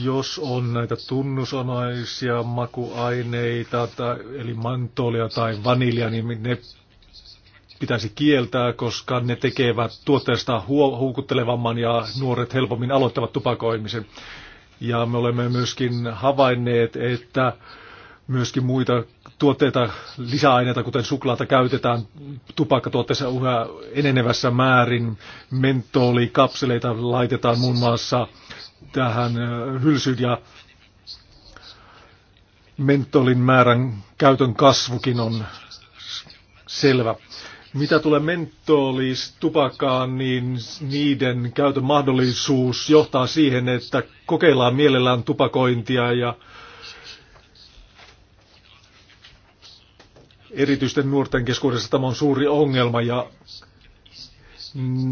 jos on näitä tunnusanaisia makuaineita, tai, eli mantolia tai vanilja, niin ne pitäisi kieltää, koska ne tekevät tuotteesta huukuttelevamman ja nuoret helpommin aloittavat tupakoimisen. Ja me olemme myöskin havainneet, että myöskin muita tuotteita, lisäaineita, kuten suklaata, käytetään tupakkatuotteissa yhä enenevässä määrin. kapseleita laitetaan muun muassa tähän hylsyyn ja mentolin määrän käytön kasvukin on selvä. Mitä tulee mentoolis tupakkaan, niin niiden käytön mahdollisuus johtaa siihen, että kokeillaan mielellään tupakointia ja erityisten nuorten keskuudessa tämä on suuri ongelma ja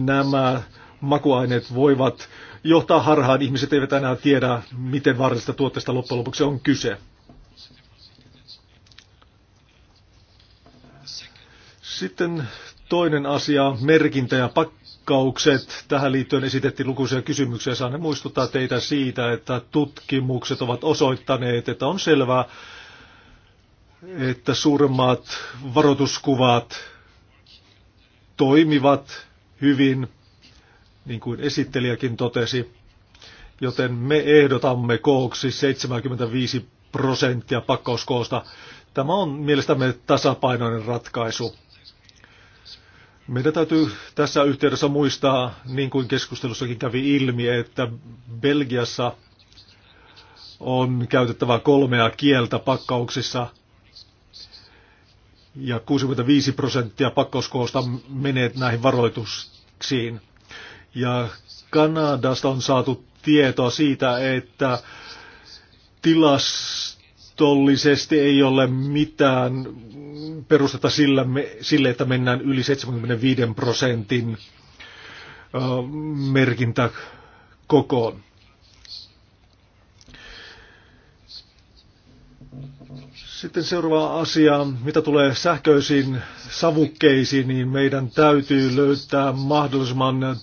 nämä makuaineet voivat johtaa harhaan. Ihmiset eivät enää tiedä, miten vaarallisesta tuotteesta loppujen lopuksi on kyse. Sitten toinen asia, merkintä ja pakkaukset. Tähän liittyen esitettiin lukuisia kysymyksiä. Saan muistuttaa teitä siitä, että tutkimukset ovat osoittaneet, että on selvää, että suuremmat varoituskuvat toimivat hyvin, niin kuin esittelijäkin totesi, joten me ehdotamme kooksi 75 prosenttia pakkauskoosta. Tämä on mielestämme tasapainoinen ratkaisu. Meidän täytyy tässä yhteydessä muistaa, niin kuin keskustelussakin kävi ilmi, että Belgiassa on käytettävä kolmea kieltä pakkauksissa – ja 65 prosenttia pakkauskoosta menee näihin varoituksiin. Ja Kanadasta on saatu tietoa siitä, että tilastollisesti ei ole mitään perustetta sillä, sille, että mennään yli 75 prosentin merkintä kokoon. Sitten seuraava asia, mitä tulee sähköisiin savukkeisiin, niin meidän täytyy löytää mahdollisimman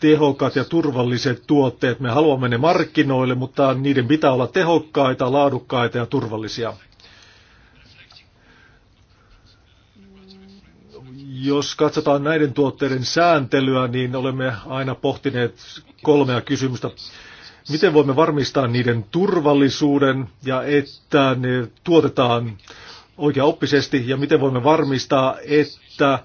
tehokkaat ja turvalliset tuotteet. Me haluamme ne markkinoille, mutta niiden pitää olla tehokkaita, laadukkaita ja turvallisia. Jos katsotaan näiden tuotteiden sääntelyä, niin olemme aina pohtineet kolmea kysymystä. Miten voimme varmistaa niiden turvallisuuden ja että ne tuotetaan oikeaoppisesti ja miten voimme varmistaa, että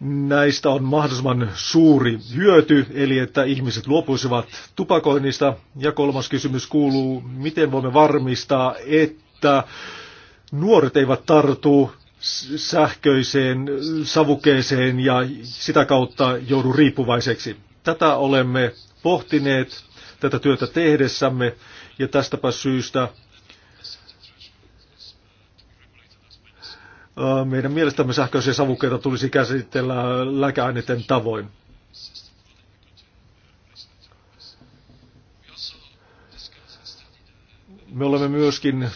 näistä on mahdollisimman suuri hyöty, eli että ihmiset luopuisivat tupakoinnista. Ja kolmas kysymys kuuluu, miten voimme varmistaa, että nuoret eivät tartu sähköiseen savukeeseen ja sitä kautta joudu riippuvaiseksi. Tätä olemme pohtineet tätä työtä tehdessämme ja tästäpä syystä meidän mielestämme sähköisiä savukkeita tulisi käsitellä lääkeaineiden tavoin. Me olemme myöskin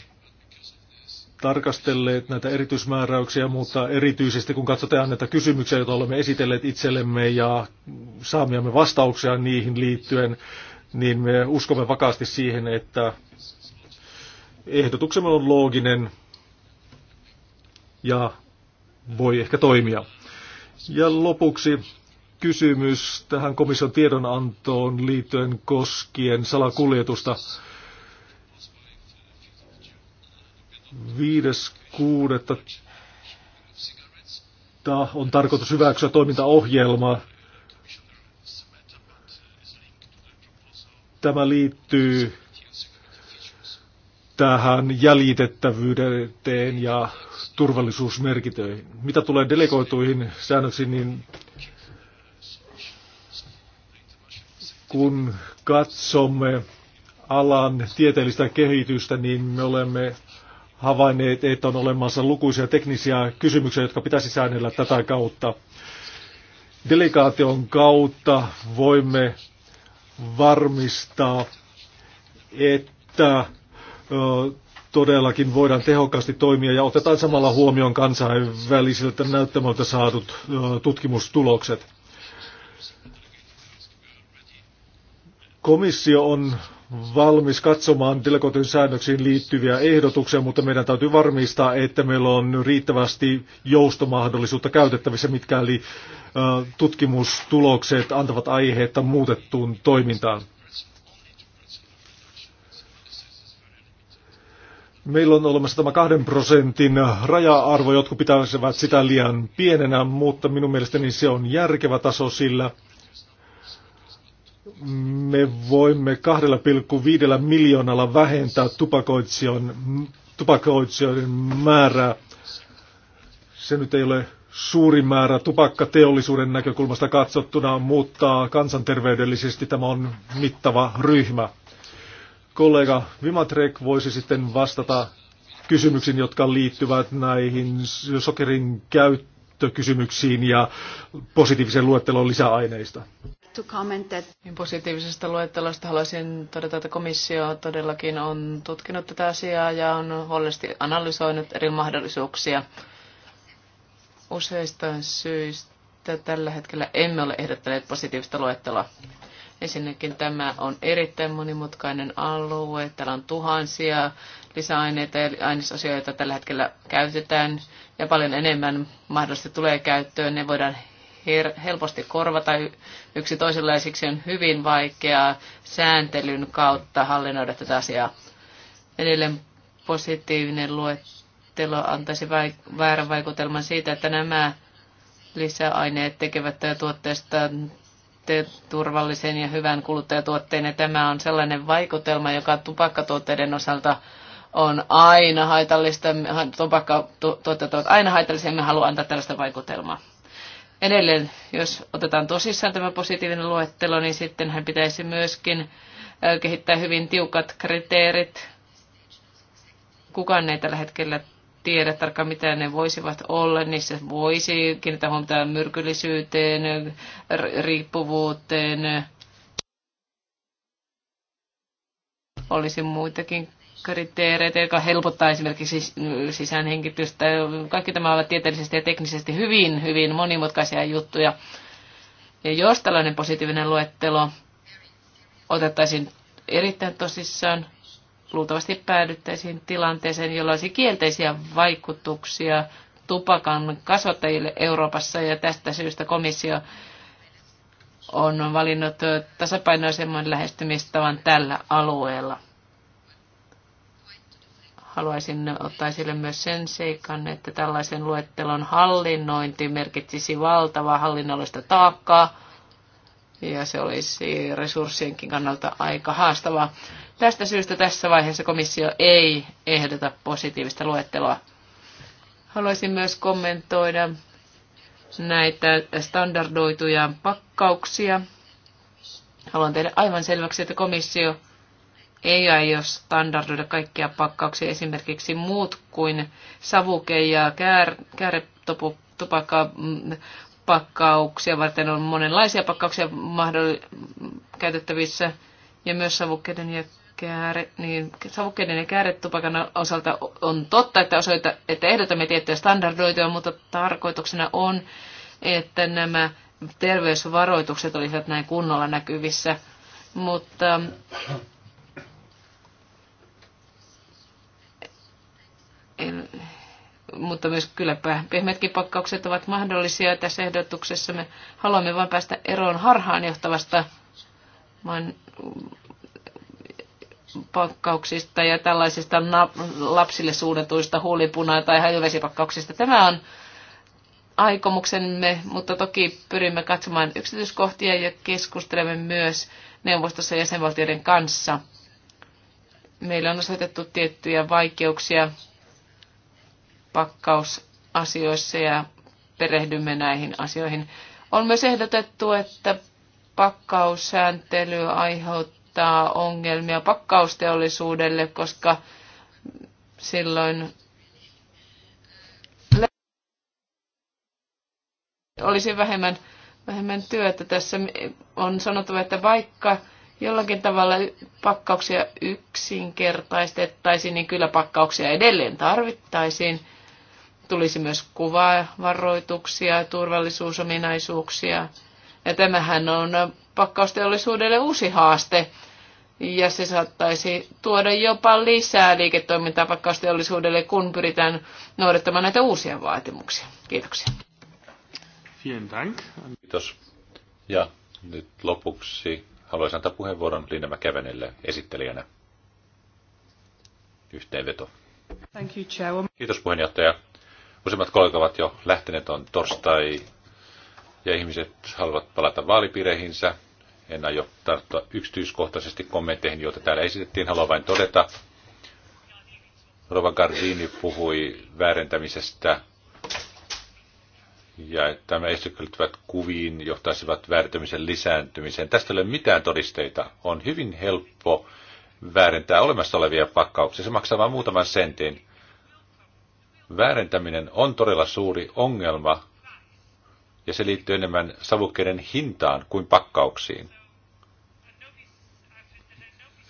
tarkastelleet näitä erityismääräyksiä, mutta erityisesti kun katsotaan näitä kysymyksiä, joita olemme esitelleet itsellemme ja saamiamme vastauksia niihin liittyen, niin me uskomme vakaasti siihen, että ehdotuksemme on looginen ja voi ehkä toimia. Ja lopuksi kysymys tähän komission tiedonantoon liittyen koskien salakuljetusta. 5.6. on tarkoitus hyväksyä toimintaohjelma Tämä liittyy tähän jäljitettävyyteen ja turvallisuusmerkitöihin. Mitä tulee delegoituihin säännöksiin, niin kun katsomme alan tieteellistä kehitystä, niin me olemme havainneet, että on olemassa lukuisia teknisiä kysymyksiä, jotka pitäisi säännellä tätä kautta. Delegaation kautta voimme varmistaa, että todellakin voidaan tehokkaasti toimia ja otetaan samalla huomioon kansainvälisiltä näyttämöltä saadut tutkimustulokset. Komissio on valmis katsomaan delegoitujen säännöksiin liittyviä ehdotuksia, mutta meidän täytyy varmistaa, että meillä on riittävästi joustomahdollisuutta käytettävissä, mitkäli tutkimustulokset antavat aiheetta muutettuun toimintaan. Meillä on olemassa tämä kahden prosentin raja-arvo, jotkut pitäisivät sitä liian pienenä, mutta minun mielestäni se on järkevä taso, sillä me voimme 2,5 miljoonalla vähentää tupakoitsijoiden, tupakoitsijoiden määrää. Se nyt ei ole suuri määrä tupakkateollisuuden näkökulmasta katsottuna, mutta kansanterveydellisesti tämä on mittava ryhmä. Kollega Vimatrek voisi sitten vastata kysymyksiin, jotka liittyvät näihin sokerin käyttökysymyksiin ja positiivisen luettelon lisäaineista to comment that... Niin positiivisesta luettelosta haluaisin todeta, että komissio todellakin on tutkinut tätä asiaa ja on huolellisesti analysoinut eri mahdollisuuksia useista syistä. Tällä hetkellä emme ole ehdottaneet positiivista luetteloa. Ensinnäkin tämä on erittäin monimutkainen alue. Täällä on tuhansia lisäaineita ja ainesosioita joita tällä hetkellä käytetään ja paljon enemmän mahdollisesti tulee käyttöön. Ne voidaan helposti korvata yksi toisella ja siksi on hyvin vaikeaa sääntelyn kautta hallinnoida tätä asiaa. Edelleen positiivinen luettelo antaisi väärän vaikutelman siitä, että nämä lisäaineet tekevät tuotteesta turvallisen ja hyvän kuluttajatuotteen. Ja tämä on sellainen vaikutelma, joka tupakkatuotteiden osalta on aina haitallista. Tupakkatuotteet ovat aina haitallisia, emme halua antaa tällaista vaikutelmaa edelleen, jos otetaan tosissaan tämä positiivinen luettelo, niin sitten hän pitäisi myöskin kehittää hyvin tiukat kriteerit. Kukaan ei tällä hetkellä tiedä tarkkaan, mitä ne voisivat olla. Niissä voisi kiinnittää huomiota myrkyllisyyteen, riippuvuuteen. Olisi muitakin kriteereitä, jotka helpottaa esimerkiksi sisäänhenkitystä. Kaikki tämä ovat tieteellisesti ja teknisesti hyvin, hyvin monimutkaisia juttuja. Ja jos tällainen positiivinen luettelo otettaisiin erittäin tosissaan, luultavasti päädyttäisiin tilanteeseen, jolla olisi kielteisiä vaikutuksia tupakan kasvattajille Euroopassa ja tästä syystä komissio on valinnut tasapainoisemman lähestymistavan tällä alueella. Haluaisin ottaa esille myös sen seikan, että tällaisen luettelon hallinnointi merkitsisi valtavaa hallinnollista taakkaa ja se olisi resurssienkin kannalta aika haastavaa. Tästä syystä tässä vaiheessa komissio ei ehdota positiivista luetteloa. Haluaisin myös kommentoida näitä standardoituja pakkauksia. Haluan tehdä aivan selväksi, että komissio ei aio standardoida kaikkia pakkauksia, esimerkiksi muut kuin savuke- ja kääretupakka mm, pakkauksia varten on monenlaisia pakkauksia mahdoll- käytettävissä ja myös savukkeiden ja kääre, niin savukkeiden ja kääretupakan osalta on totta, että, osoita, että ehdotamme tiettyjä standardoituja, mutta tarkoituksena on, että nämä terveysvaroitukset olisivat näin kunnolla näkyvissä. Mutta en, mutta myös kylläpä pehmeätkin pakkaukset ovat mahdollisia tässä ehdotuksessa. Me haluamme vain päästä eroon harhaanjohtavasta maan pakkauksista ja tällaisista lapsille suunnatuista huulipuna- tai hajuvesipakkauksista. Tämä on aikomuksemme, mutta toki pyrimme katsomaan yksityiskohtia ja keskustelemme myös neuvostossa jäsenvaltioiden kanssa. Meillä on osoitettu tiettyjä vaikeuksia pakkausasioissa ja perehdymme näihin asioihin. On myös ehdotettu, että pakkaussääntely aiheuttaa ongelmia pakkausteollisuudelle, koska silloin olisi vähemmän, vähemmän työtä. Tässä on sanottava, että vaikka jollakin tavalla pakkauksia yksinkertaistettaisiin, niin kyllä pakkauksia edelleen tarvittaisiin tulisi myös kuvavaroituksia, turvallisuusominaisuuksia. Ja tämähän on pakkausteollisuudelle uusi haaste, ja se saattaisi tuoda jopa lisää liiketoimintaa pakkausteollisuudelle, kun pyritään noudattamaan näitä uusia vaatimuksia. Kiitoksia. Kiitos. Ja nyt lopuksi haluaisin antaa puheenvuoron Linda Mäkävenelle esittelijänä. Yhteenveto. Thank you, Kiitos puheenjohtaja. Useimmat kollegat ovat jo lähteneet, on torstai, ja ihmiset haluavat palata vaalipiireihinsä. En aio tarttua yksityiskohtaisesti kommentteihin, joita täällä esitettiin. Haluan vain todeta, Rova Gardini puhui väärentämisestä ja että nämä esitykset kuviin johtaisivat väärentämisen lisääntymiseen. Tästä ei ole mitään todisteita. On hyvin helppo väärentää olemassa olevia pakkauksia. Se maksaa vain muutaman sentin väärentäminen on todella suuri ongelma, ja se liittyy enemmän savukkeiden hintaan kuin pakkauksiin.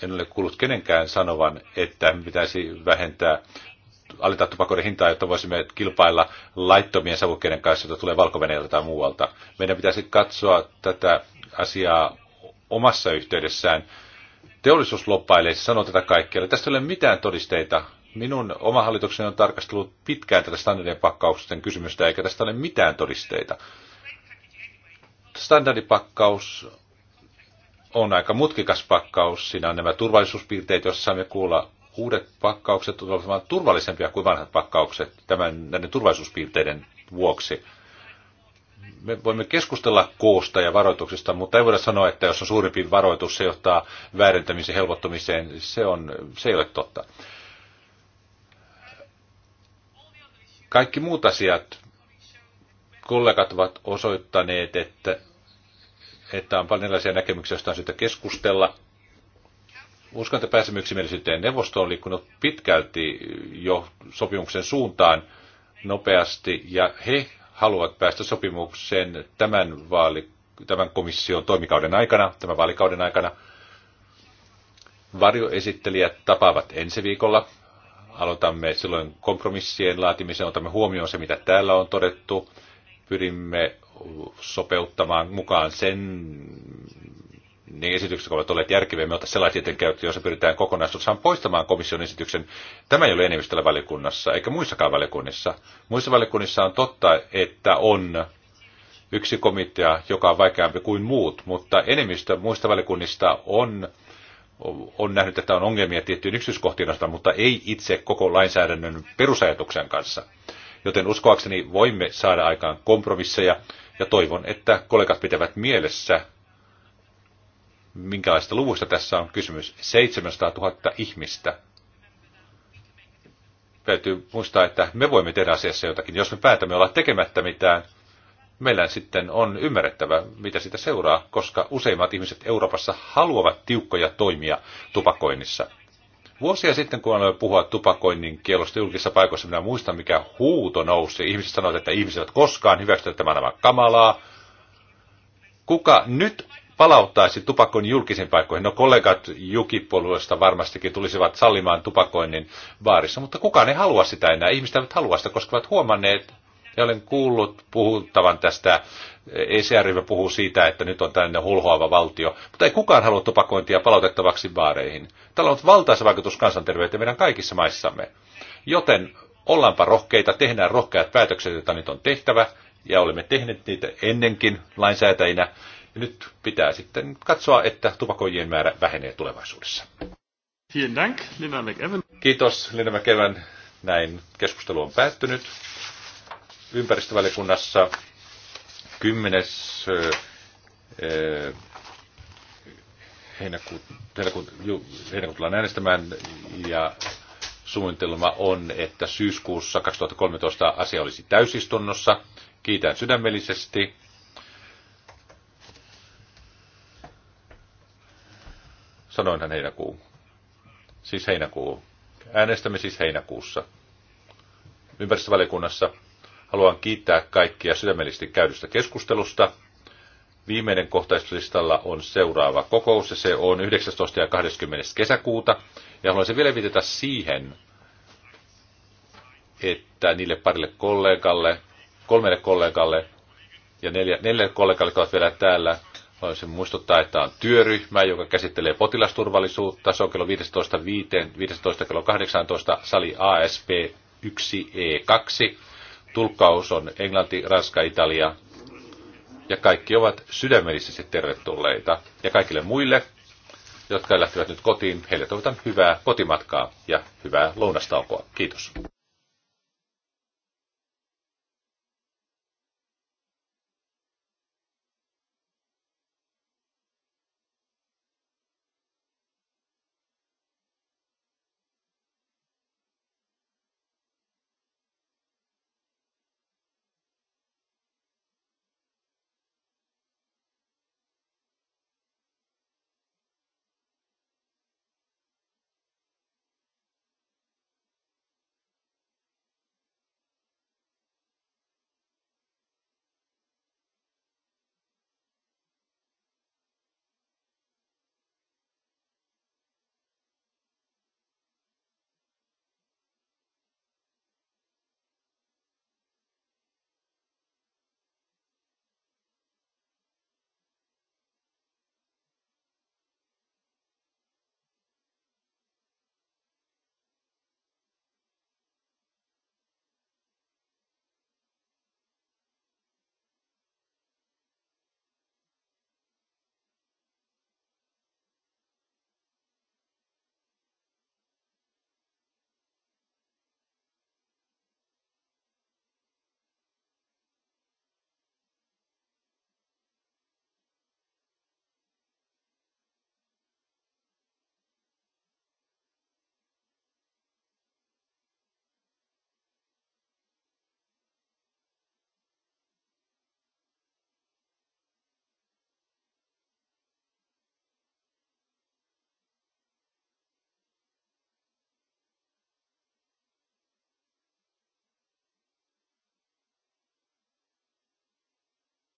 En ole kuullut kenenkään sanovan, että pitäisi vähentää alentaa tupakoiden hintaa, jotta voisimme kilpailla laittomien savukkeiden kanssa, joita tulee valko tai muualta. Meidän pitäisi katsoa tätä asiaa omassa yhteydessään. Teollisuus loppailee, se sanoo tätä kaikkea. Tästä ei ole mitään todisteita Minun oma hallitukseni on tarkastellut pitkään tätä standardien pakkauksen kysymystä, eikä tästä ole mitään todisteita. Standardipakkaus on aika mutkikas pakkaus. Siinä on nämä turvallisuuspiirteet, joissa saamme kuulla uudet pakkaukset ovat turvallisempia kuin vanhat pakkaukset tämän, näiden turvallisuuspiirteiden vuoksi. Me voimme keskustella koosta ja varoituksista, mutta ei voida sanoa, että jos on suurempi varoitus, se johtaa väärentämisen helpottumiseen. Se, on, se ei ole totta. Kaikki muut asiat, kollegat ovat osoittaneet, että, että on paljon erilaisia näkemyksiä, joista on syytä keskustella. Uskon, että pääsemme yksimielisyyteen. Neuvosto on liikkunut pitkälti jo sopimuksen suuntaan nopeasti, ja he haluavat päästä sopimukseen tämän, vaali, tämän komission toimikauden aikana, tämän vaalikauden aikana. Varjoesittelijät tapaavat ensi viikolla aloitamme silloin kompromissien laatimisen, otamme huomioon se, mitä täällä on todettu, pyrimme sopeuttamaan mukaan sen ne esitykset ovat olleet järkeviä, me ottaa sellaisia käyttöön, joissa pyritään kokonaisuudessaan poistamaan komission esityksen. Tämä ei ole enemmistöllä valiokunnassa, eikä muissakaan valiokunnissa. Muissa valiokunnissa on totta, että on yksi komitea, joka on vaikeampi kuin muut, mutta enemmistö muista valiokunnista on on nähnyt, että on ongelmia tiettyyn yksityiskohtiin osalta, mutta ei itse koko lainsäädännön perusajatuksen kanssa. Joten uskoakseni voimme saada aikaan kompromisseja ja toivon, että kollegat pitävät mielessä, minkälaista luvusta tässä on kysymys. 700 000 ihmistä. Täytyy muistaa, että me voimme tehdä asiassa jotakin. Jos me päätämme olla tekemättä mitään, meillä sitten on ymmärrettävä, mitä sitä seuraa, koska useimmat ihmiset Euroopassa haluavat tiukkoja toimia tupakoinnissa. Vuosia sitten, kun aloin puhua tupakoinnin kielosta julkisissa paikoissa, minä muistan, mikä huuto nousi. Ihmiset sanoivat, että ihmiset eivät koskaan hyväksytä tämän aivan kamalaa. Kuka nyt palauttaisi tupakoinnin julkisiin paikkoihin? No kollegat jukipuolueesta varmastikin tulisivat sallimaan tupakoinnin baarissa, mutta kukaan ei halua sitä enää. Ihmiset eivät halua sitä, koska ovat huomanneet, ja olen kuullut puhuttavan tästä, ECR puhuu siitä, että nyt on tällainen hulhoava valtio, mutta ei kukaan halua tupakointia palautettavaksi baareihin. Tällä on valtaisa vaikutus kansanterveyteen meidän kaikissa maissamme. Joten ollaanpa rohkeita, tehdään rohkeat päätökset, joita nyt on tehtävä, ja olemme tehneet niitä ennenkin lainsäätäjinä. Ja nyt pitää sitten katsoa, että tupakoijien määrä vähenee tulevaisuudessa. Kiitos, Lina McEvan. Näin keskustelu on päättynyt ympäristövaliokunnassa 10. heinäkuuta, heinäku, heinäkuuta tullaan äänestämään ja suunnitelma on, että syyskuussa 2013 asia olisi täysistunnossa. Kiitän sydämellisesti. Sanoinhan heinäkuu. Siis heinäkuu. Äänestämme siis heinäkuussa. Ympäristövaliokunnassa Haluan kiittää kaikkia sydämellisesti käydystä keskustelusta. Viimeinen kohtaislistalla on seuraava kokous, ja se on 19. ja 20. kesäkuuta. Ja haluaisin vielä viitata siihen, että niille parille kollegalle, kolmelle kollegalle ja neljä, neljälle kollegalle, jotka ovat vielä täällä, haluaisin muistuttaa, että on työryhmä, joka käsittelee potilasturvallisuutta. Se on kello 15, 15 kello 18, sali ASP 1E2 tulkkaus on englanti, ranska, italia. Ja kaikki ovat sydämellisesti tervetulleita. Ja kaikille muille, jotka lähtevät nyt kotiin, heille toivotan hyvää kotimatkaa ja hyvää lounastaukoa. Kiitos.